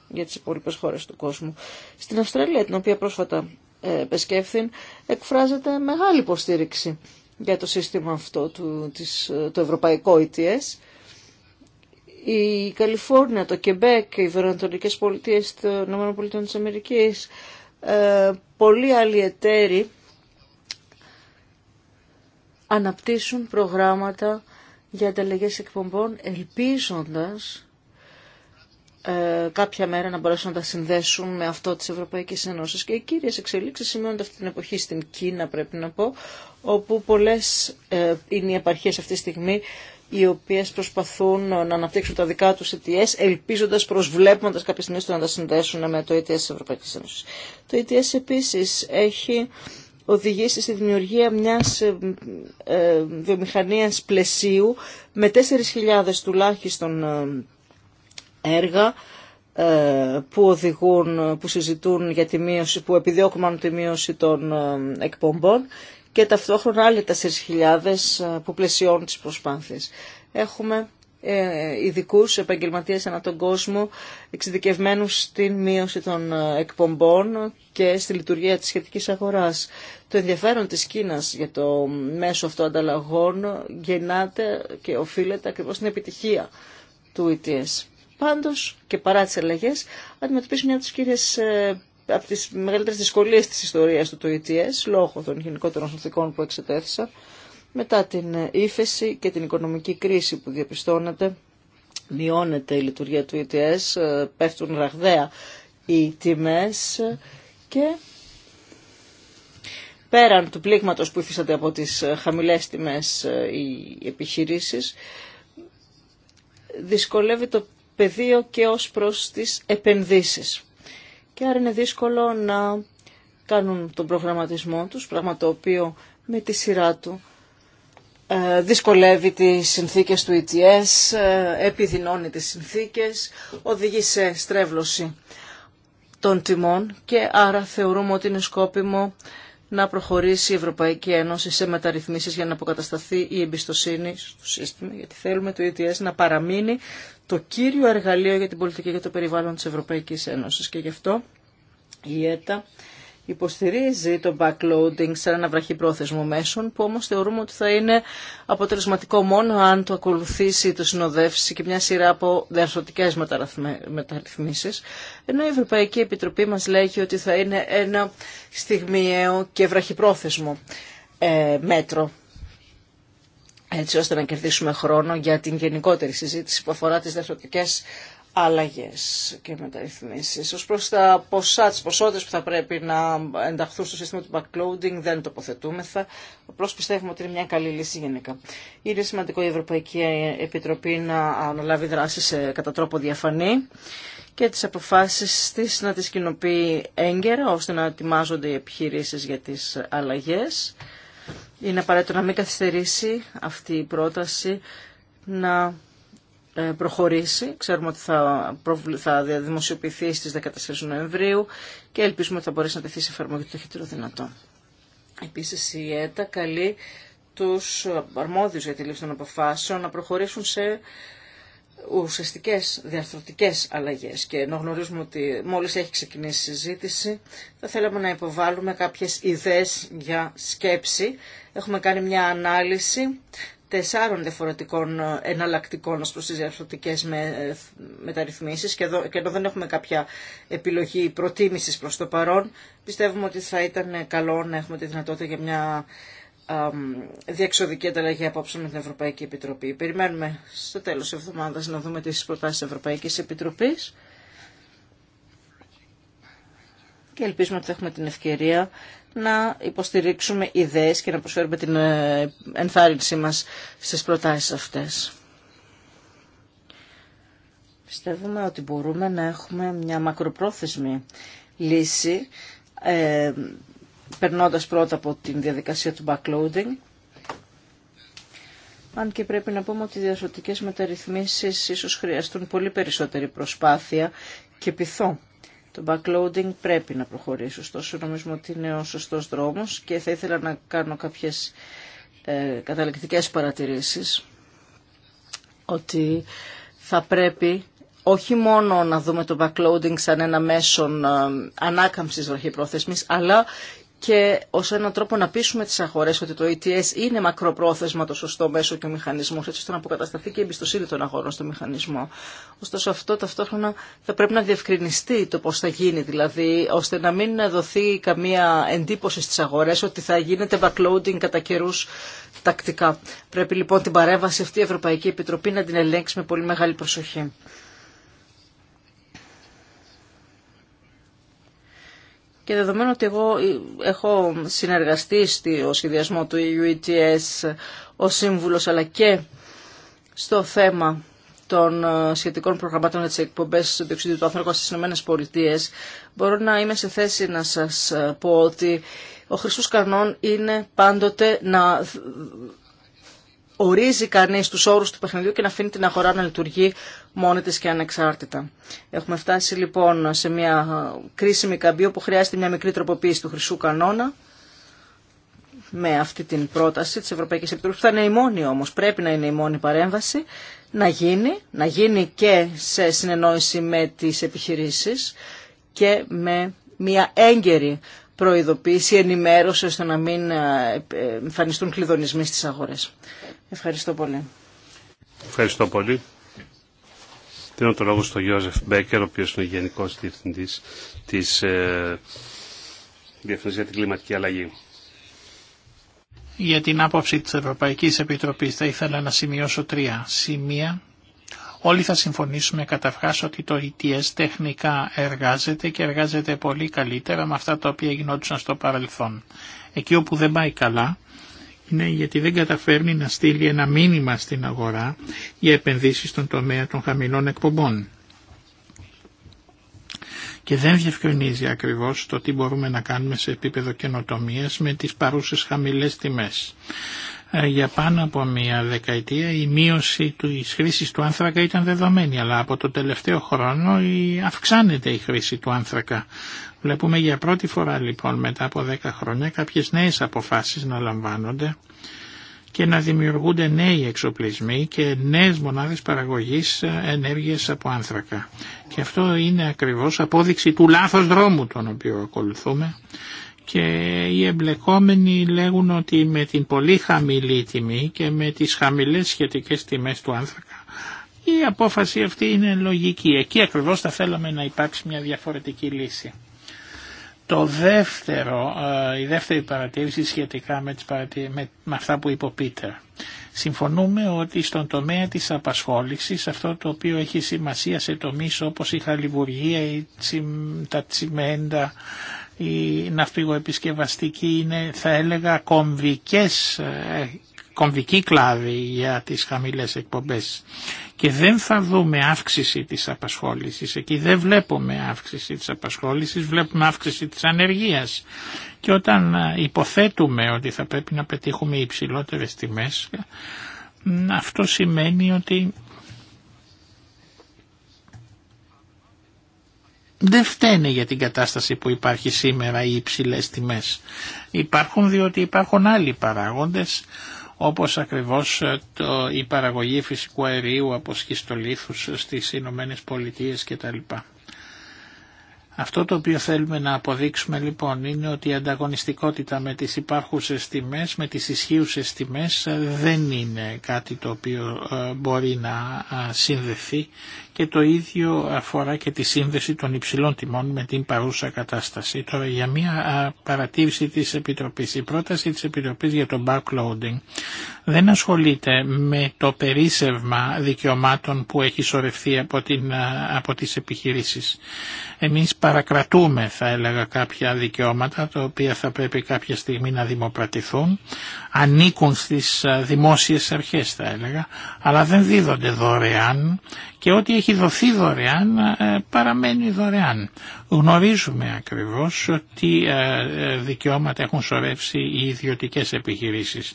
για τις υπόλοιπες χώρες του κόσμου. Στην Αυστραλία, την οποία πρόσφατα ε, επεσκέφθην εκφράζεται μεγάλη υποστήριξη για το σύστημα αυτό του, της, το ευρωπαϊκό ETS. Η Καλιφόρνια, το Κεμπέκ, οι βορειοανατολικές πολιτείες των ΗΠΑ, ε, πολλοί άλλοι εταίροι αναπτύσσουν προγράμματα για ανταλλαγές εκπομπών ελπίζοντας ε, κάποια μέρα να μπορέσουν να τα συνδέσουν με αυτό της Ευρωπαϊκής Ένωσης. Και οι κύριες εξελίξεις σημαίνονται αυτή την εποχή στην Κίνα, πρέπει να πω, όπου πολλές ε, είναι οι επαρχίες αυτή τη στιγμή οι οποίες προσπαθούν να αναπτύξουν τα δικά τους ETS, ε ελπίζοντας, προσβλέποντας κάποια στιγμή να τα συνδέσουν με το ETS ε της Ευρωπαϊκής Ένωσης. Το ETS ε επίσης έχει οδηγήσει στη δημιουργία μιας βιομηχανίας πλαισίου με 4.000 τουλάχιστον έργα ε, που οδηγούν, που συζητούν για τη μείωση, που επιδιώκουν τη μείωση των ε, εκπομπών και ταυτόχρονα άλλοι 4.000 ε, που πλαισιώνουν τις προσπάθειες. Έχουμε ειδικού επαγγελματίες ανά τον κόσμο εξειδικευμένους στην μείωση των εκπομπών και στη λειτουργία της σχετικής αγοράς. Το ενδιαφέρον της Κίνας για το μέσο αυτό ανταλλαγών γεννάται και οφείλεται ακριβώς στην επιτυχία του ETS. Πάντως και παρά τις αλλαγές αντιμετωπίζει μια από τις κύριες ε, από τις μεγαλύτερες δυσκολίες της ιστορίας του το ETS, λόγω των γενικότερων συνθηκών που εξετέθησα, μετά την ε, ύφεση και την οικονομική κρίση που διαπιστώνεται, μειώνεται η λειτουργία του ETS, ε, πέφτουν ραγδαία οι τιμές και πέραν του πλήγματος που υφίστανται από τις χαμηλές τιμές οι επιχειρήσεις, δυσκολεύει το πεδίο και ως προς τις επενδύσεις. Και άρα είναι δύσκολο να κάνουν τον προγραμματισμό τους, πράγμα το οποίο με τη σειρά του ε, δυσκολεύει τις συνθήκες του ETS, ε, επιδεινώνει τις συνθήκες, οδηγεί σε στρέβλωση των τιμών και άρα θεωρούμε ότι είναι σκόπιμο να προχωρήσει η Ευρωπαϊκή Ένωση σε μεταρρυθμίσεις για να αποκατασταθεί η εμπιστοσύνη στο σύστημα, γιατί θέλουμε το ETS να παραμείνει το κύριο εργαλείο για την πολιτική και το περιβάλλον της Ευρωπαϊκής Ένωσης. Και γι' αυτό η ΕΤΑ υποστηρίζει το backloading σαν ένα βραχυπρόθεσμο μέσον που όμως θεωρούμε ότι θα είναι αποτελεσματικό μόνο αν το ακολουθήσει, το συνοδεύσει και μια σειρά από διαρθρωτικές μεταρρυθμίσεις. Ενώ η Ευρωπαϊκή Επιτροπή μας λέγει ότι θα είναι ένα στιγμιαίο και βραχυπρόθεσμο ε, μέτρο έτσι ώστε να κερδίσουμε χρόνο για την γενικότερη συζήτηση που αφορά τις διαφορετικές αλλαγές και μεταρρυθμίσεις. Ως προς τα ποσά, τι ποσότητες που θα πρέπει να ενταχθούν στο σύστημα του backloading δεν τοποθετούμεθα. Απλώ πιστεύουμε ότι είναι μια καλή λύση γενικά. Είναι σημαντικό η Ευρωπαϊκή Επιτροπή να αναλάβει δράσεις κατά τρόπο διαφανή και τις αποφάσεις της να τις κοινοποιεί έγκαιρα ώστε να ετοιμάζονται οι επιχειρήσεις για τις αλλαγές. Είναι απαραίτητο να μην καθυστερήσει αυτή η πρόταση να ε, προχωρήσει. Ξέρουμε ότι θα, θα δημοσιοποιηθεί στις 14 Νοεμβρίου και ελπίζουμε ότι θα μπορέσει να τεθεί σε εφαρμογή το χειρότερο δυνατό. Επίσης η ΕΤΑ καλεί τους αρμόδιους για τη λήψη των αποφάσεων να προχωρήσουν σε ουσιαστικέ διαρθρωτικέ αλλαγέ. Και ενώ γνωρίζουμε ότι μόλι έχει ξεκινήσει η συζήτηση, θα θέλαμε να υποβάλουμε κάποιε ιδέε για σκέψη. Έχουμε κάνει μια ανάλυση τεσσάρων διαφορετικών εναλλακτικών ως προς τις διαφορετικές με, μεταρρυθμίσεις και, εδώ, και δεν έχουμε κάποια επιλογή προτίμησης προς το παρόν, πιστεύουμε ότι θα ήταν καλό να έχουμε τη δυνατότητα για μια διεξοδική ανταλλαγή απόψε με την Ευρωπαϊκή Επιτροπή. Περιμένουμε στο τέλος της εβδομάδας να δούμε τις προτάσεις της Ευρωπαϊκής Επιτροπής και ελπίζουμε ότι θα έχουμε την ευκαιρία να υποστηρίξουμε ιδέες και να προσφέρουμε την ε, ενθάρρυνσή μας στις προτάσεις αυτές. Πιστεύουμε ότι μπορούμε να έχουμε μια μακροπρόθεσμη λύση ε, περνώντας πρώτα από την διαδικασία του backloading. Αν και πρέπει να πούμε ότι οι διασωτικές μεταρρυθμίσεις ίσως χρειαστούν πολύ περισσότερη προσπάθεια και πειθό το backloading πρέπει να προχωρήσει. Ωστόσο νομίζω ότι είναι ο σωστό δρόμο, και θα ήθελα να κάνω κάποιες ε, καταληκτικές παρατηρήσεις ότι θα πρέπει όχι μόνο να δούμε το backloading σαν ένα μέσο ε, ανάκαμψης βραχυπρόθεσμης, αλλά και ω έναν τρόπο να πείσουμε τι αγορέ, ότι το ETS είναι μακροπρόθεσμα το σωστό μέσο και ο μηχανισμό, έτσι ώστε να αποκατασταθεί και η εμπιστοσύνη των αγορών στο μηχανισμό. Ωστόσο αυτό ταυτόχρονα θα πρέπει να διευκρινιστεί το πώ θα γίνει, δηλαδή ώστε να μην δοθεί καμία εντύπωση στι αγορέ, ότι θα γίνεται backloading κατά καιρού τακτικά. Πρέπει λοιπόν την παρέμβαση αυτή η Ευρωπαϊκή Επιτροπή να την ελέγξει με πολύ μεγάλη προσοχή. Και δεδομένου ότι εγώ ε, έχω συνεργαστεί στο σχεδιασμό του UETS ο σύμβουλο, σύμβουλος αλλά και στο θέμα των ε, σχετικών προγραμμάτων για τι εκπομπέ του διοξιδίου του άνθρακα στι ΗΠΑ, μπορώ να είμαι σε θέση να σα ε, πω ότι ο χρυσό κανόν είναι πάντοτε να ορίζει κανείς τους όρους του παιχνιδιού και να αφήνει την αγορά να λειτουργεί μόνη της και ανεξάρτητα. Έχουμε φτάσει λοιπόν σε μια κρίσιμη καμπή όπου χρειάζεται μια μικρή τροποποίηση του χρυσού κανόνα με αυτή την πρόταση της Ευρωπαϊκής Επιτροπής που θα είναι η μόνη όμως, πρέπει να είναι η μόνη παρέμβαση να γίνει, να γίνει και σε συνεννόηση με τις επιχειρήσεις και με μια έγκαιρη προειδοποίηση, ενημέρωση ώστε να μην ε, ε, εμφανιστούν κλειδονισμοί στις αγορές. Ευχαριστώ πολύ. Ευχαριστώ πολύ. Δίνω το λόγο στον Γιώζεφ Μπέκερ, ο οποίος είναι Γενικός Διευθυντής της ε, για την Κλιματική Αλλαγή. Για την άποψη τη Ευρωπαϊκής Επιτροπής θα ήθελα να σημειώσω τρία σημεία. Όλοι θα συμφωνήσουμε καταρχά ότι το ETS τεχνικά εργάζεται και εργάζεται πολύ καλύτερα με αυτά τα οποία γινόντουσαν στο παρελθόν. Εκεί όπου δεν πάει καλά είναι γιατί δεν καταφέρνει να στείλει ένα μήνυμα στην αγορά για επενδύσεις στον τομέα των χαμηλών εκπομπών. Και δεν διευκρινίζει ακριβώς το τι μπορούμε να κάνουμε σε επίπεδο καινοτομίας με τις παρούσες χαμηλές τιμές. Ε, για πάνω από μία δεκαετία η μείωση της χρήσης του άνθρακα ήταν δεδομένη, αλλά από το τελευταίο χρόνο αυξάνεται η χρήση του άνθρακα. Βλέπουμε για πρώτη φορά λοιπόν μετά από 10 χρόνια κάποιες νέες αποφάσεις να λαμβάνονται και να δημιουργούνται νέοι εξοπλισμοί και νέες μονάδες παραγωγής ε, ενέργειας από άνθρακα. Και αυτό είναι ακριβώς απόδειξη του λάθος δρόμου τον οποίο ακολουθούμε και οι εμπλεκόμενοι λέγουν ότι με την πολύ χαμηλή τιμή και με τις χαμηλές σχετικές τιμές του άνθρακα η απόφαση αυτή είναι λογική. Εκεί ακριβώς θα θέλαμε να υπάρξει μια διαφορετική λύση. Το δεύτερο, ε, η δεύτερη παρατήρηση σχετικά με, αυτά που είπε ο Συμφωνούμε ότι στον τομέα της απασχόλησης αυτό το οποίο έχει σημασία σε τομείς όπως η χαλιβουργία, η τα τσιμέντα, η ναυπηγοεπισκευαστική είναι θα έλεγα κομβικές ε, κομβική κλάδη για τις χαμηλές εκπομπές και δεν θα δούμε αύξηση της απασχόλησης. Εκεί δεν βλέπουμε αύξηση της απασχόλησης, βλέπουμε αύξηση της ανεργίας. Και όταν ε, υποθέτουμε ότι θα πρέπει να πετύχουμε υψηλότερες τιμές, αυτό σημαίνει ότι δεν φταίνε για την κατάσταση που υπάρχει σήμερα οι υψηλές τιμές. Υπάρχουν διότι υπάρχουν άλλοι παράγοντες όπως ακριβώς ε, το, η παραγωγή φυσικού αερίου από σχιστολίθους στις Ηνωμένε Πολιτείες κτλ. Αυτό το οποίο θέλουμε να αποδείξουμε λοιπόν είναι ότι η ανταγωνιστικότητα με τις υπάρχουσες τιμές, με τις ισχύουσες τιμές δεν είναι κάτι το οποίο ε, μπορεί να ε, συνδεθεί και το ίδιο αφορά και τη σύνδεση των υψηλών τιμών με την παρούσα κατάσταση. Τώρα για μια ε, παρατήρηση της Επιτροπής. Η πρόταση της Επιτροπής για το backloading δεν ασχολείται με το περίσευμα δικαιωμάτων που έχει σωρευθεί από, την, από τις επιχειρήσεις. Εμείς παρακρατούμε θα έλεγα κάποια δικαιώματα τα οποία θα πρέπει κάποια στιγμή να δημοπρατηθούν, ανήκουν στις δημόσιες αρχές θα έλεγα, αλλά δεν δίδονται δωρεάν και ό,τι έχει δοθεί δωρεάν ε, παραμένει δωρεάν. Γνωρίζουμε ακριβώς ότι ε, ε, δικαιώματα έχουν σωρεύσει οι ιδιωτικές επιχειρήσεις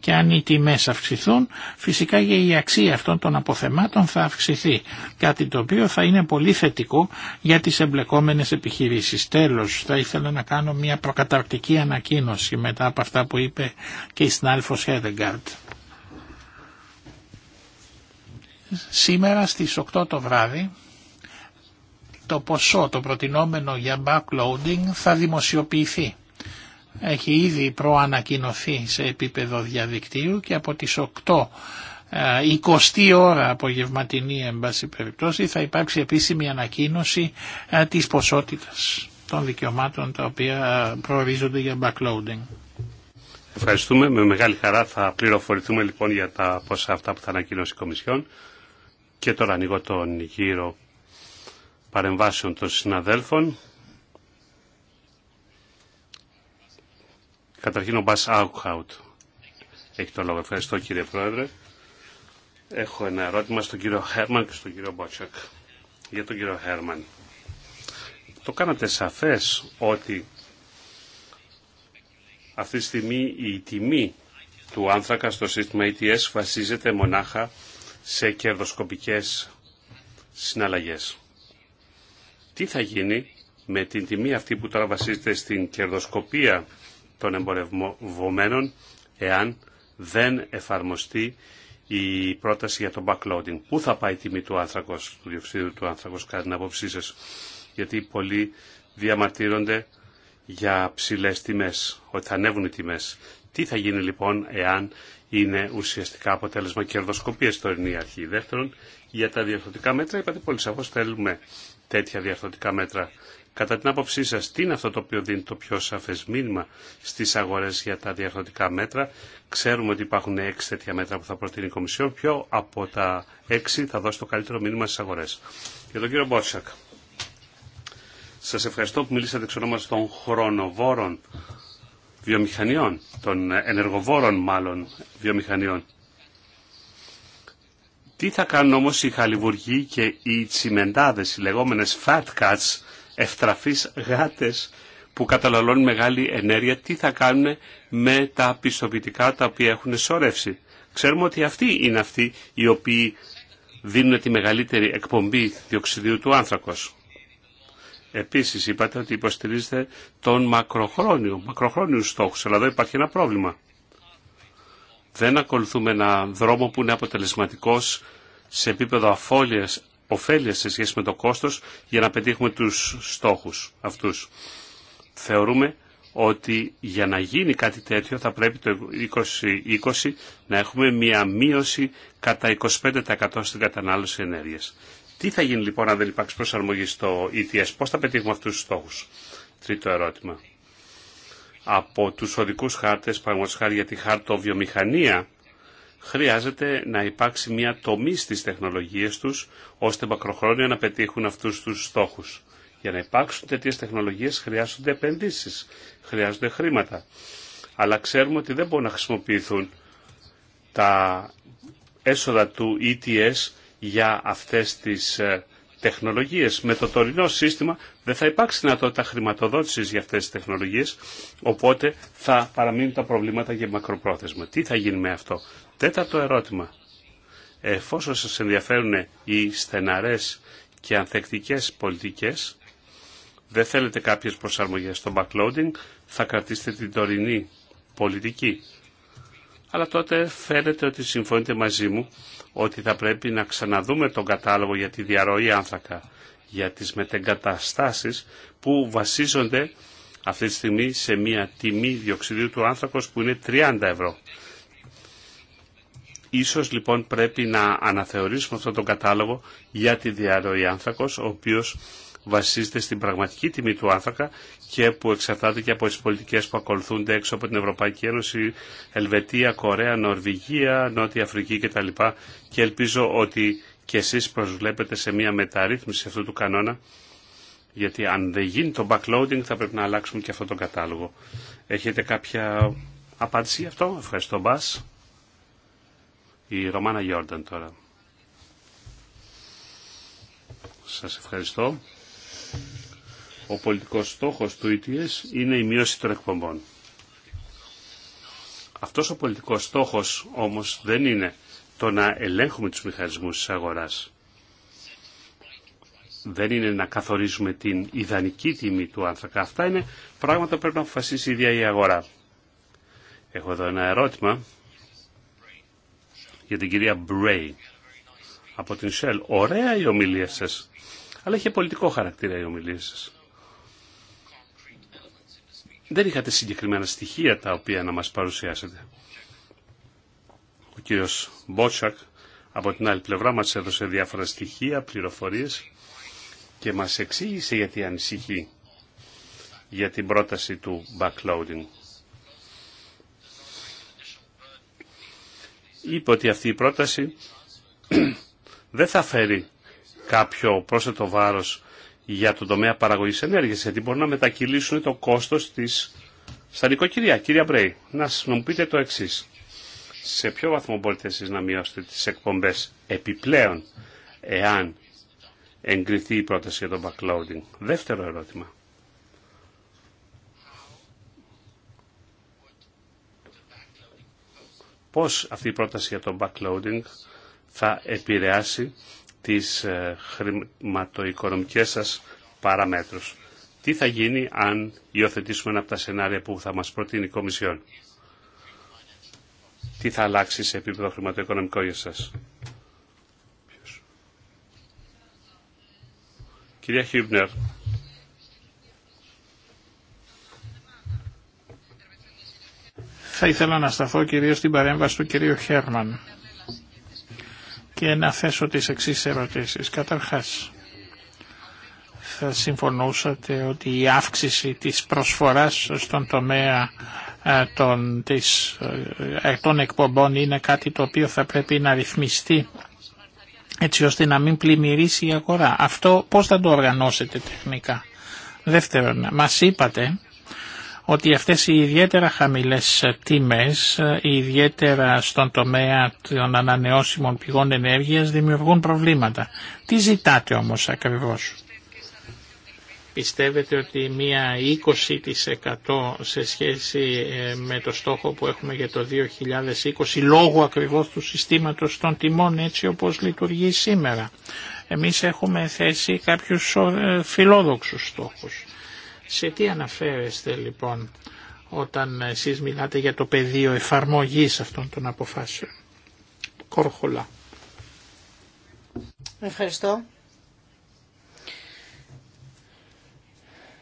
και αν οι τιμές αυξηθούν φυσικά και η αξία αυτών των αποθεμάτων θα αυξηθεί κάτι το οποίο θα είναι πολύ θετικό για τις εμπλεκόμενες επιχειρήσεις. Τέλος θα ήθελα να κάνω μια προκαταρκτική ανακοίνωση μετά από αυτά που είπε και η συνάλφος Χέδεγκάρτ. Σήμερα στις 8 το βράδυ το ποσό το προτινόμενο για backloading θα δημοσιοποιηθεί. Έχει ήδη προανακοινωθεί σε επίπεδο διαδικτύου και από τις 8 20 ε, ώρα απογευματινή εν πάση περιπτώσει θα υπάρξει επίσημη ανακοίνωση ε, της ποσότητας των δικαιωμάτων τα οποία ε, προορίζονται για backloading. Ευχαριστούμε. Με μεγάλη χαρά θα πληροφορηθούμε λοιπόν για τα ποσά αυτά που θα ανακοινώσει η Κομισιόν. Και τώρα ανοίγω τον γύρο παρεμβάσεων των συναδέλφων. Καταρχήν ο Μπάς Άουκχαουτ έχει το λόγο. Ευχαριστώ κύριε Πρόεδρε. Έχω ένα ερώτημα στον κύριο Χέρμαν και στον κύριο Μπότσακ. Για τον κύριο Χέρμαν. Το κάνατε σαφές ότι αυτή τη στιγμή η τιμή του άνθρακα στο σύστημα ETS ε βασίζεται μονάχα σε κερδοσκοπικές συναλλαγές. Τι θα γίνει με την τιμή αυτή που τώρα βασίζεται στην κερδοσκοπία των εμπορευμένων εάν δεν εφαρμοστεί η πρόταση για το backloading. Πού θα πάει η τιμή του άνθρακος, του διοξιδίου του άνθρακος, κατά την άποψή σας. Γιατί πολλοί διαμαρτύρονται για ψηλές τιμές, ότι θα ανέβουν οι τιμές. Τι θα γίνει λοιπόν εάν είναι ουσιαστικά αποτέλεσμα κερδοσκοπία στο η αρχή. Δεύτερον, για τα διαρθρωτικά μέτρα, είπατε πολύ σαφώ θέλουμε τέτοια διαρθρωτικά μέτρα. Κατά την άποψή σα, τι είναι αυτό το οποίο δίνει το πιο σαφέ μήνυμα στι αγορέ για τα διαρθρωτικά μέτρα. Ξέρουμε ότι υπάρχουν έξι τέτοια μέτρα που θα προτείνει η Κομισιόν. Ποιο από τα έξι θα δώσει το καλύτερο μήνυμα στι αγορέ. Για τον κύριο Μπότσακ. Σα ευχαριστώ που μιλήσατε εξ των χρονοβόρων βιομηχανιών, των ενεργοβόρων μάλλον βιομηχανιών. Τι θα κάνουν όμως οι χαλιβουργοί και οι τσιμεντάδες, οι λεγόμενες fat cats, ευτραφείς γάτες που καταλαλώνουν μεγάλη ενέργεια, τι θα κάνουν με τα πιστοποιητικά τα οποία έχουν σώρευσει. Ξέρουμε ότι αυτοί είναι αυτοί οι οποίοι δίνουν τη μεγαλύτερη εκπομπή διοξιδίου του άνθρακος. Επίσης είπατε ότι υποστηρίζετε τον μακροχρόνιο, μακροχρόνιου στόχους, αλλά εδώ υπάρχει ένα πρόβλημα. Δεν ακολουθούμε ένα δρόμο που είναι αποτελεσματικός σε επίπεδο αφόλειας, ωφέλειας σε σχέση με το κόστος για να πετύχουμε τους στόχους αυτούς. Θεωρούμε ότι για να γίνει κάτι τέτοιο θα πρέπει το 2020 να έχουμε μια μείωση κατά 25% στην κατανάλωση ενέργειας. Τι θα γίνει λοιπόν αν δεν υπάρξει προσαρμογή στο ETS, πώς θα πετύχουμε αυτούς τους στόχους. Τρίτο ερώτημα. Από τους οδικούς χάρτες, παραγωγός χάρη για τη χαρτοβιομηχανία, χρειάζεται να υπάρξει μια τομή στις τεχνολογίες τους, ώστε μακροχρόνια να πετύχουν αυτούς τους στόχους. Για να υπάρξουν τέτοιε τεχνολογίες χρειάζονται επενδύσεις, χρειάζονται χρήματα. Αλλά ξέρουμε ότι δεν μπορούν να χρησιμοποιηθούν τα έσοδα του ETS για αυτές τις ε, τεχνολογίες. Με το τωρινό σύστημα δεν θα υπάρξει δυνατότητα χρηματοδότησης για αυτές τις τεχνολογίες, οπότε θα παραμείνουν τα προβλήματα για μακροπρόθεσμα. Τι θα γίνει με αυτό. Τέταρτο ερώτημα. Εφόσον σας ενδιαφέρουν οι στεναρές και ανθεκτικές πολιτικές, δεν θέλετε κάποιες προσαρμογές στο backloading, θα κρατήσετε την τωρινή πολιτική αλλά τότε φαίνεται ότι συμφωνείτε μαζί μου ότι θα πρέπει να ξαναδούμε τον κατάλογο για τη διαρροή άνθρακα, για τις μετεγκαταστάσεις που βασίζονται αυτή τη στιγμή σε μια τιμή διοξιδίου του άνθρακος που είναι 30 ευρώ. Ίσως λοιπόν πρέπει να αναθεωρήσουμε αυτόν τον κατάλογο για τη διαρροή άνθρακος, ο οποίος βασίζεται στην πραγματική τιμή του άνθρακα και που εξαρτάται και από τις πολιτικές που ακολουθούνται έξω από την Ευρωπαϊκή Ένωση, Ελβετία, Κορέα, Νορβηγία, Νότια Αφρική κτλ. Και ελπίζω ότι και εσείς προσβλέπετε σε μια μεταρρύθμιση αυτού του κανόνα γιατί αν δεν γίνει το backloading θα πρέπει να αλλάξουμε και αυτό τον κατάλογο. Έχετε κάποια απάντηση γι' αυτό. Ευχαριστώ Μπάς. Η Ρωμάνα Γιόρνταν τώρα. Σας ευχαριστώ. Ο πολιτικός στόχος του ETS είναι η μείωση των εκπομπών. Αυτός ο πολιτικός στόχος όμως δεν είναι το να ελέγχουμε τους μηχανισμούς της αγοράς. Δεν είναι να καθορίζουμε την ιδανική τιμή του άνθρακα. Αυτά είναι πράγματα που πρέπει να αποφασίσει η ίδια η αγορά. Έχω εδώ ένα ερώτημα για την κυρία Μπρέι από την Shell. Ωραία η ομιλία σας, αλλά έχει πολιτικό χαρακτήρα η ομιλία σας δεν είχατε συγκεκριμένα στοιχεία τα οποία να μας παρουσιάσετε. Ο κύριος Μπότσακ από την άλλη πλευρά μας έδωσε διάφορα στοιχεία, πληροφορίες και μας εξήγησε γιατί ανησυχεί για την πρόταση του backloading. Είπε ότι αυτή η πρόταση δεν θα φέρει κάποιο πρόσθετο βάρος για τον τομέα παραγωγής ενέργειας, γιατί μπορούν να μετακυλήσουν το κόστος της στα νοικοκυριά. Κύριε Μπρέι, να, μου πείτε το εξή. Σε ποιο βαθμό μπορείτε εσεί να μειώσετε τι εκπομπές επιπλέον, εάν εγκριθεί η πρόταση για το backloading. Δεύτερο ερώτημα. Πώς αυτή η πρόταση για το backloading θα επηρεάσει τις ε, χρηματοοικονομικές σας παραμέτρους. Τι θα γίνει αν υιοθετήσουμε ένα από τα σενάρια που θα μας προτείνει η Κομισιόν. Τι θα αλλάξει σε επίπεδο χρηματοοικονομικό για σας. Κυρία Χίμπνερ. Θα ήθελα να σταθώ κυρίως στην παρέμβαση του κυρίου Χέρμαν και να θέσω τις εξής ερωτήσεις. Καταρχάς, θα συμφωνούσατε ότι η αύξηση της προσφοράς στον τομέα ε, των, της, ε, ε, των εκπομπών είναι κάτι το οποίο θα πρέπει να ρυθμιστεί έτσι ώστε να μην πλημμυρίσει η αγορά. Αυτό πώς θα το οργανώσετε τεχνικά. Δεύτερον, μας είπατε ότι αυτές οι ιδιαίτερα χαμηλές τιμές, ε, ιδιαίτερα στον τομέα των ανανεώσιμων πηγών ενέργειας, δημιουργούν προβλήματα. Τι ζητάτε όμως ακριβώς. Πιστεύετε ότι μία 20% σε σχέση ε, με το στόχο που έχουμε για το 2020 λόγω ακριβώς του συστήματος των τιμών έτσι όπως λειτουργεί σήμερα. Εμείς έχουμε θέσει κάποιους ε, φιλόδοξους στόχους. Σε τι αναφέρεστε λοιπόν όταν εσείς μιλάτε για το πεδίο εφαρμογής αυτών των αποφάσεων. Κόρχολα. Ευχαριστώ.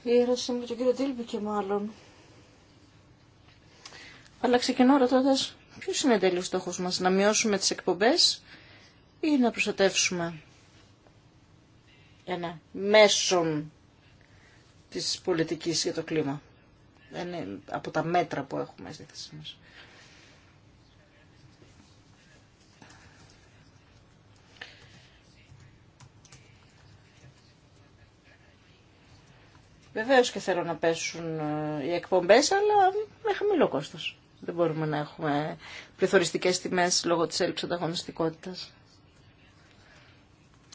Η ερώτηση με τον κύριο Τίλμπη μάλλον. Αλλά ξεκινώ ρωτώντας ποιο είναι τέλειο στόχος μα, να μειώσουμε τις εκπομπές ή να προστατεύσουμε ένα μέσον της πολιτικής για το κλίμα. Δεν είναι από τα μέτρα που έχουμε στη θέση μας. Βεβαίως και θέλω να πέσουν ε, οι εκπομπές, αλλά με χαμηλό κόστος. Δεν μπορούμε να έχουμε πληθωριστικές τιμές λόγω της έλλειψης ανταγωνιστικότητας.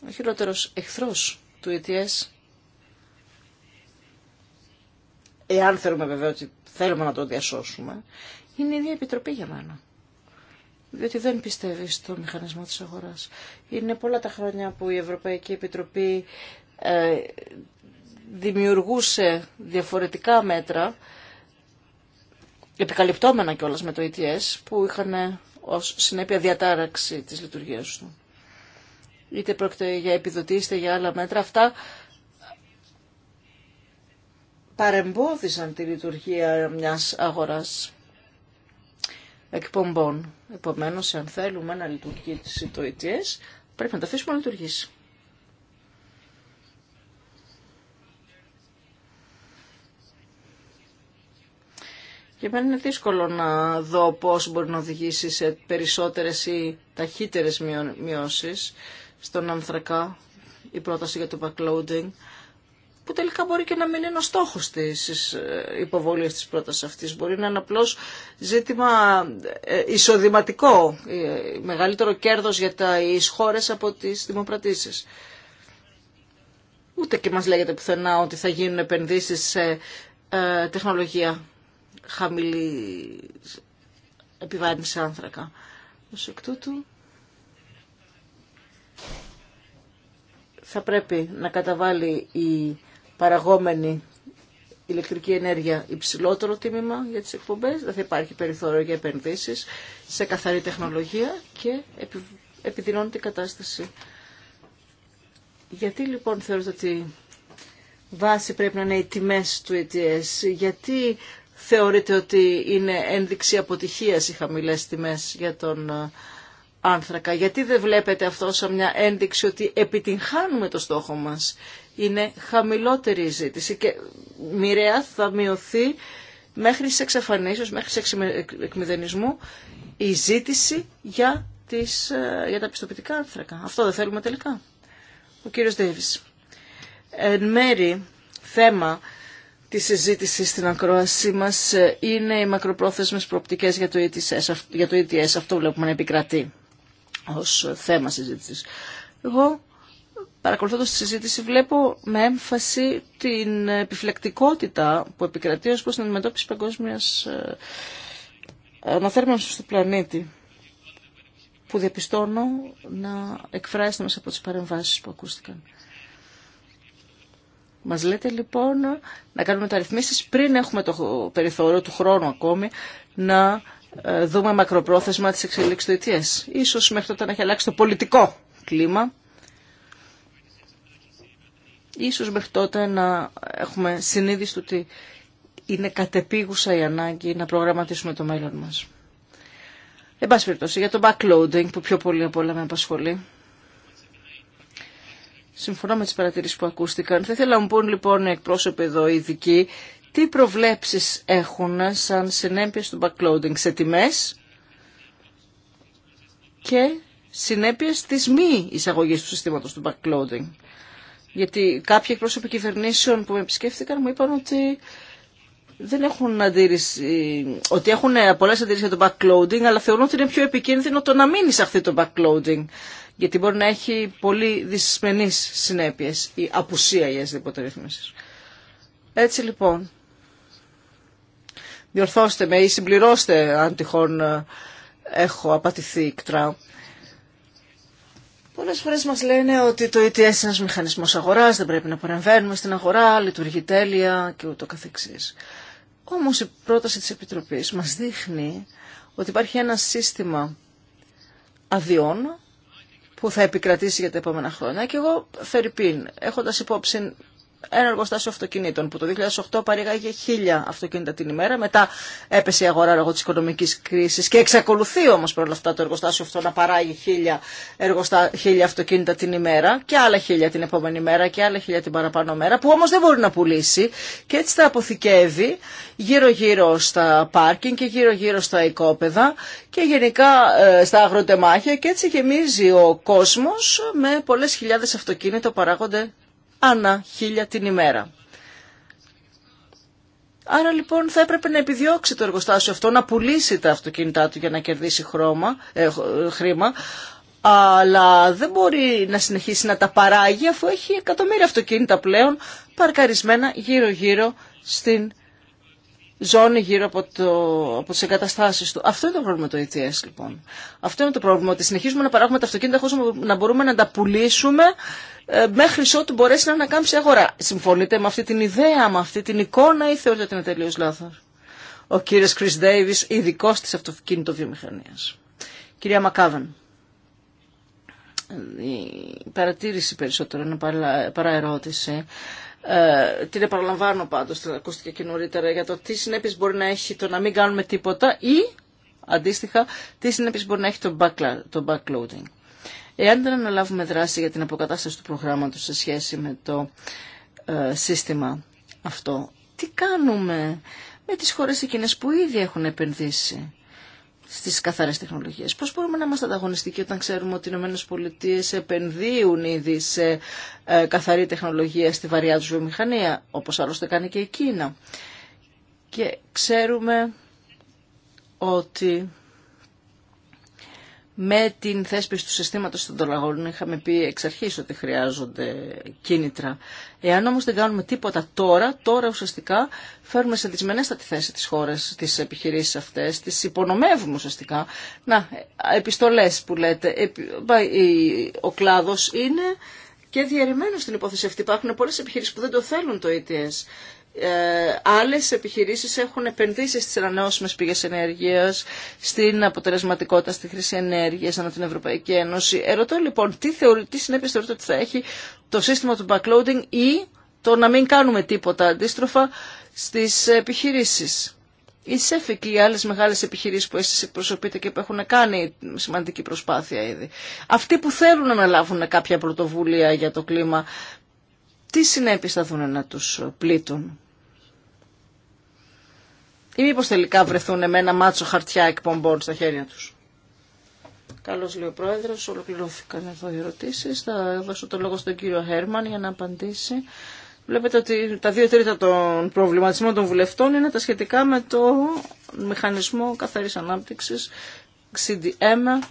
Ο χειρότερος εχθρός του ETS εάν θέλουμε βέβαια ότι θέλουμε να το διασώσουμε, είναι η ίδια επιτροπή για μένα. Διότι δεν πιστεύει στο μηχανισμό της αγοράς. Είναι πολλά τα χρόνια που η Ευρωπαϊκή Επιτροπή ε, δημιουργούσε διαφορετικά μέτρα, επικαλυπτόμενα κιόλας με το ETS, που είχαν ως συνέπεια διατάραξη της λειτουργίας του. Είτε πρόκειται για επιδοτή, είτε για άλλα μέτρα, αυτά παρεμπόδισαν τη λειτουργία μιας αγοράς εκπομπών. Επομένως, αν θέλουμε να λειτουργήσει το ETS, πρέπει να το αφήσουμε να λειτουργήσει. Και μένει είναι δύσκολο να δω πώς μπορεί να οδηγήσει σε περισσότερες ή ταχύτερες μειώσεις στον ανθρακά η πρόταση για το backloading που τελικά μπορεί και να μην είναι ο στόχος της ε, υποβολής της πρότασης αυτής. Μπορεί να είναι απλώς ζήτημα ε, εισοδηματικό, ε, μεγαλύτερο κέρδος για τα χώρες από τις δημοπρατήσεις. Ούτε και μας λέγεται πουθενά ότι θα γίνουν επενδύσεις σε τεχνολογία χαμηλή επιβάρυνση άνθρακα. Ως εκ τούτου... θα πρέπει να καταβάλει η παραγόμενη ηλεκτρική ενέργεια υψηλότερο τίμημα για τις εκπομπές, δεν θα υπάρχει περιθώριο για επενδύσεις σε καθαρή τεχνολογία και επιδεινώνεται κατάσταση. Γιατί λοιπόν θεωρείτε ότι βάση πρέπει να είναι οι τιμές του ETS, ε γιατί θεωρείτε ότι είναι ένδειξη αποτυχίας οι χαμηλές τιμές για τον ε, άνθρακα, γιατί δεν βλέπετε αυτό σαν μια ένδειξη ότι επιτυγχάνουμε το στόχο μας είναι χαμηλότερη η ζήτηση και μοιραία θα μειωθεί μέχρι σε εξαφανίσεις, μέχρι σε η ζήτηση για, τις, ε, για τα πιστοποιητικά άνθρακα. Αυτό δεν θέλουμε τελικά. Ο κύριος Δέβη. Εν μέρη θέμα της συζήτηση στην ακρόασή μας ε, είναι οι μακροπρόθεσμες προοπτικές για το ETS. Για το ETS αυτό βλέπουμε να επικρατεί ως θέμα συζήτησης. Εγώ Παρακολουθώντα τη συζήτηση βλέπω με έμφαση την επιφλεκτικότητα που επικρατεί ως προς την αντιμετώπιση παγκόσμιας ε, αναθέρμανσης του πλανήτη που διαπιστώνω να εκφράζεται μέσα από τις παρεμβάσει που ακούστηκαν. Μας λέτε λοιπόν να κάνουμε τα ρυθμίσει πριν έχουμε το περιθώριο του χρόνου ακόμη να ε, δούμε μακροπρόθεσμα τις εξελίξεις του ETS. Ε Ίσως μέχρι τότε να έχει αλλάξει το πολιτικό κλίμα Ίσως μέχρι τότε να έχουμε συνείδηση ότι είναι κατεπίγουσα η ανάγκη να προγραμματίσουμε το μέλλον μας. Εν πάση περιπτώσει, για το backloading που πιο πολύ από όλα με απασχολεί. Συμφωνώ με τις παρατηρήσεις που ακούστηκαν. Θα ήθελα να μου πούν λοιπόν οι εκπρόσωποι εδώ οι ειδικοί τι προβλέψεις έχουν σαν συνέπειες του backloading σε τιμές και συνέπειες της μη εισαγωγής του συστήματος του backloading. Γιατί κάποιοι εκπρόσωποι κυβερνήσεων που με επισκέφθηκαν μου είπαν ότι δεν έχουν αντίρρηση, ότι έχουν ε, πολλέ αντίρρησει για το backloading, αλλά θεωρούν ότι είναι πιο επικίνδυνο το να μην εισαχθεί το backloading. Γιατί μπορεί να έχει πολύ δυσμενεί συνέπειε η απουσία για τι ρύθμιση. Έτσι λοιπόν, διορθώστε με ή συμπληρώστε αν τυχόν ε, έχω απατηθεί κτρά. Πολλές φορές μας λένε ότι το ETS είναι ένας μηχανισμός αγοράς, δεν πρέπει να παρεμβαίνουμε στην αγορά, λειτουργεί τέλεια και ούτω καθεξής. Όμως η πρόταση της Επιτροπής μας δείχνει ότι υπάρχει ένα σύστημα αδειών που θα επικρατήσει για τα επόμενα χρόνια και εγώ, Φερρυπίν, έχοντας υπόψη ένα εργοστάσιο αυτοκινήτων που το 2008 παρήγαγε χίλια αυτοκίνητα την ημέρα. Μετά έπεσε η αγορά λόγω τη οικονομική κρίση και εξακολουθεί όμω παρόλα αυτά το εργοστάσιο αυτό να παράγει χίλια αυτοκίνητα την ημέρα και άλλα χίλια την επόμενη μέρα και άλλα χίλια την παραπάνω μέρα που όμω δεν μπορεί να πουλήσει και έτσι τα αποθηκεύει γύρω-γύρω στα πάρκινγκ και γύρω-γύρω στα οικόπεδα και γενικά ε, στα αγροτεμάχια και έτσι γεμίζει ο κόσμο με πολλέ χιλιάδε αυτοκίνητα παράγονται ανά χίλια την ημέρα. Άρα λοιπόν θα έπρεπε να επιδιώξει το εργοστάσιο αυτό να πουλήσει τα αυτοκίνητά του για να κερδίσει ε, ε, χρήμα, αλλά δεν μπορεί να συνεχίσει να τα παράγει αφού έχει εκατομμύρια αυτοκίνητα πλέον παρκαρισμένα γύρω-γύρω στην ζώνη γύρω από, το, από τις εγκαταστάσεις του. Αυτό είναι το πρόβλημα του ETS λοιπόν. Αυτό είναι το πρόβλημα, ότι συνεχίζουμε να παράγουμε τα αυτοκίνητα χωρίς να μπορούμε να τα πουλήσουμε ε, μέχρι ότου μπορέσει να ανακάμψει η αγορά. Συμφωνείτε με αυτή την ιδέα, με αυτή την εικόνα ή θεωρείτε ότι είναι τελείως λάθος. Ο κύριος Chris Davis, ειδικό της βιομηχανιας Κυρία Μακάβεν. Η παρατήρηση περισσότερο είναι παρά ερώτηση. Ε, την επαναλαμβάνω πάντως, την ακούστηκε και νωρίτερα, για το τι συνέπειε μπορεί να έχει το να μην κάνουμε τίποτα ή, αντίστοιχα, τι συνέπειε μπορεί να έχει το, το backloading. Εάν δεν αναλάβουμε δράση για την αποκατάσταση του προγράμματος σε σχέση με το ε, σύστημα αυτό, τι κάνουμε με τις χώρες εκείνε που ήδη έχουν επενδύσει στις καθαρές τεχνολογίες. Πώς μπορούμε να είμαστε ανταγωνιστικοί όταν ξέρουμε ότι οι Πολιτείες επενδύουν ήδη σε ε, καθαρή τεχνολογία στη βαριά τους βιομηχανία, όπως άλλωστε κάνει και η Κίνα. Και ξέρουμε ότι με την θέσπιση του συστήματος των τολαγόλων είχαμε πει εξ αρχής ότι χρειάζονται κίνητρα. Εάν όμως δεν κάνουμε τίποτα τώρα, τώρα ουσιαστικά φέρουμε σε δυσμενέστατη θέση της χώρας τις επιχειρήσεις αυτές, τις υπονομεύουμε ουσιαστικά. Να, επιστολές που λέτε, ο κλάδος είναι και διαιρεμένος στην υπόθεση αυτή. Υπάρχουν πολλές επιχειρήσεις που δεν το θέλουν το ETS. Ε, άλλες επιχειρήσεις έχουν επενδύσει στις ανανεώσιμες πηγές ενέργειας, στην αποτελεσματικότητα, στη χρήση ενέργειας ανά την Ευρωπαϊκή Ένωση. Ερωτώ λοιπόν τι, θεωρεί, συνέπειες θεωρείτε ότι θα έχει το σύστημα του backloading ή το να μην κάνουμε τίποτα αντίστροφα στις επιχειρήσεις. Η ΣΕΦΙ και οι άλλες μεγάλες επιχειρήσεις που εσείς εκπροσωπείτε και που έχουν κάνει σημαντική προσπάθεια ήδη. Αυτοί που θέλουν να λάβουν κάποια πρωτοβουλία για το κλίμα, τι συνέπειε θα δουν να τους πλήττουν. Ή μήπως τελικά βρεθούν με ένα μάτσο χαρτιά εκπομπών στα χέρια τους. Καλώς λέει ο Πρόεδρος, ολοκληρώθηκαν εδώ οι ερωτήσεις. Θα δώσω το λόγο στον κύριο Χέρμαν για να απαντήσει. Βλέπετε ότι τα δύο τρίτα των προβληματισμών των βουλευτών είναι τα σχετικά με το μηχανισμό καθαρής ανάπτυξης, CDM.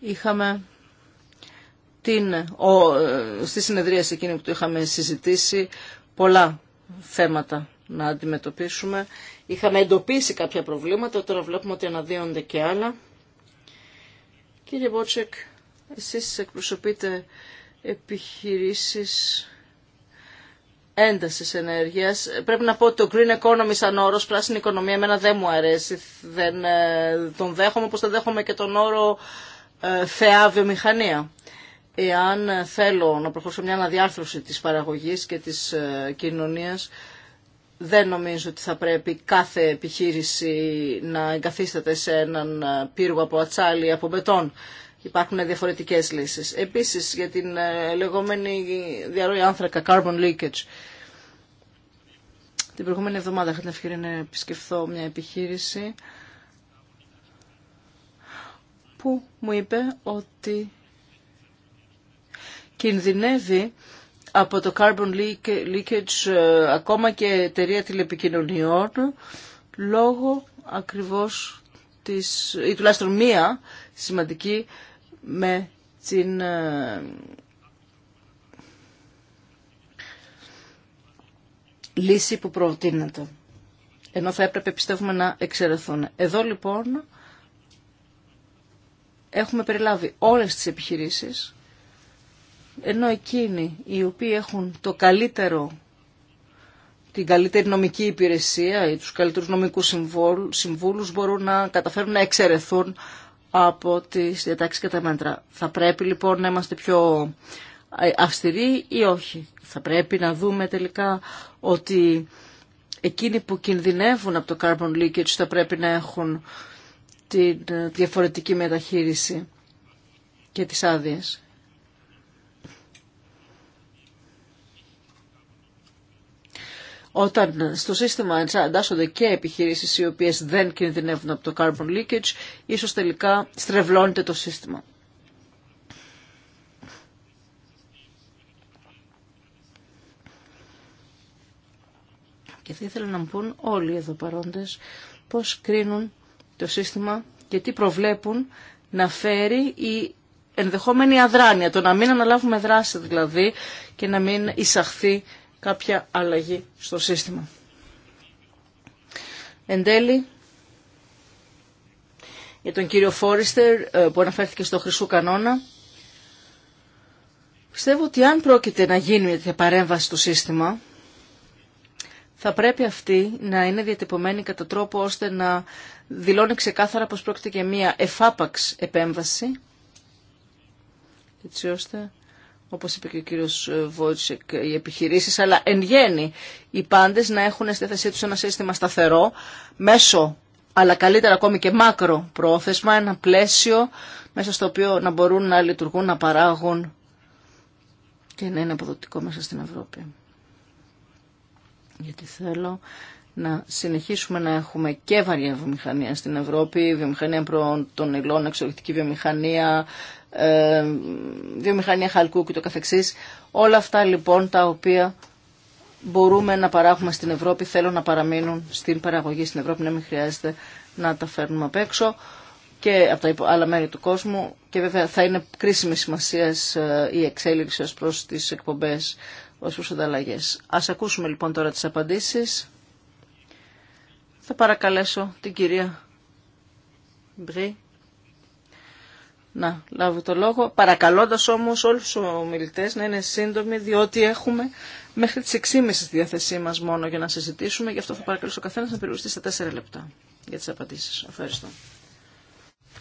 Είχαμε την, ο, στη συνεδρίαση εκείνη που το είχαμε συζητήσει πολλά θέματα να αντιμετωπίσουμε. Είχαμε εντοπίσει κάποια προβλήματα, τώρα βλέπουμε ότι αναδύονται και άλλα. Κύριε Μπότσεκ, εσείς εκπροσωπείτε επιχειρήσεις έντασης ενέργειας. Πρέπει να πω ότι το green economy σαν όρος, πράσινη οικονομία, εμένα δεν μου αρέσει. Δεν ε, τον δέχομαι, όπως δεν δέχομαι και τον όρο ε, θεά βιομηχανία εάν θέλω να προχωρήσω μια αναδιάρθρωση της παραγωγής και της ε, κοινωνίας, δεν νομίζω ότι θα πρέπει κάθε επιχείρηση να εγκαθίσταται σε έναν ε, πύργο από ατσάλι ή από μπετόν. Υπάρχουν διαφορετικές λύσεις. Επίσης, για την ε, λεγόμενη διαρροή άνθρακα, carbon leakage. Την προηγούμενη εβδομάδα είχα την ευκαιρία να επισκεφθώ μια επιχείρηση που μου είπε ότι κινδυνεύει από το carbon leakage ε, ακόμα και εταιρεία τηλεπικοινωνιών λόγω ακριβώς της, ή τουλάχιστον μία σημαντική με την ε, λύση που προτείνεται. Ενώ θα έπρεπε πιστεύουμε να εξαιρεθούν. Εδώ λοιπόν έχουμε περιλάβει όλες τις επιχειρήσεις ενώ εκείνοι οι οποίοι έχουν το καλύτερο την καλύτερη νομική υπηρεσία ή τους καλύτερους νομικούς συμβούλους μπορούν να καταφέρουν να εξαιρεθούν από τις διατάξεις και τα μέτρα. Θα πρέπει λοιπόν να είμαστε πιο ε, αυστηροί ή όχι. Θα πρέπει να δούμε τελικά ότι εκείνοι που κινδυνεύουν από το carbon leakage θα πρέπει να έχουν τη ε, διαφορετική μεταχείριση και τις άδειες. Όταν στο σύστημα εντάσσονται και επιχειρήσεις οι οποίες δεν κινδυνεύουν από το carbon leakage, ίσως τελικά στρεβλώνεται το σύστημα. Και θα ήθελα να μου πούν όλοι εδώ παρόντες πώς κρίνουν το σύστημα και τι προβλέπουν να φέρει η ενδεχόμενη αδράνεια, το να μην αναλάβουμε δράση δηλαδή και να μην εισαχθεί κάποια αλλαγή στο σύστημα. Εν τέλει, για τον κύριο Φόριστερ ε, που αναφέρθηκε στο χρυσού κανόνα, πιστεύω ότι αν πρόκειται να γίνει μια παρέμβαση στο σύστημα, θα πρέπει αυτή να είναι διατυπωμένη κατά τρόπο ώστε να δηλώνει ξεκάθαρα πως πρόκειται και μια εφάπαξ επέμβαση, έτσι ώστε όπως είπε και ο κύριος Βότσεκ, οι επιχειρήσεις, αλλά εν γέννη οι πάντες να έχουν στη θέση τους ένα σύστημα σταθερό, μέσο, αλλά καλύτερα ακόμη και μάκρο πρόθεσμα, ένα πλαίσιο μέσα στο οποίο να μπορούν να λειτουργούν, να παράγουν και να είναι αποδοτικό μέσα στην Ευρώπη. Γιατί θέλω να συνεχίσουμε να έχουμε και βαριά βιομηχανία στην Ευρώπη, βιομηχανία προ των υλών, εξωτερική βιομηχανία, ε, βιομηχανία χαλκού και το καθεξής. Όλα αυτά λοιπόν τα οποία μπορούμε να παράγουμε στην Ευρώπη θέλουν να παραμείνουν στην παραγωγή στην Ευρώπη, να μην χρειάζεται να τα φέρνουμε απ' έξω και από τα άλλα μέρη του κόσμου και βέβαια θα είναι κρίσιμη σημασία ε, η εξέλιξη ως προς τις εκπομπές, ως προς ανταλλαγές. Ας ακούσουμε λοιπόν τώρα τις απαντήσεις. Θα παρακαλέσω την κυρία Μπρι να λάβω το λόγο, παρακαλώντας όμως όλους τους ομιλητές να είναι σύντομοι, διότι έχουμε μέχρι τις 6.30 στη διάθεσή μας μόνο για να συζητήσουμε, γι' αυτό θα παρακαλώ ο καθένας να περιοριστεί στα 4 λεπτά για τις απαντήσεις. Ευχαριστώ.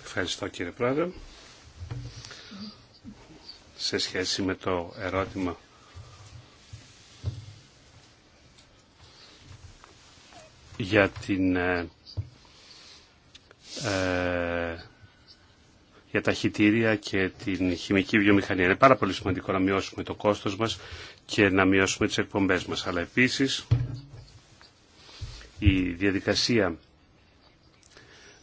Ευχαριστώ κύριε Πρόεδρε. Σε σχέση με το ερώτημα για την ε, ε για τα χιτήρια και την χημική βιομηχανία. Είναι πάρα πολύ σημαντικό να μειώσουμε το κόστος μας και να μειώσουμε τις εκπομπές μας. Αλλά επίσης η διαδικασία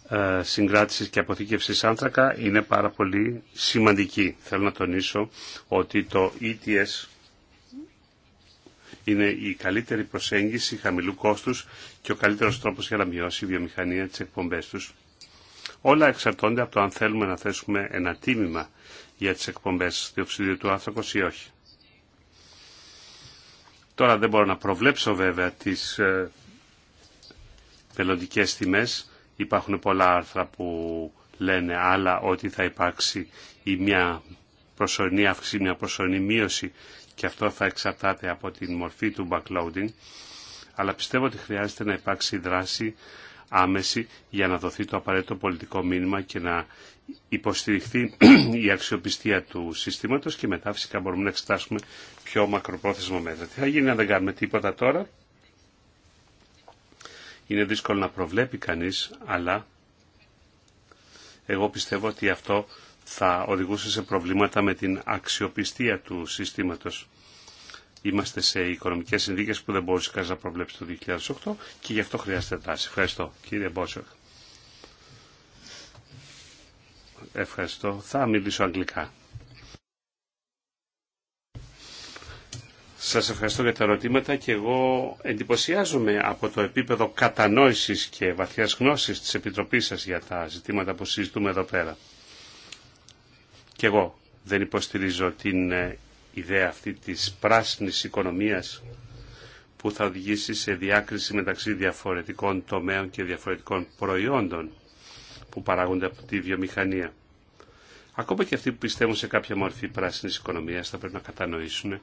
ε, συγκράτησης και αποθήκευσης άνθρακα είναι πάρα πολύ σημαντική. Θέλω να τονίσω ότι το ETS είναι η καλύτερη προσέγγιση χαμηλού κόστους και ο καλύτερος τρόπος για να μειώσει η βιομηχανία τις εκπομπές τους. Όλα εξαρτώνται από το αν θέλουμε να θέσουμε ένα τίμημα για τις εκπομπές διοξιδίου του άνθρακος ή όχι. Τώρα δεν μπορώ να προβλέψω βέβαια τις πελλοντικές ε, τιμές. Υπάρχουν πολλά άρθρα που λένε άλλα ότι θα υπάρξει ή μια προσωρινή αύξηση, μια προσωρινή μείωση και αυτό θα εξαρτάται από την μορφή του backloading. Αλλά πιστεύω ότι χρειάζεται να υπάρξει δράση άμεση για να δοθεί το απαραίτητο πολιτικό μήνυμα και να υποστηριχθεί η αξιοπιστία του συστήματος και μετά φυσικά μπορούμε να εξετάσουμε πιο μακροπρόθεσμα μέτρα. Τι θα γίνει αν δεν κάνουμε τίποτα τώρα. Είναι δύσκολο να προβλέπει κανείς, αλλά εγώ πιστεύω ότι αυτό θα οδηγούσε σε προβλήματα με την αξιοπιστία του συστήματος. Είμαστε σε οικονομικές συνδίκες που δεν μπορούσε κανείς να προβλέψει το 2008 και γι' αυτό χρειάζεται τάση. Ευχαριστώ κύριε Μπόσοκ. Ευχαριστώ. Θα μιλήσω αγγλικά. Σας ευχαριστώ για τα ερωτήματα και εγώ εντυπωσιάζομαι από το επίπεδο κατανόησης και βαθιάς γνώσης της Επιτροπής σας για τα ζητήματα που συζητούμε εδώ πέρα. Και εγώ δεν υποστηρίζω την ε, ιδέα αυτή της πράσινης οικονομίας που θα οδηγήσει σε διάκριση μεταξύ διαφορετικών τομέων και διαφορετικών προϊόντων που παράγονται από τη βιομηχανία. Ακόμα και αυτοί που πιστεύουν σε κάποια μορφή πράσινης οικονομίας θα πρέπει να κατανοήσουν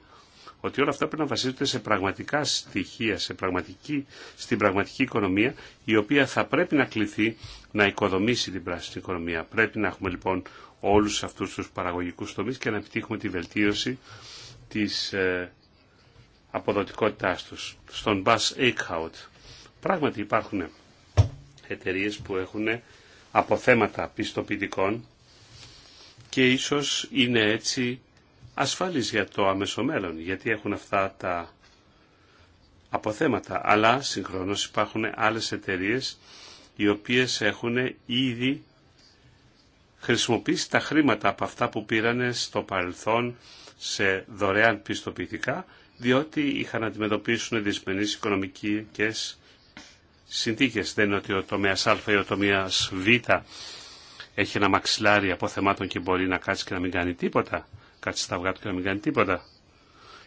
ότι όλα αυτά πρέπει να βασίζονται σε πραγματικά στοιχεία, σε πραγματική, στην πραγματική οικονομία, η οποία θα πρέπει να κληθεί να οικοδομήσει την πράσινη οικονομία. Πρέπει να έχουμε λοιπόν όλους αυτούς τους παραγωγικούς τομείς και να επιτύχουμε τη βελτίωση της ε, αποδοτικότητάς τους. Στον bus Eichhout πράγματι υπάρχουν εταιρείε που έχουν αποθέματα πιστοποιητικών και ίσως είναι έτσι ασφαλής για το άμεσο γιατί έχουν αυτά τα αποθέματα. Αλλά συγχρόνως υπάρχουν άλλες εταιρείε οι οποίες έχουν ήδη χρησιμοποιήσει τα χρήματα από αυτά που πήρανε στο παρελθόν σε δωρεάν πιστοποιητικά, διότι είχαν να αντιμετωπίσουν δυσμενείς οικονομικές συνθήκες. Δεν είναι ότι ο τομέας Α ή ο τομέας Β έχει ένα μαξιλάρι από θεμάτων και μπορεί να κάτσει και να μην κάνει τίποτα. Κάτσει στα αυγά του και να μην κάνει τίποτα.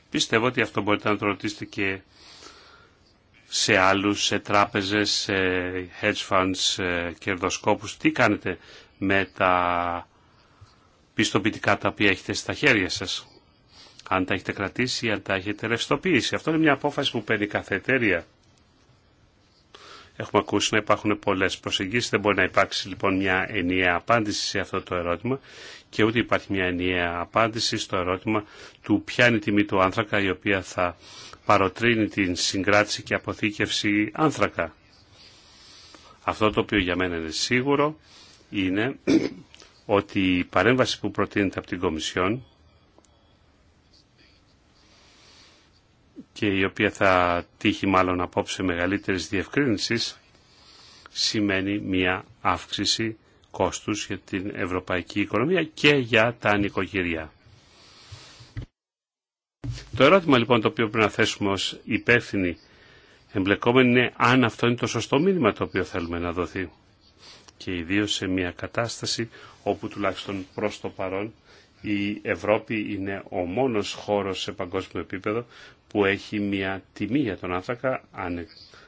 Πιστεύω ότι αυτό μπορείτε να το ρωτήσετε και σε άλλους, σε τράπεζες, σε hedge funds, σε κερδοσκόπους. Τι κάνετε με τα πιστοποιητικά τα οποία έχετε στα χέρια σας. Αν τα έχετε κρατήσει ή αν τα έχετε ρευστοποιήσει. Αυτό είναι μια απόφαση που παίρνει κάθε εταιρεία. Έχουμε ακούσει να υπάρχουν πολλές προσεγγίσεις. Δεν μπορεί να υπάρξει λοιπόν μια ενιαία απάντηση σε αυτό το ερώτημα και ούτε υπάρχει μια ενιαία απάντηση στο ερώτημα του ποια είναι η τιμή του άνθρακα η οποία θα παροτρύνει την συγκράτηση και αποθήκευση άνθρακα. Αυτό το οποίο για μένα είναι σίγουρο είναι ότι η παρέμβαση που προτείνεται από την Κομισιόν και η οποία θα τύχει μάλλον απόψε μεγαλύτερης διευκρίνησης σημαίνει μια αύξηση κόστους για την ευρωπαϊκή οικονομία και για τα νοικοκυριά. Το ερώτημα λοιπόν το οποίο πρέπει να θέσουμε ως υπεύθυνοι εμπλεκόμενοι είναι αν αυτό είναι το σωστό μήνυμα το οποίο θέλουμε να δοθεί και ιδίως σε μια κατάσταση όπου τουλάχιστον προς το παρόν η Ευρώπη είναι ο μόνος χώρος σε παγκόσμιο επίπεδο που έχει μια τιμή για τον άνθρακα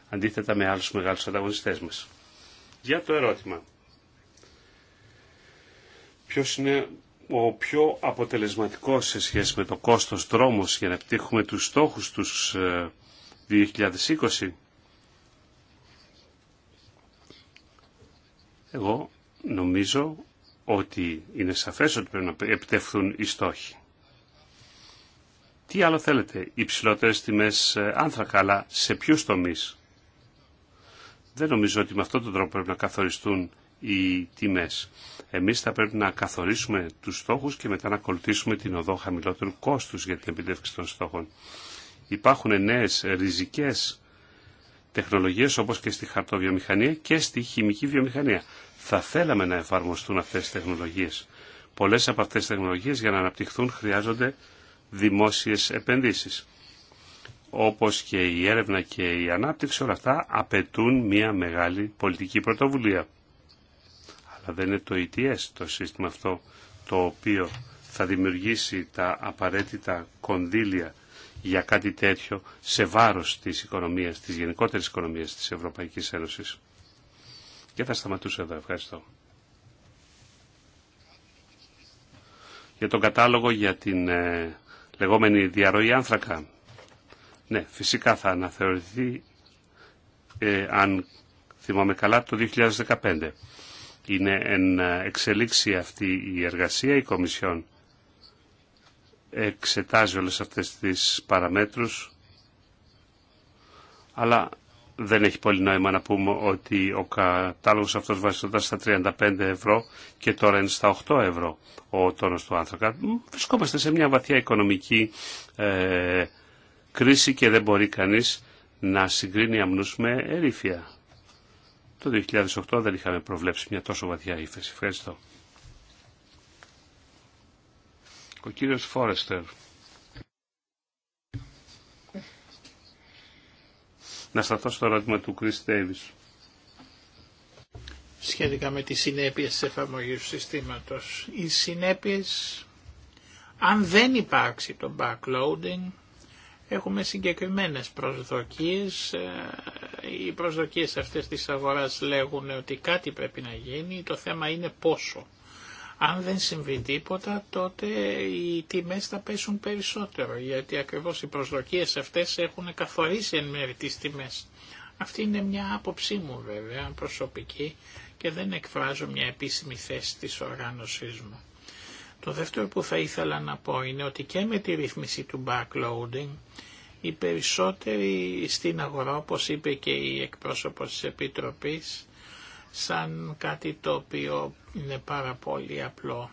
αντίθετα με άλλους μεγάλους ανταγωνιστές μας. Για το ερώτημα. Ποιος είναι ο πιο αποτελεσματικός σε σχέση με το κόστος δρόμος για να επιτύχουμε τους στόχους τους 2020 ε, Εγώ νομίζω ότι είναι σαφές ότι πρέπει να επιτευχθούν οι στόχοι. Τι άλλο θέλετε, υψηλότερε τιμέ ε, άνθρακα, αλλά σε ποιου τομεί. Δεν νομίζω ότι με αυτόν τον τρόπο πρέπει να καθοριστούν οι τιμέ. Εμεί θα πρέπει να καθορίσουμε του στόχου και μετά να ακολουθήσουμε την οδό χαμηλότερου κόστου για την επιτεύξη των στόχων. Υπάρχουν νέε ριζικέ τεχνολογίε όπω και στη χαρτοβιομηχανία και στη χημική βιομηχανία θα θέλαμε να εφαρμοστούν αυτές τις τεχνολογίες. Πολλές από αυτές τις τεχνολογίες για να αναπτυχθούν χρειάζονται δημόσιες επενδύσεις. Όπως και η έρευνα και η ανάπτυξη, όλα αυτά απαιτούν μια μεγάλη πολιτική πρωτοβουλία. Αλλά δεν είναι το ETS το σύστημα αυτό το οποίο θα δημιουργήσει τα απαραίτητα κονδύλια για κάτι τέτοιο σε βάρος της οικονομίας, της γενικότερης οικονομίας της Ευρωπαϊκής Ένωσης. Και θα σταματούσε εδώ. Ευχαριστώ. Για τον κατάλογο για την ε, λεγόμενη διαρροή άνθρακα. Ναι, φυσικά θα αναθεωρηθεί, ε, αν θυμάμαι καλά, το 2015. Είναι εν ε, εξελίξη αυτή η εργασία, η Κομισιόν εξετάζει όλες αυτές τις παραμέτρους, αλλά δεν έχει πολύ νόημα να πούμε ότι ο κατάλογος αυτός βασιζόταν στα 35 ευρώ και τώρα είναι στα 8 ευρώ ο τόνος του άνθρακα. Βρισκόμαστε σε μια βαθιά οικονομική ε, κρίση και δεν μπορεί κανείς να συγκρίνει αμνούς με ερήφια. Το 2008 δεν είχαμε προβλέψει μια τόσο βαθιά ύφεση. Ευχαριστώ. Ο κύριος Φόρεστερ. να σταθώ στο ερώτημα του Chris Davis. Σχετικά με τις συνέπειες της εφαρμογής του συστήματος. Οι συνέπειες, αν δεν υπάρξει το backloading, έχουμε συγκεκριμένες προσδοκίες. Ε, οι προσδοκίες αυτές της αγοράς λέγουν ότι κάτι πρέπει να γίνει, το θέμα είναι πόσο. Αν δεν συμβεί τίποτα τότε οι τιμές θα πέσουν περισσότερο γιατί ακριβώς οι προσδοκίες αυτές έχουν καθορίσει εν μέρη τις τιμές. Αυτή είναι μια άποψή μου βέβαια προσωπική και δεν εκφράζω μια επίσημη θέση της οργάνωσής μου. Το δεύτερο που θα ήθελα να πω είναι ότι και με τη ρύθμιση του backloading οι περισσότεροι στην αγορά όπως είπε και η εκπρόσωπος της Επιτροπής σαν κάτι το οποίο είναι πάρα πολύ απλό.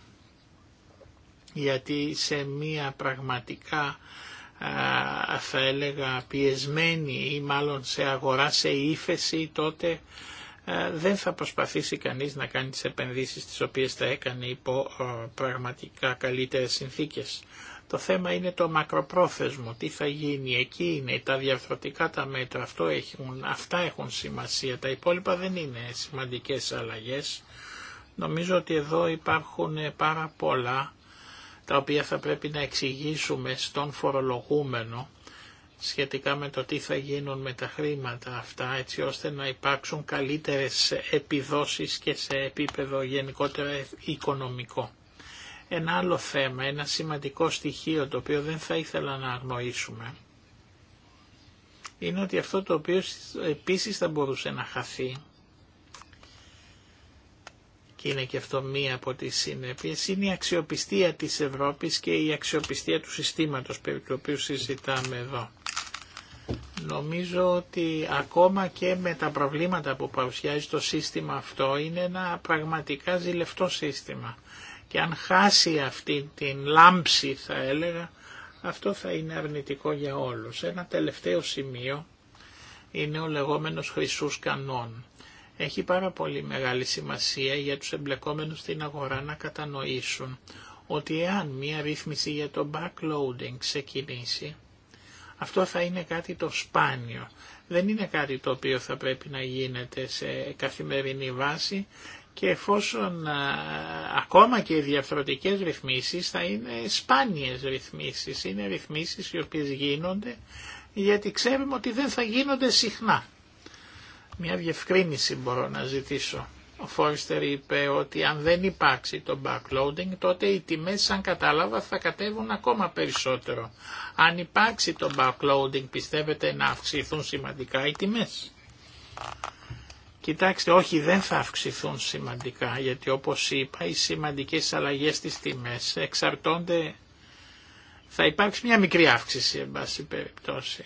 Γιατί σε μία πραγματικά θα έλεγα πιεσμένη ή μάλλον σε αγορά, σε ύφεση, τότε δεν θα προσπαθήσει κανείς να κάνει τις επενδύσεις τις οποίες θα έκανε υπό πραγματικά καλύτερες συνθήκες. Το θέμα είναι το μακροπρόθεσμο, τι θα γίνει, εκεί είναι τα διαφορετικά τα μέτρα, αυτό έχουν, αυτά έχουν σημασία, τα υπόλοιπα δεν είναι σημαντικές αλλαγές. Νομίζω ότι εδώ υπάρχουν πάρα πολλά τα οποία θα πρέπει να εξηγήσουμε στον φορολογούμενο σχετικά με το τι θα γίνουν με τα χρήματα αυτά έτσι ώστε να υπάρξουν καλύτερες επιδόσεις και σε επίπεδο γενικότερα οικονομικό. Ένα άλλο θέμα, ένα σημαντικό στοιχείο το οποίο δεν θα ήθελα να αγνοήσουμε είναι ότι αυτό το οποίο επίσης θα μπορούσε να χαθεί και είναι και αυτό μία από τις συνέπειες, είναι η αξιοπιστία της Ευρώπης και η αξιοπιστία του συστήματος περί του οποίου συζητάμε εδώ. Νομίζω ότι ακόμα και με τα προβλήματα που παρουσιάζει το σύστημα αυτό είναι ένα πραγματικά ζηλευτό σύστημα και αν χάσει αυτή την λάμψη θα έλεγα αυτό θα είναι αρνητικό για όλους. Ένα τελευταίο σημείο είναι ο λεγόμενος χρυσούς κανόν. Έχει πάρα πολύ μεγάλη σημασία για τους εμπλεκόμενους στην αγορά να κατανοήσουν ότι εάν μία ρύθμιση για το backloading ξεκινήσει, αυτό θα είναι κάτι το σπάνιο. Δεν είναι κάτι το οποίο θα πρέπει να γίνεται σε καθημερινή βάση και εφόσον ακόμα και οι διαφορετικές ρυθμίσεις θα είναι σπάνιες ρυθμίσεις, είναι ρυθμίσεις οι οποίες γίνονται γιατί ξέρουμε ότι δεν θα γίνονται συχνά. Μια διευκρίνηση μπορώ να ζητήσω. Ο Φόριστερ είπε ότι αν δεν υπάρξει το backloading τότε οι τιμές σαν κατάλαβα θα κατέβουν ακόμα περισσότερο. Αν υπάρξει το backloading πιστεύετε να αυξηθούν σημαντικά οι τιμές. Κοιτάξτε, όχι δεν θα αυξηθούν σημαντικά, γιατί όπως είπα οι σημαντικές αλλαγές στις τιμές εξαρτώνται, θα υπάρξει μια μικρή αύξηση εν πάση περιπτώσει.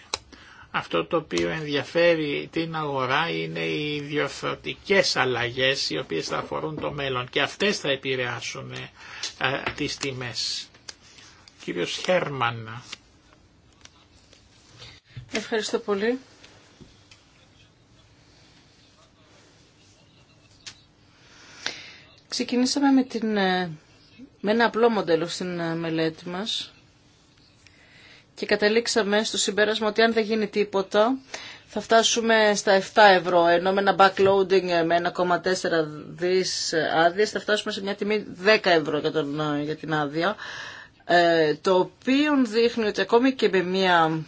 Αυτό το οποίο ενδιαφέρει την αγορά είναι οι διορθωτικές αλλαγές οι οποίες θα αφορούν το μέλλον και αυτές θα επηρεάσουν ε, τις τιμές. Κύριος Χέρμαν. Ευχαριστώ πολύ. Ξεκινήσαμε με, την, ε, με ένα απλό μοντέλο στην ε, μελέτη μας και καταλήξαμε στο συμπέρασμα ότι αν δεν γίνει τίποτα θα φτάσουμε στα 7 ευρώ, ενώ με ένα backloading ε, με 1,4 δις άδειε θα φτάσουμε σε μια τιμή 10 ευρώ για, τον, για την άδεια, το οποίο δείχνει ότι ακόμη και με μια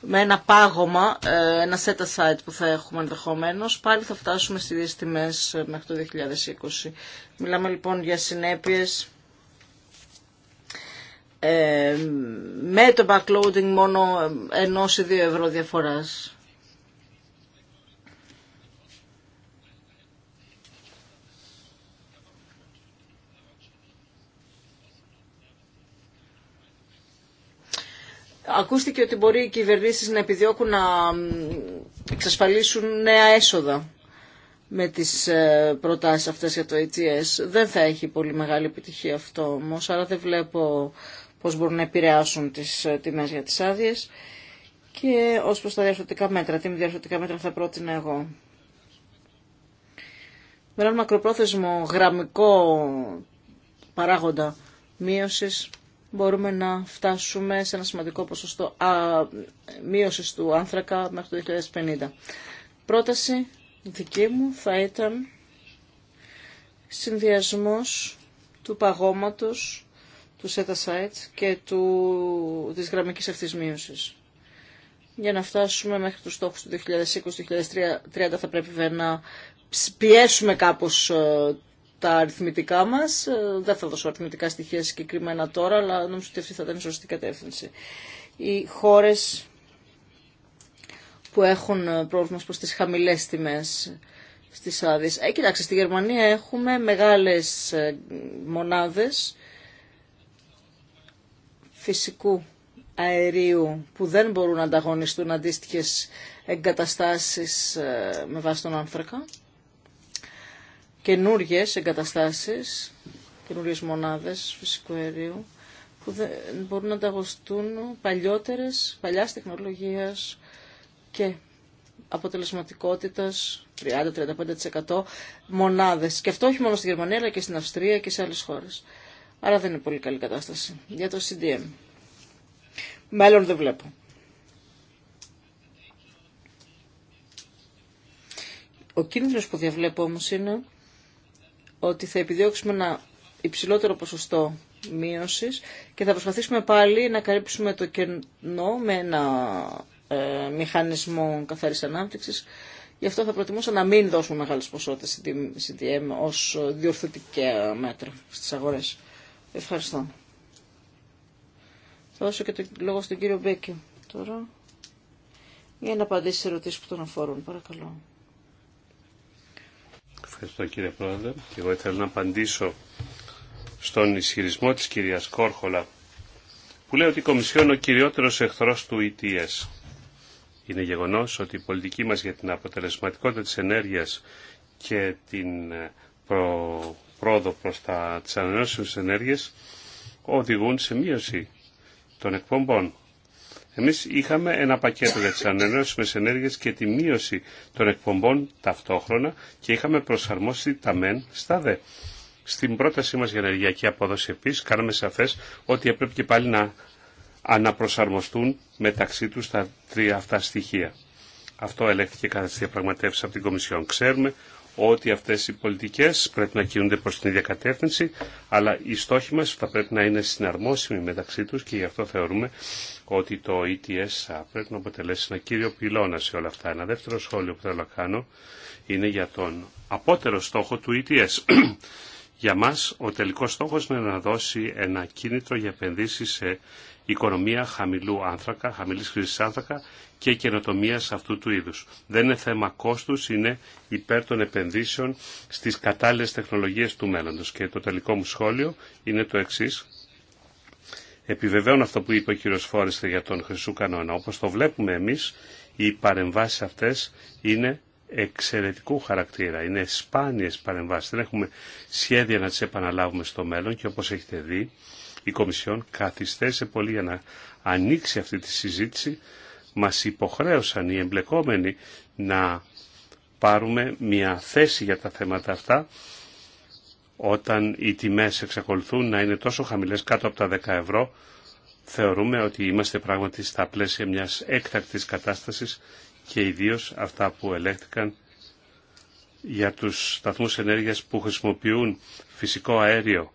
με ένα πάγωμα, ε, ένα set aside που θα έχουμε ενδεχομένω, πάλι θα φτάσουμε στις ίδιες τιμές ε, μέχρι το 2020. Μιλάμε λοιπόν για συνέπειε. Ε, με το backloading μόνο ενός ή δύο ευρώ διαφοράς. Ακούστηκε ότι μπορεί οι κυβερνήσει να επιδιώκουν να εξασφαλίσουν νέα έσοδα με τις ε, προτάσεις αυτές για το ETS. Δεν θα έχει πολύ μεγάλη επιτυχία αυτό όμως, άρα δεν βλέπω πώς μπορούν να επηρεάσουν τις ε, τιμές για τις άδειε. Και ως προς τα διαρθρωτικά μέτρα, τι με διαρθρωτικά μέτρα θα πρότεινα εγώ. Με έναν μακροπρόθεσμο γραμμικό παράγοντα μείωσης μπορούμε να φτάσουμε σε ένα σημαντικό ποσοστό α, μείωσης του άνθρακα μέχρι το 2050. Πρόταση δική μου θα ήταν συνδυασμός του παγώματος του set aside και του, της γραμμικής ευθυσμίωσης. Για να φτάσουμε μέχρι τους στόχους του 2020-2030 θα πρέπει να πιέσουμε κάπως ε, τα αριθμητικά μας. Ε, δεν θα δώσω αριθμητικά στοιχεία συγκεκριμένα τώρα, αλλά νομίζω ότι αυτή θα ήταν η σωστή κατεύθυνση. Οι χώρες που έχουν ε, πρόβλημα προς τι χαμηλές τιμέ στι άδειε. Ε, κοιτάξτε, στη Γερμανία έχουμε μεγάλες ε, μονάδες φυσικού αερίου που δεν μπορούν να ανταγωνιστούν αντίστοιχε εγκαταστάσεις με βάση τον άνθρακα καινούριε εγκαταστάσει, καινούριε μονάδες φυσικού αερίου, που δεν μπορούν να ανταγωστούν παλιότερε παλιά τεχνολογία και αποτελεσματικότητας 30-35% μονάδες. Και αυτό όχι μόνο στη Γερμανία, αλλά και στην Αυστρία και σε άλλες χώρες. Άρα δεν είναι πολύ καλή κατάσταση. Για το CDM. Μέλλον δεν βλέπω. Ο κίνδυνος που διαβλέπω όμως είναι ότι θα επιδιώξουμε ένα υψηλότερο ποσοστό μείωσης και θα προσπαθήσουμε πάλι να καλύψουμε το κενό με ένα ε, μηχανισμό καθαρής ανάπτυξης. Γι' αυτό θα προτιμούσα να μην δώσουμε μεγάλες ποσότητες CDM ως διορθωτικά μέτρα στις αγορές. Ευχαριστώ. Θα δώσω και το λόγο στον κύριο Μπέκη τώρα για να απαντήσει σε ερωτήσεις που τον αφορούν. Παρακαλώ. Ευχαριστώ κύριε Πρόεδρε. Και εγώ ήθελα να απαντήσω στον ισχυρισμό της κυρίας Κόρχολα που λέει ότι η Κομισιόν είναι ο κυριότερος εχθρός του ETS. Είναι γεγονός ότι η πολιτική μας για την αποτελεσματικότητα της ενέργειας και την ε, προ... πρόοδο προς τα... τις ανανεώσιμες ενέργειες οδηγούν σε μείωση των εκπομπών. Εμείς είχαμε ένα πακέτο για τις ανανεώσιμες ενέργειες και τη μείωση των εκπομπών ταυτόχρονα και είχαμε προσαρμόσει τα μεν στα δε. Στην πρότασή μας για ενεργειακή απόδοση επίσης κάναμε σαφές ότι έπρεπε και πάλι να αναπροσαρμοστούν μεταξύ τους τα τρία αυτά στοιχεία. Αυτό ελέγχθηκε κατά τη διαπραγματεύσεις από την Κομισιόν. Ξέρουμε ότι αυτές οι πολιτικές πρέπει να κινούνται προς την ίδια κατεύθυνση, αλλά οι στόχοι μας θα πρέπει να είναι συναρμόσιμοι μεταξύ τους και γι' αυτό θεωρούμε ότι το ETS πρέπει να αποτελέσει ένα κύριο πυλώνα σε όλα αυτά. Ένα δεύτερο σχόλιο που θέλω να κάνω είναι για τον απότερο στόχο του ETS. για μας ο τελικός στόχος είναι να δώσει ένα κίνητρο για επενδύσει σε οικονομία χαμηλού άνθρακα, χαμηλής χρήσης άνθρακα και καινοτομία αυτού του είδους. Δεν είναι θέμα κόστους, είναι υπέρ των επενδύσεων στις κατάλληλες τεχνολογίες του μέλλοντος. Και το τελικό μου σχόλιο είναι το εξής Επιβεβαίων αυτό που είπε ο κύριος Φόρεστε για τον χρυσού κανόνα. Όπως το βλέπουμε εμείς, οι παρεμβάσεις αυτές είναι εξαιρετικού χαρακτήρα. Είναι σπάνιες παρεμβάσεις. Δεν έχουμε σχέδια να τις επαναλάβουμε στο μέλλον και όπως έχετε δει, η Κομισιόν καθυστέρησε πολύ για να ανοίξει αυτή τη συζήτηση. Μας υποχρέωσαν οι εμπλεκόμενοι να πάρουμε μια θέση για τα θέματα αυτά όταν οι τιμές εξακολουθούν να είναι τόσο χαμηλές κάτω από τα 10 ευρώ, θεωρούμε ότι είμαστε πράγματι στα πλαίσια μιας έκτακτης κατάστασης και ιδίως αυτά που ελέγχθηκαν για τους σταθμούς ενέργειας που χρησιμοποιούν φυσικό αέριο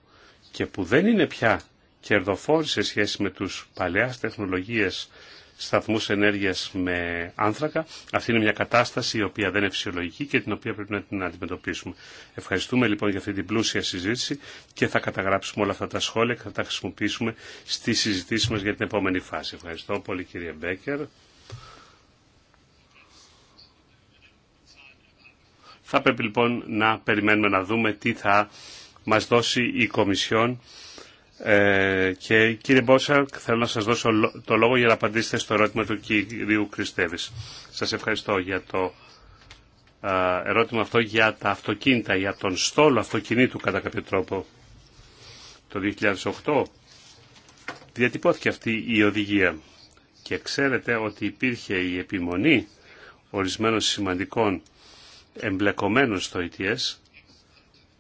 και που δεν είναι πια κερδοφόροι σε σχέση με τους παλαιάς τεχνολογίες σταθμούς ενέργειας με άνθρακα. Αυτή είναι μια κατάσταση η οποία δεν είναι φυσιολογική και την οποία πρέπει να την αντιμετωπίσουμε. Ευχαριστούμε λοιπόν για αυτή την πλούσια συζήτηση και θα καταγράψουμε όλα αυτά τα σχόλια και θα τα χρησιμοποιήσουμε στις συζητήσεις μας για την επόμενη φάση. Ευχαριστώ πολύ κύριε Μπέκερ. Θα πρέπει λοιπόν να περιμένουμε να δούμε τι θα μας δώσει η Κομισιόν ε, και κύριε Μπόσαρκ, θέλω να σας δώσω το λόγο για να απαντήσετε στο ερώτημα του κυρίου Κριστέβης. Σας ευχαριστώ για το ε, ερώτημα αυτό για τα αυτοκίνητα, για τον στόλο αυτοκινήτου κατά κάποιο τρόπο. Το 2008 διατυπώθηκε αυτή η οδηγία και ξέρετε ότι υπήρχε η επιμονή ορισμένων σημαντικών εμπλεκομένων στο ETS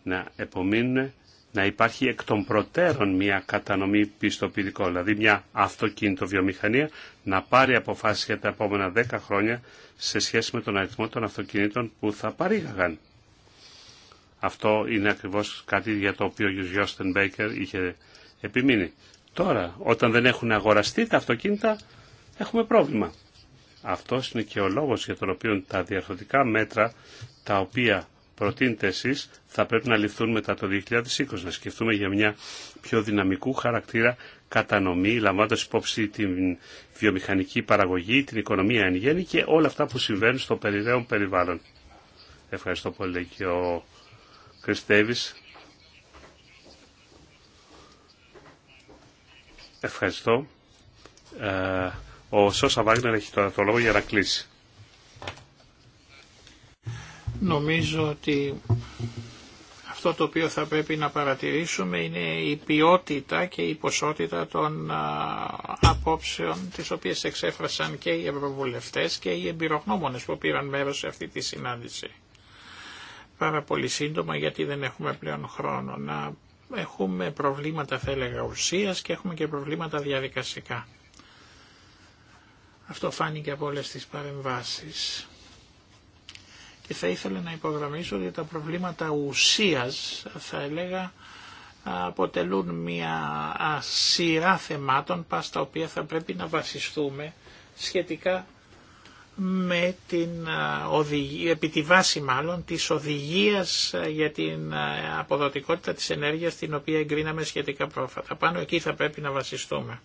να επομείνουν να υπάρχει εκ των προτέρων μια κατανομή πιστοποιητικών, δηλαδή μια αυτοκίνητο βιομηχανία να πάρει αποφάσεις για τα επόμενα 10 χρόνια σε σχέση με τον αριθμό των αυτοκινήτων που θα παρήγαγαν. Αυτό είναι ακριβώς κάτι για το οποίο ο Γιώστεν Μπέικερ είχε επιμείνει. Τώρα, όταν δεν έχουν αγοραστεί τα αυτοκίνητα, έχουμε πρόβλημα. Αυτό είναι και ο λόγος για τον οποίο τα διαφορετικά μέτρα τα οποία προτείνετε εσείς θα πρέπει να ληφθούν μετά το 2020. Να σκεφτούμε για μια πιο δυναμικού χαρακτήρα κατανομή, λαμβάνοντας υπόψη την βιομηχανική παραγωγή, την οικονομία εν γέννη και όλα αυτά που συμβαίνουν στο περιραίον περιβάλλον. Ευχαριστώ πολύ και ο Χριστέβης. Ευχαριστώ. Ε, ο Σώσα Βάγνερ έχει τώρα το λόγο για να κλείσει. Νομίζω ότι αυτό το οποίο θα πρέπει να παρατηρήσουμε είναι η ποιότητα και η ποσότητα των απόψεων τις οποίες εξέφρασαν και οι ευρωβουλευτές και οι εμπειρογνώμονες που πήραν μέρος σε αυτή τη συνάντηση. Πάρα πολύ σύντομα γιατί δεν έχουμε πλέον χρόνο να έχουμε προβλήματα θα έλεγα ουσίας και έχουμε και προβλήματα διαδικασικά. Αυτό φάνηκε από όλες τις παρεμβάσεις και θα ήθελα να υπογραμμίσω ότι τα προβλήματα ουσίας θα έλεγα αποτελούν μια σειρά θεμάτων τα οποία θα πρέπει να βασιστούμε σχετικά με την οδηγία, επί τη βάση μάλλον της οδηγίας για την αποδοτικότητα της ενέργειας την οποία εγκρίναμε σχετικά πρόφατα. Πάνω εκεί θα πρέπει να βασιστούμε.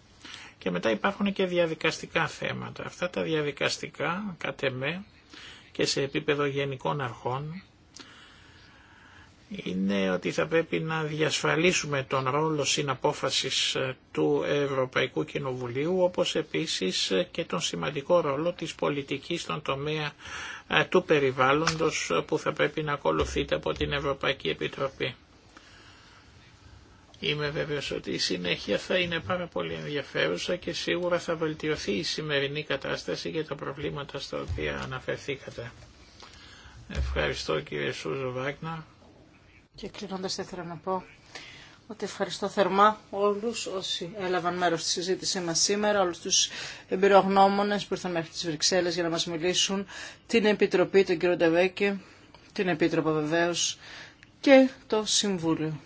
Και μετά υπάρχουν και διαδικαστικά θέματα. Αυτά τα διαδικαστικά, κατ' και σε επίπεδο γενικών αρχών είναι ότι θα πρέπει να διασφαλίσουμε τον ρόλο συναπόφασης ε, του Ευρωπαϊκού Κοινοβουλίου όπως επίσης ε, και τον σημαντικό ρόλο της πολιτικής στον τομέα ε, του περιβάλλοντος που θα πρέπει να ακολουθείται από την Ευρωπαϊκή Επιτροπή. Είμαι βέβαιος ότι η συνέχεια θα είναι πάρα πολύ ενδιαφέρουσα και σίγουρα θα βελτιωθεί η σημερινή κατάσταση για τα προβλήματα στα οποία αναφερθήκατε. Ευχαριστώ κύριε Σούζο Βάγνα. Και κλείνοντας θα ήθελα να πω ότι ευχαριστώ θερμά όλους όσοι έλαβαν μέρος στη συζήτησή μας σήμερα, όλους τους εμπειρογνώμονες που ήρθαν μέχρι τις Βρυξέλλες για να μας μιλήσουν, την Επιτροπή, τον κύριο Ντεβέκη, την Επίτροπο βεβαίω και το Συμβούλιο.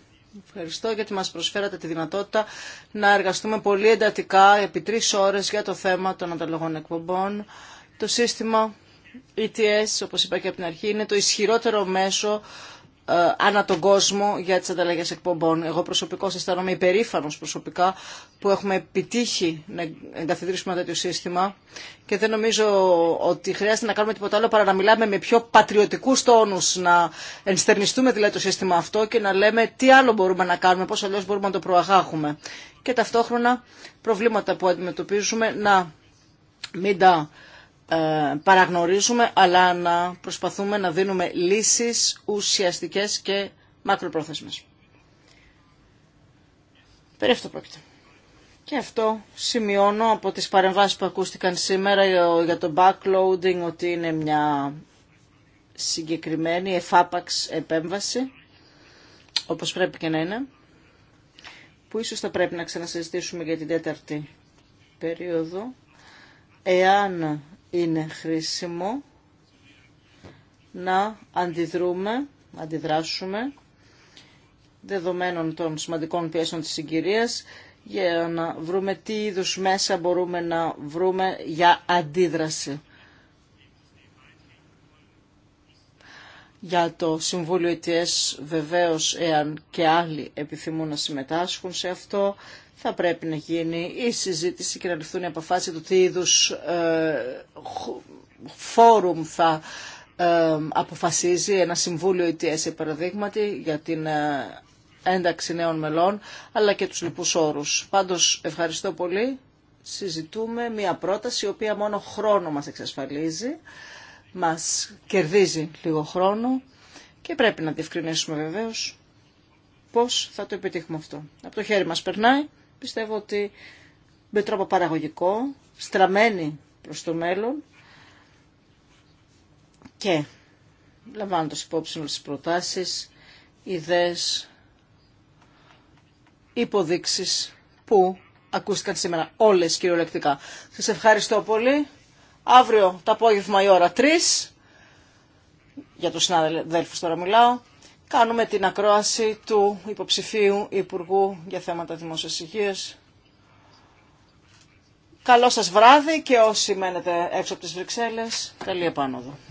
Ευχαριστώ γιατί μας προσφέρατε τη δυνατότητα να εργαστούμε πολύ εντατικά επί τρεις ώρες για το θέμα των ανταλλαγών εκπομπών. Το σύστημα ETS, όπως είπα και από την αρχή, είναι το ισχυρότερο μέσο ε, ανά τον κόσμο για τις ανταλλαγές εκπομπών. Εγώ προσωπικώς αισθάνομαι υπερήφανο προσωπικά που έχουμε επιτύχει να εγκαθιδρύσουμε ένα τέτοιο σύστημα και δεν νομίζω ότι χρειάζεται να κάνουμε τίποτα άλλο παρά να μιλάμε με πιο πατριωτικούς τόνους, να ενστερνιστούμε δηλαδή το σύστημα αυτό και να λέμε τι άλλο μπορούμε να κάνουμε, πώς αλλιώς μπορούμε να το προαγάγουμε. Και ταυτόχρονα προβλήματα που αντιμετωπίζουμε να μην τα ε, παραγνωρίζουμε, αλλά να προσπαθούμε να δίνουμε λύσεις ουσιαστικές και μακροπρόθεσμες. Περί αυτό πρόκειται. Και αυτό σημειώνω από τις παρεμβάσεις που ακούστηκαν σήμερα για το backloading ότι είναι μια συγκεκριμένη εφάπαξ επέμβαση, όπως πρέπει και να είναι, που ίσως θα πρέπει να ξανασυζητήσουμε για την τέταρτη περίοδο, εάν είναι χρήσιμο να αντιδρούμε, να αντιδράσουμε δεδομένων των σημαντικών πιέσεων της συγκυρίας για να βρούμε τι είδου μέσα μπορούμε να βρούμε για αντίδραση. Για το Συμβούλιο ETS βεβαίως εάν και άλλοι επιθυμούν να συμμετάσχουν σε αυτό θα πρέπει να γίνει η συζήτηση και να ληφθούν οι αποφάσεις του τι είδου ε, φόρουμ θα ε, αποφασίζει ένα συμβούλιο ETS, παραδείγματι, για την ε, ένταξη νέων μελών, αλλά και τους λοιπούς όρους. Πάντως, ευχαριστώ πολύ. Συζητούμε μια πρόταση, η οποία μόνο χρόνο μας εξασφαλίζει, μας κερδίζει λίγο χρόνο και πρέπει να διευκρινίσουμε βεβαίως πώς θα το επιτύχουμε αυτό. Από το χέρι μας περνάει πιστεύω ότι με τρόπο παραγωγικό, στραμμένη προς το μέλλον και λαμβάνοντας υπόψη όλες τις προτάσεις, ιδέες, υποδείξεις που ακούστηκαν σήμερα όλες κυριολεκτικά. Σας ευχαριστώ πολύ. Αύριο το απόγευμα η ώρα 3, για τους συναδέλφους τώρα μιλάω, Κάνουμε την ακρόαση του υποψηφίου Υπουργού για θέματα δημόσιας υγείας. Καλό σας βράδυ και όσοι μένετε έξω από τις Βρυξέλλες, καλή επάνωδο.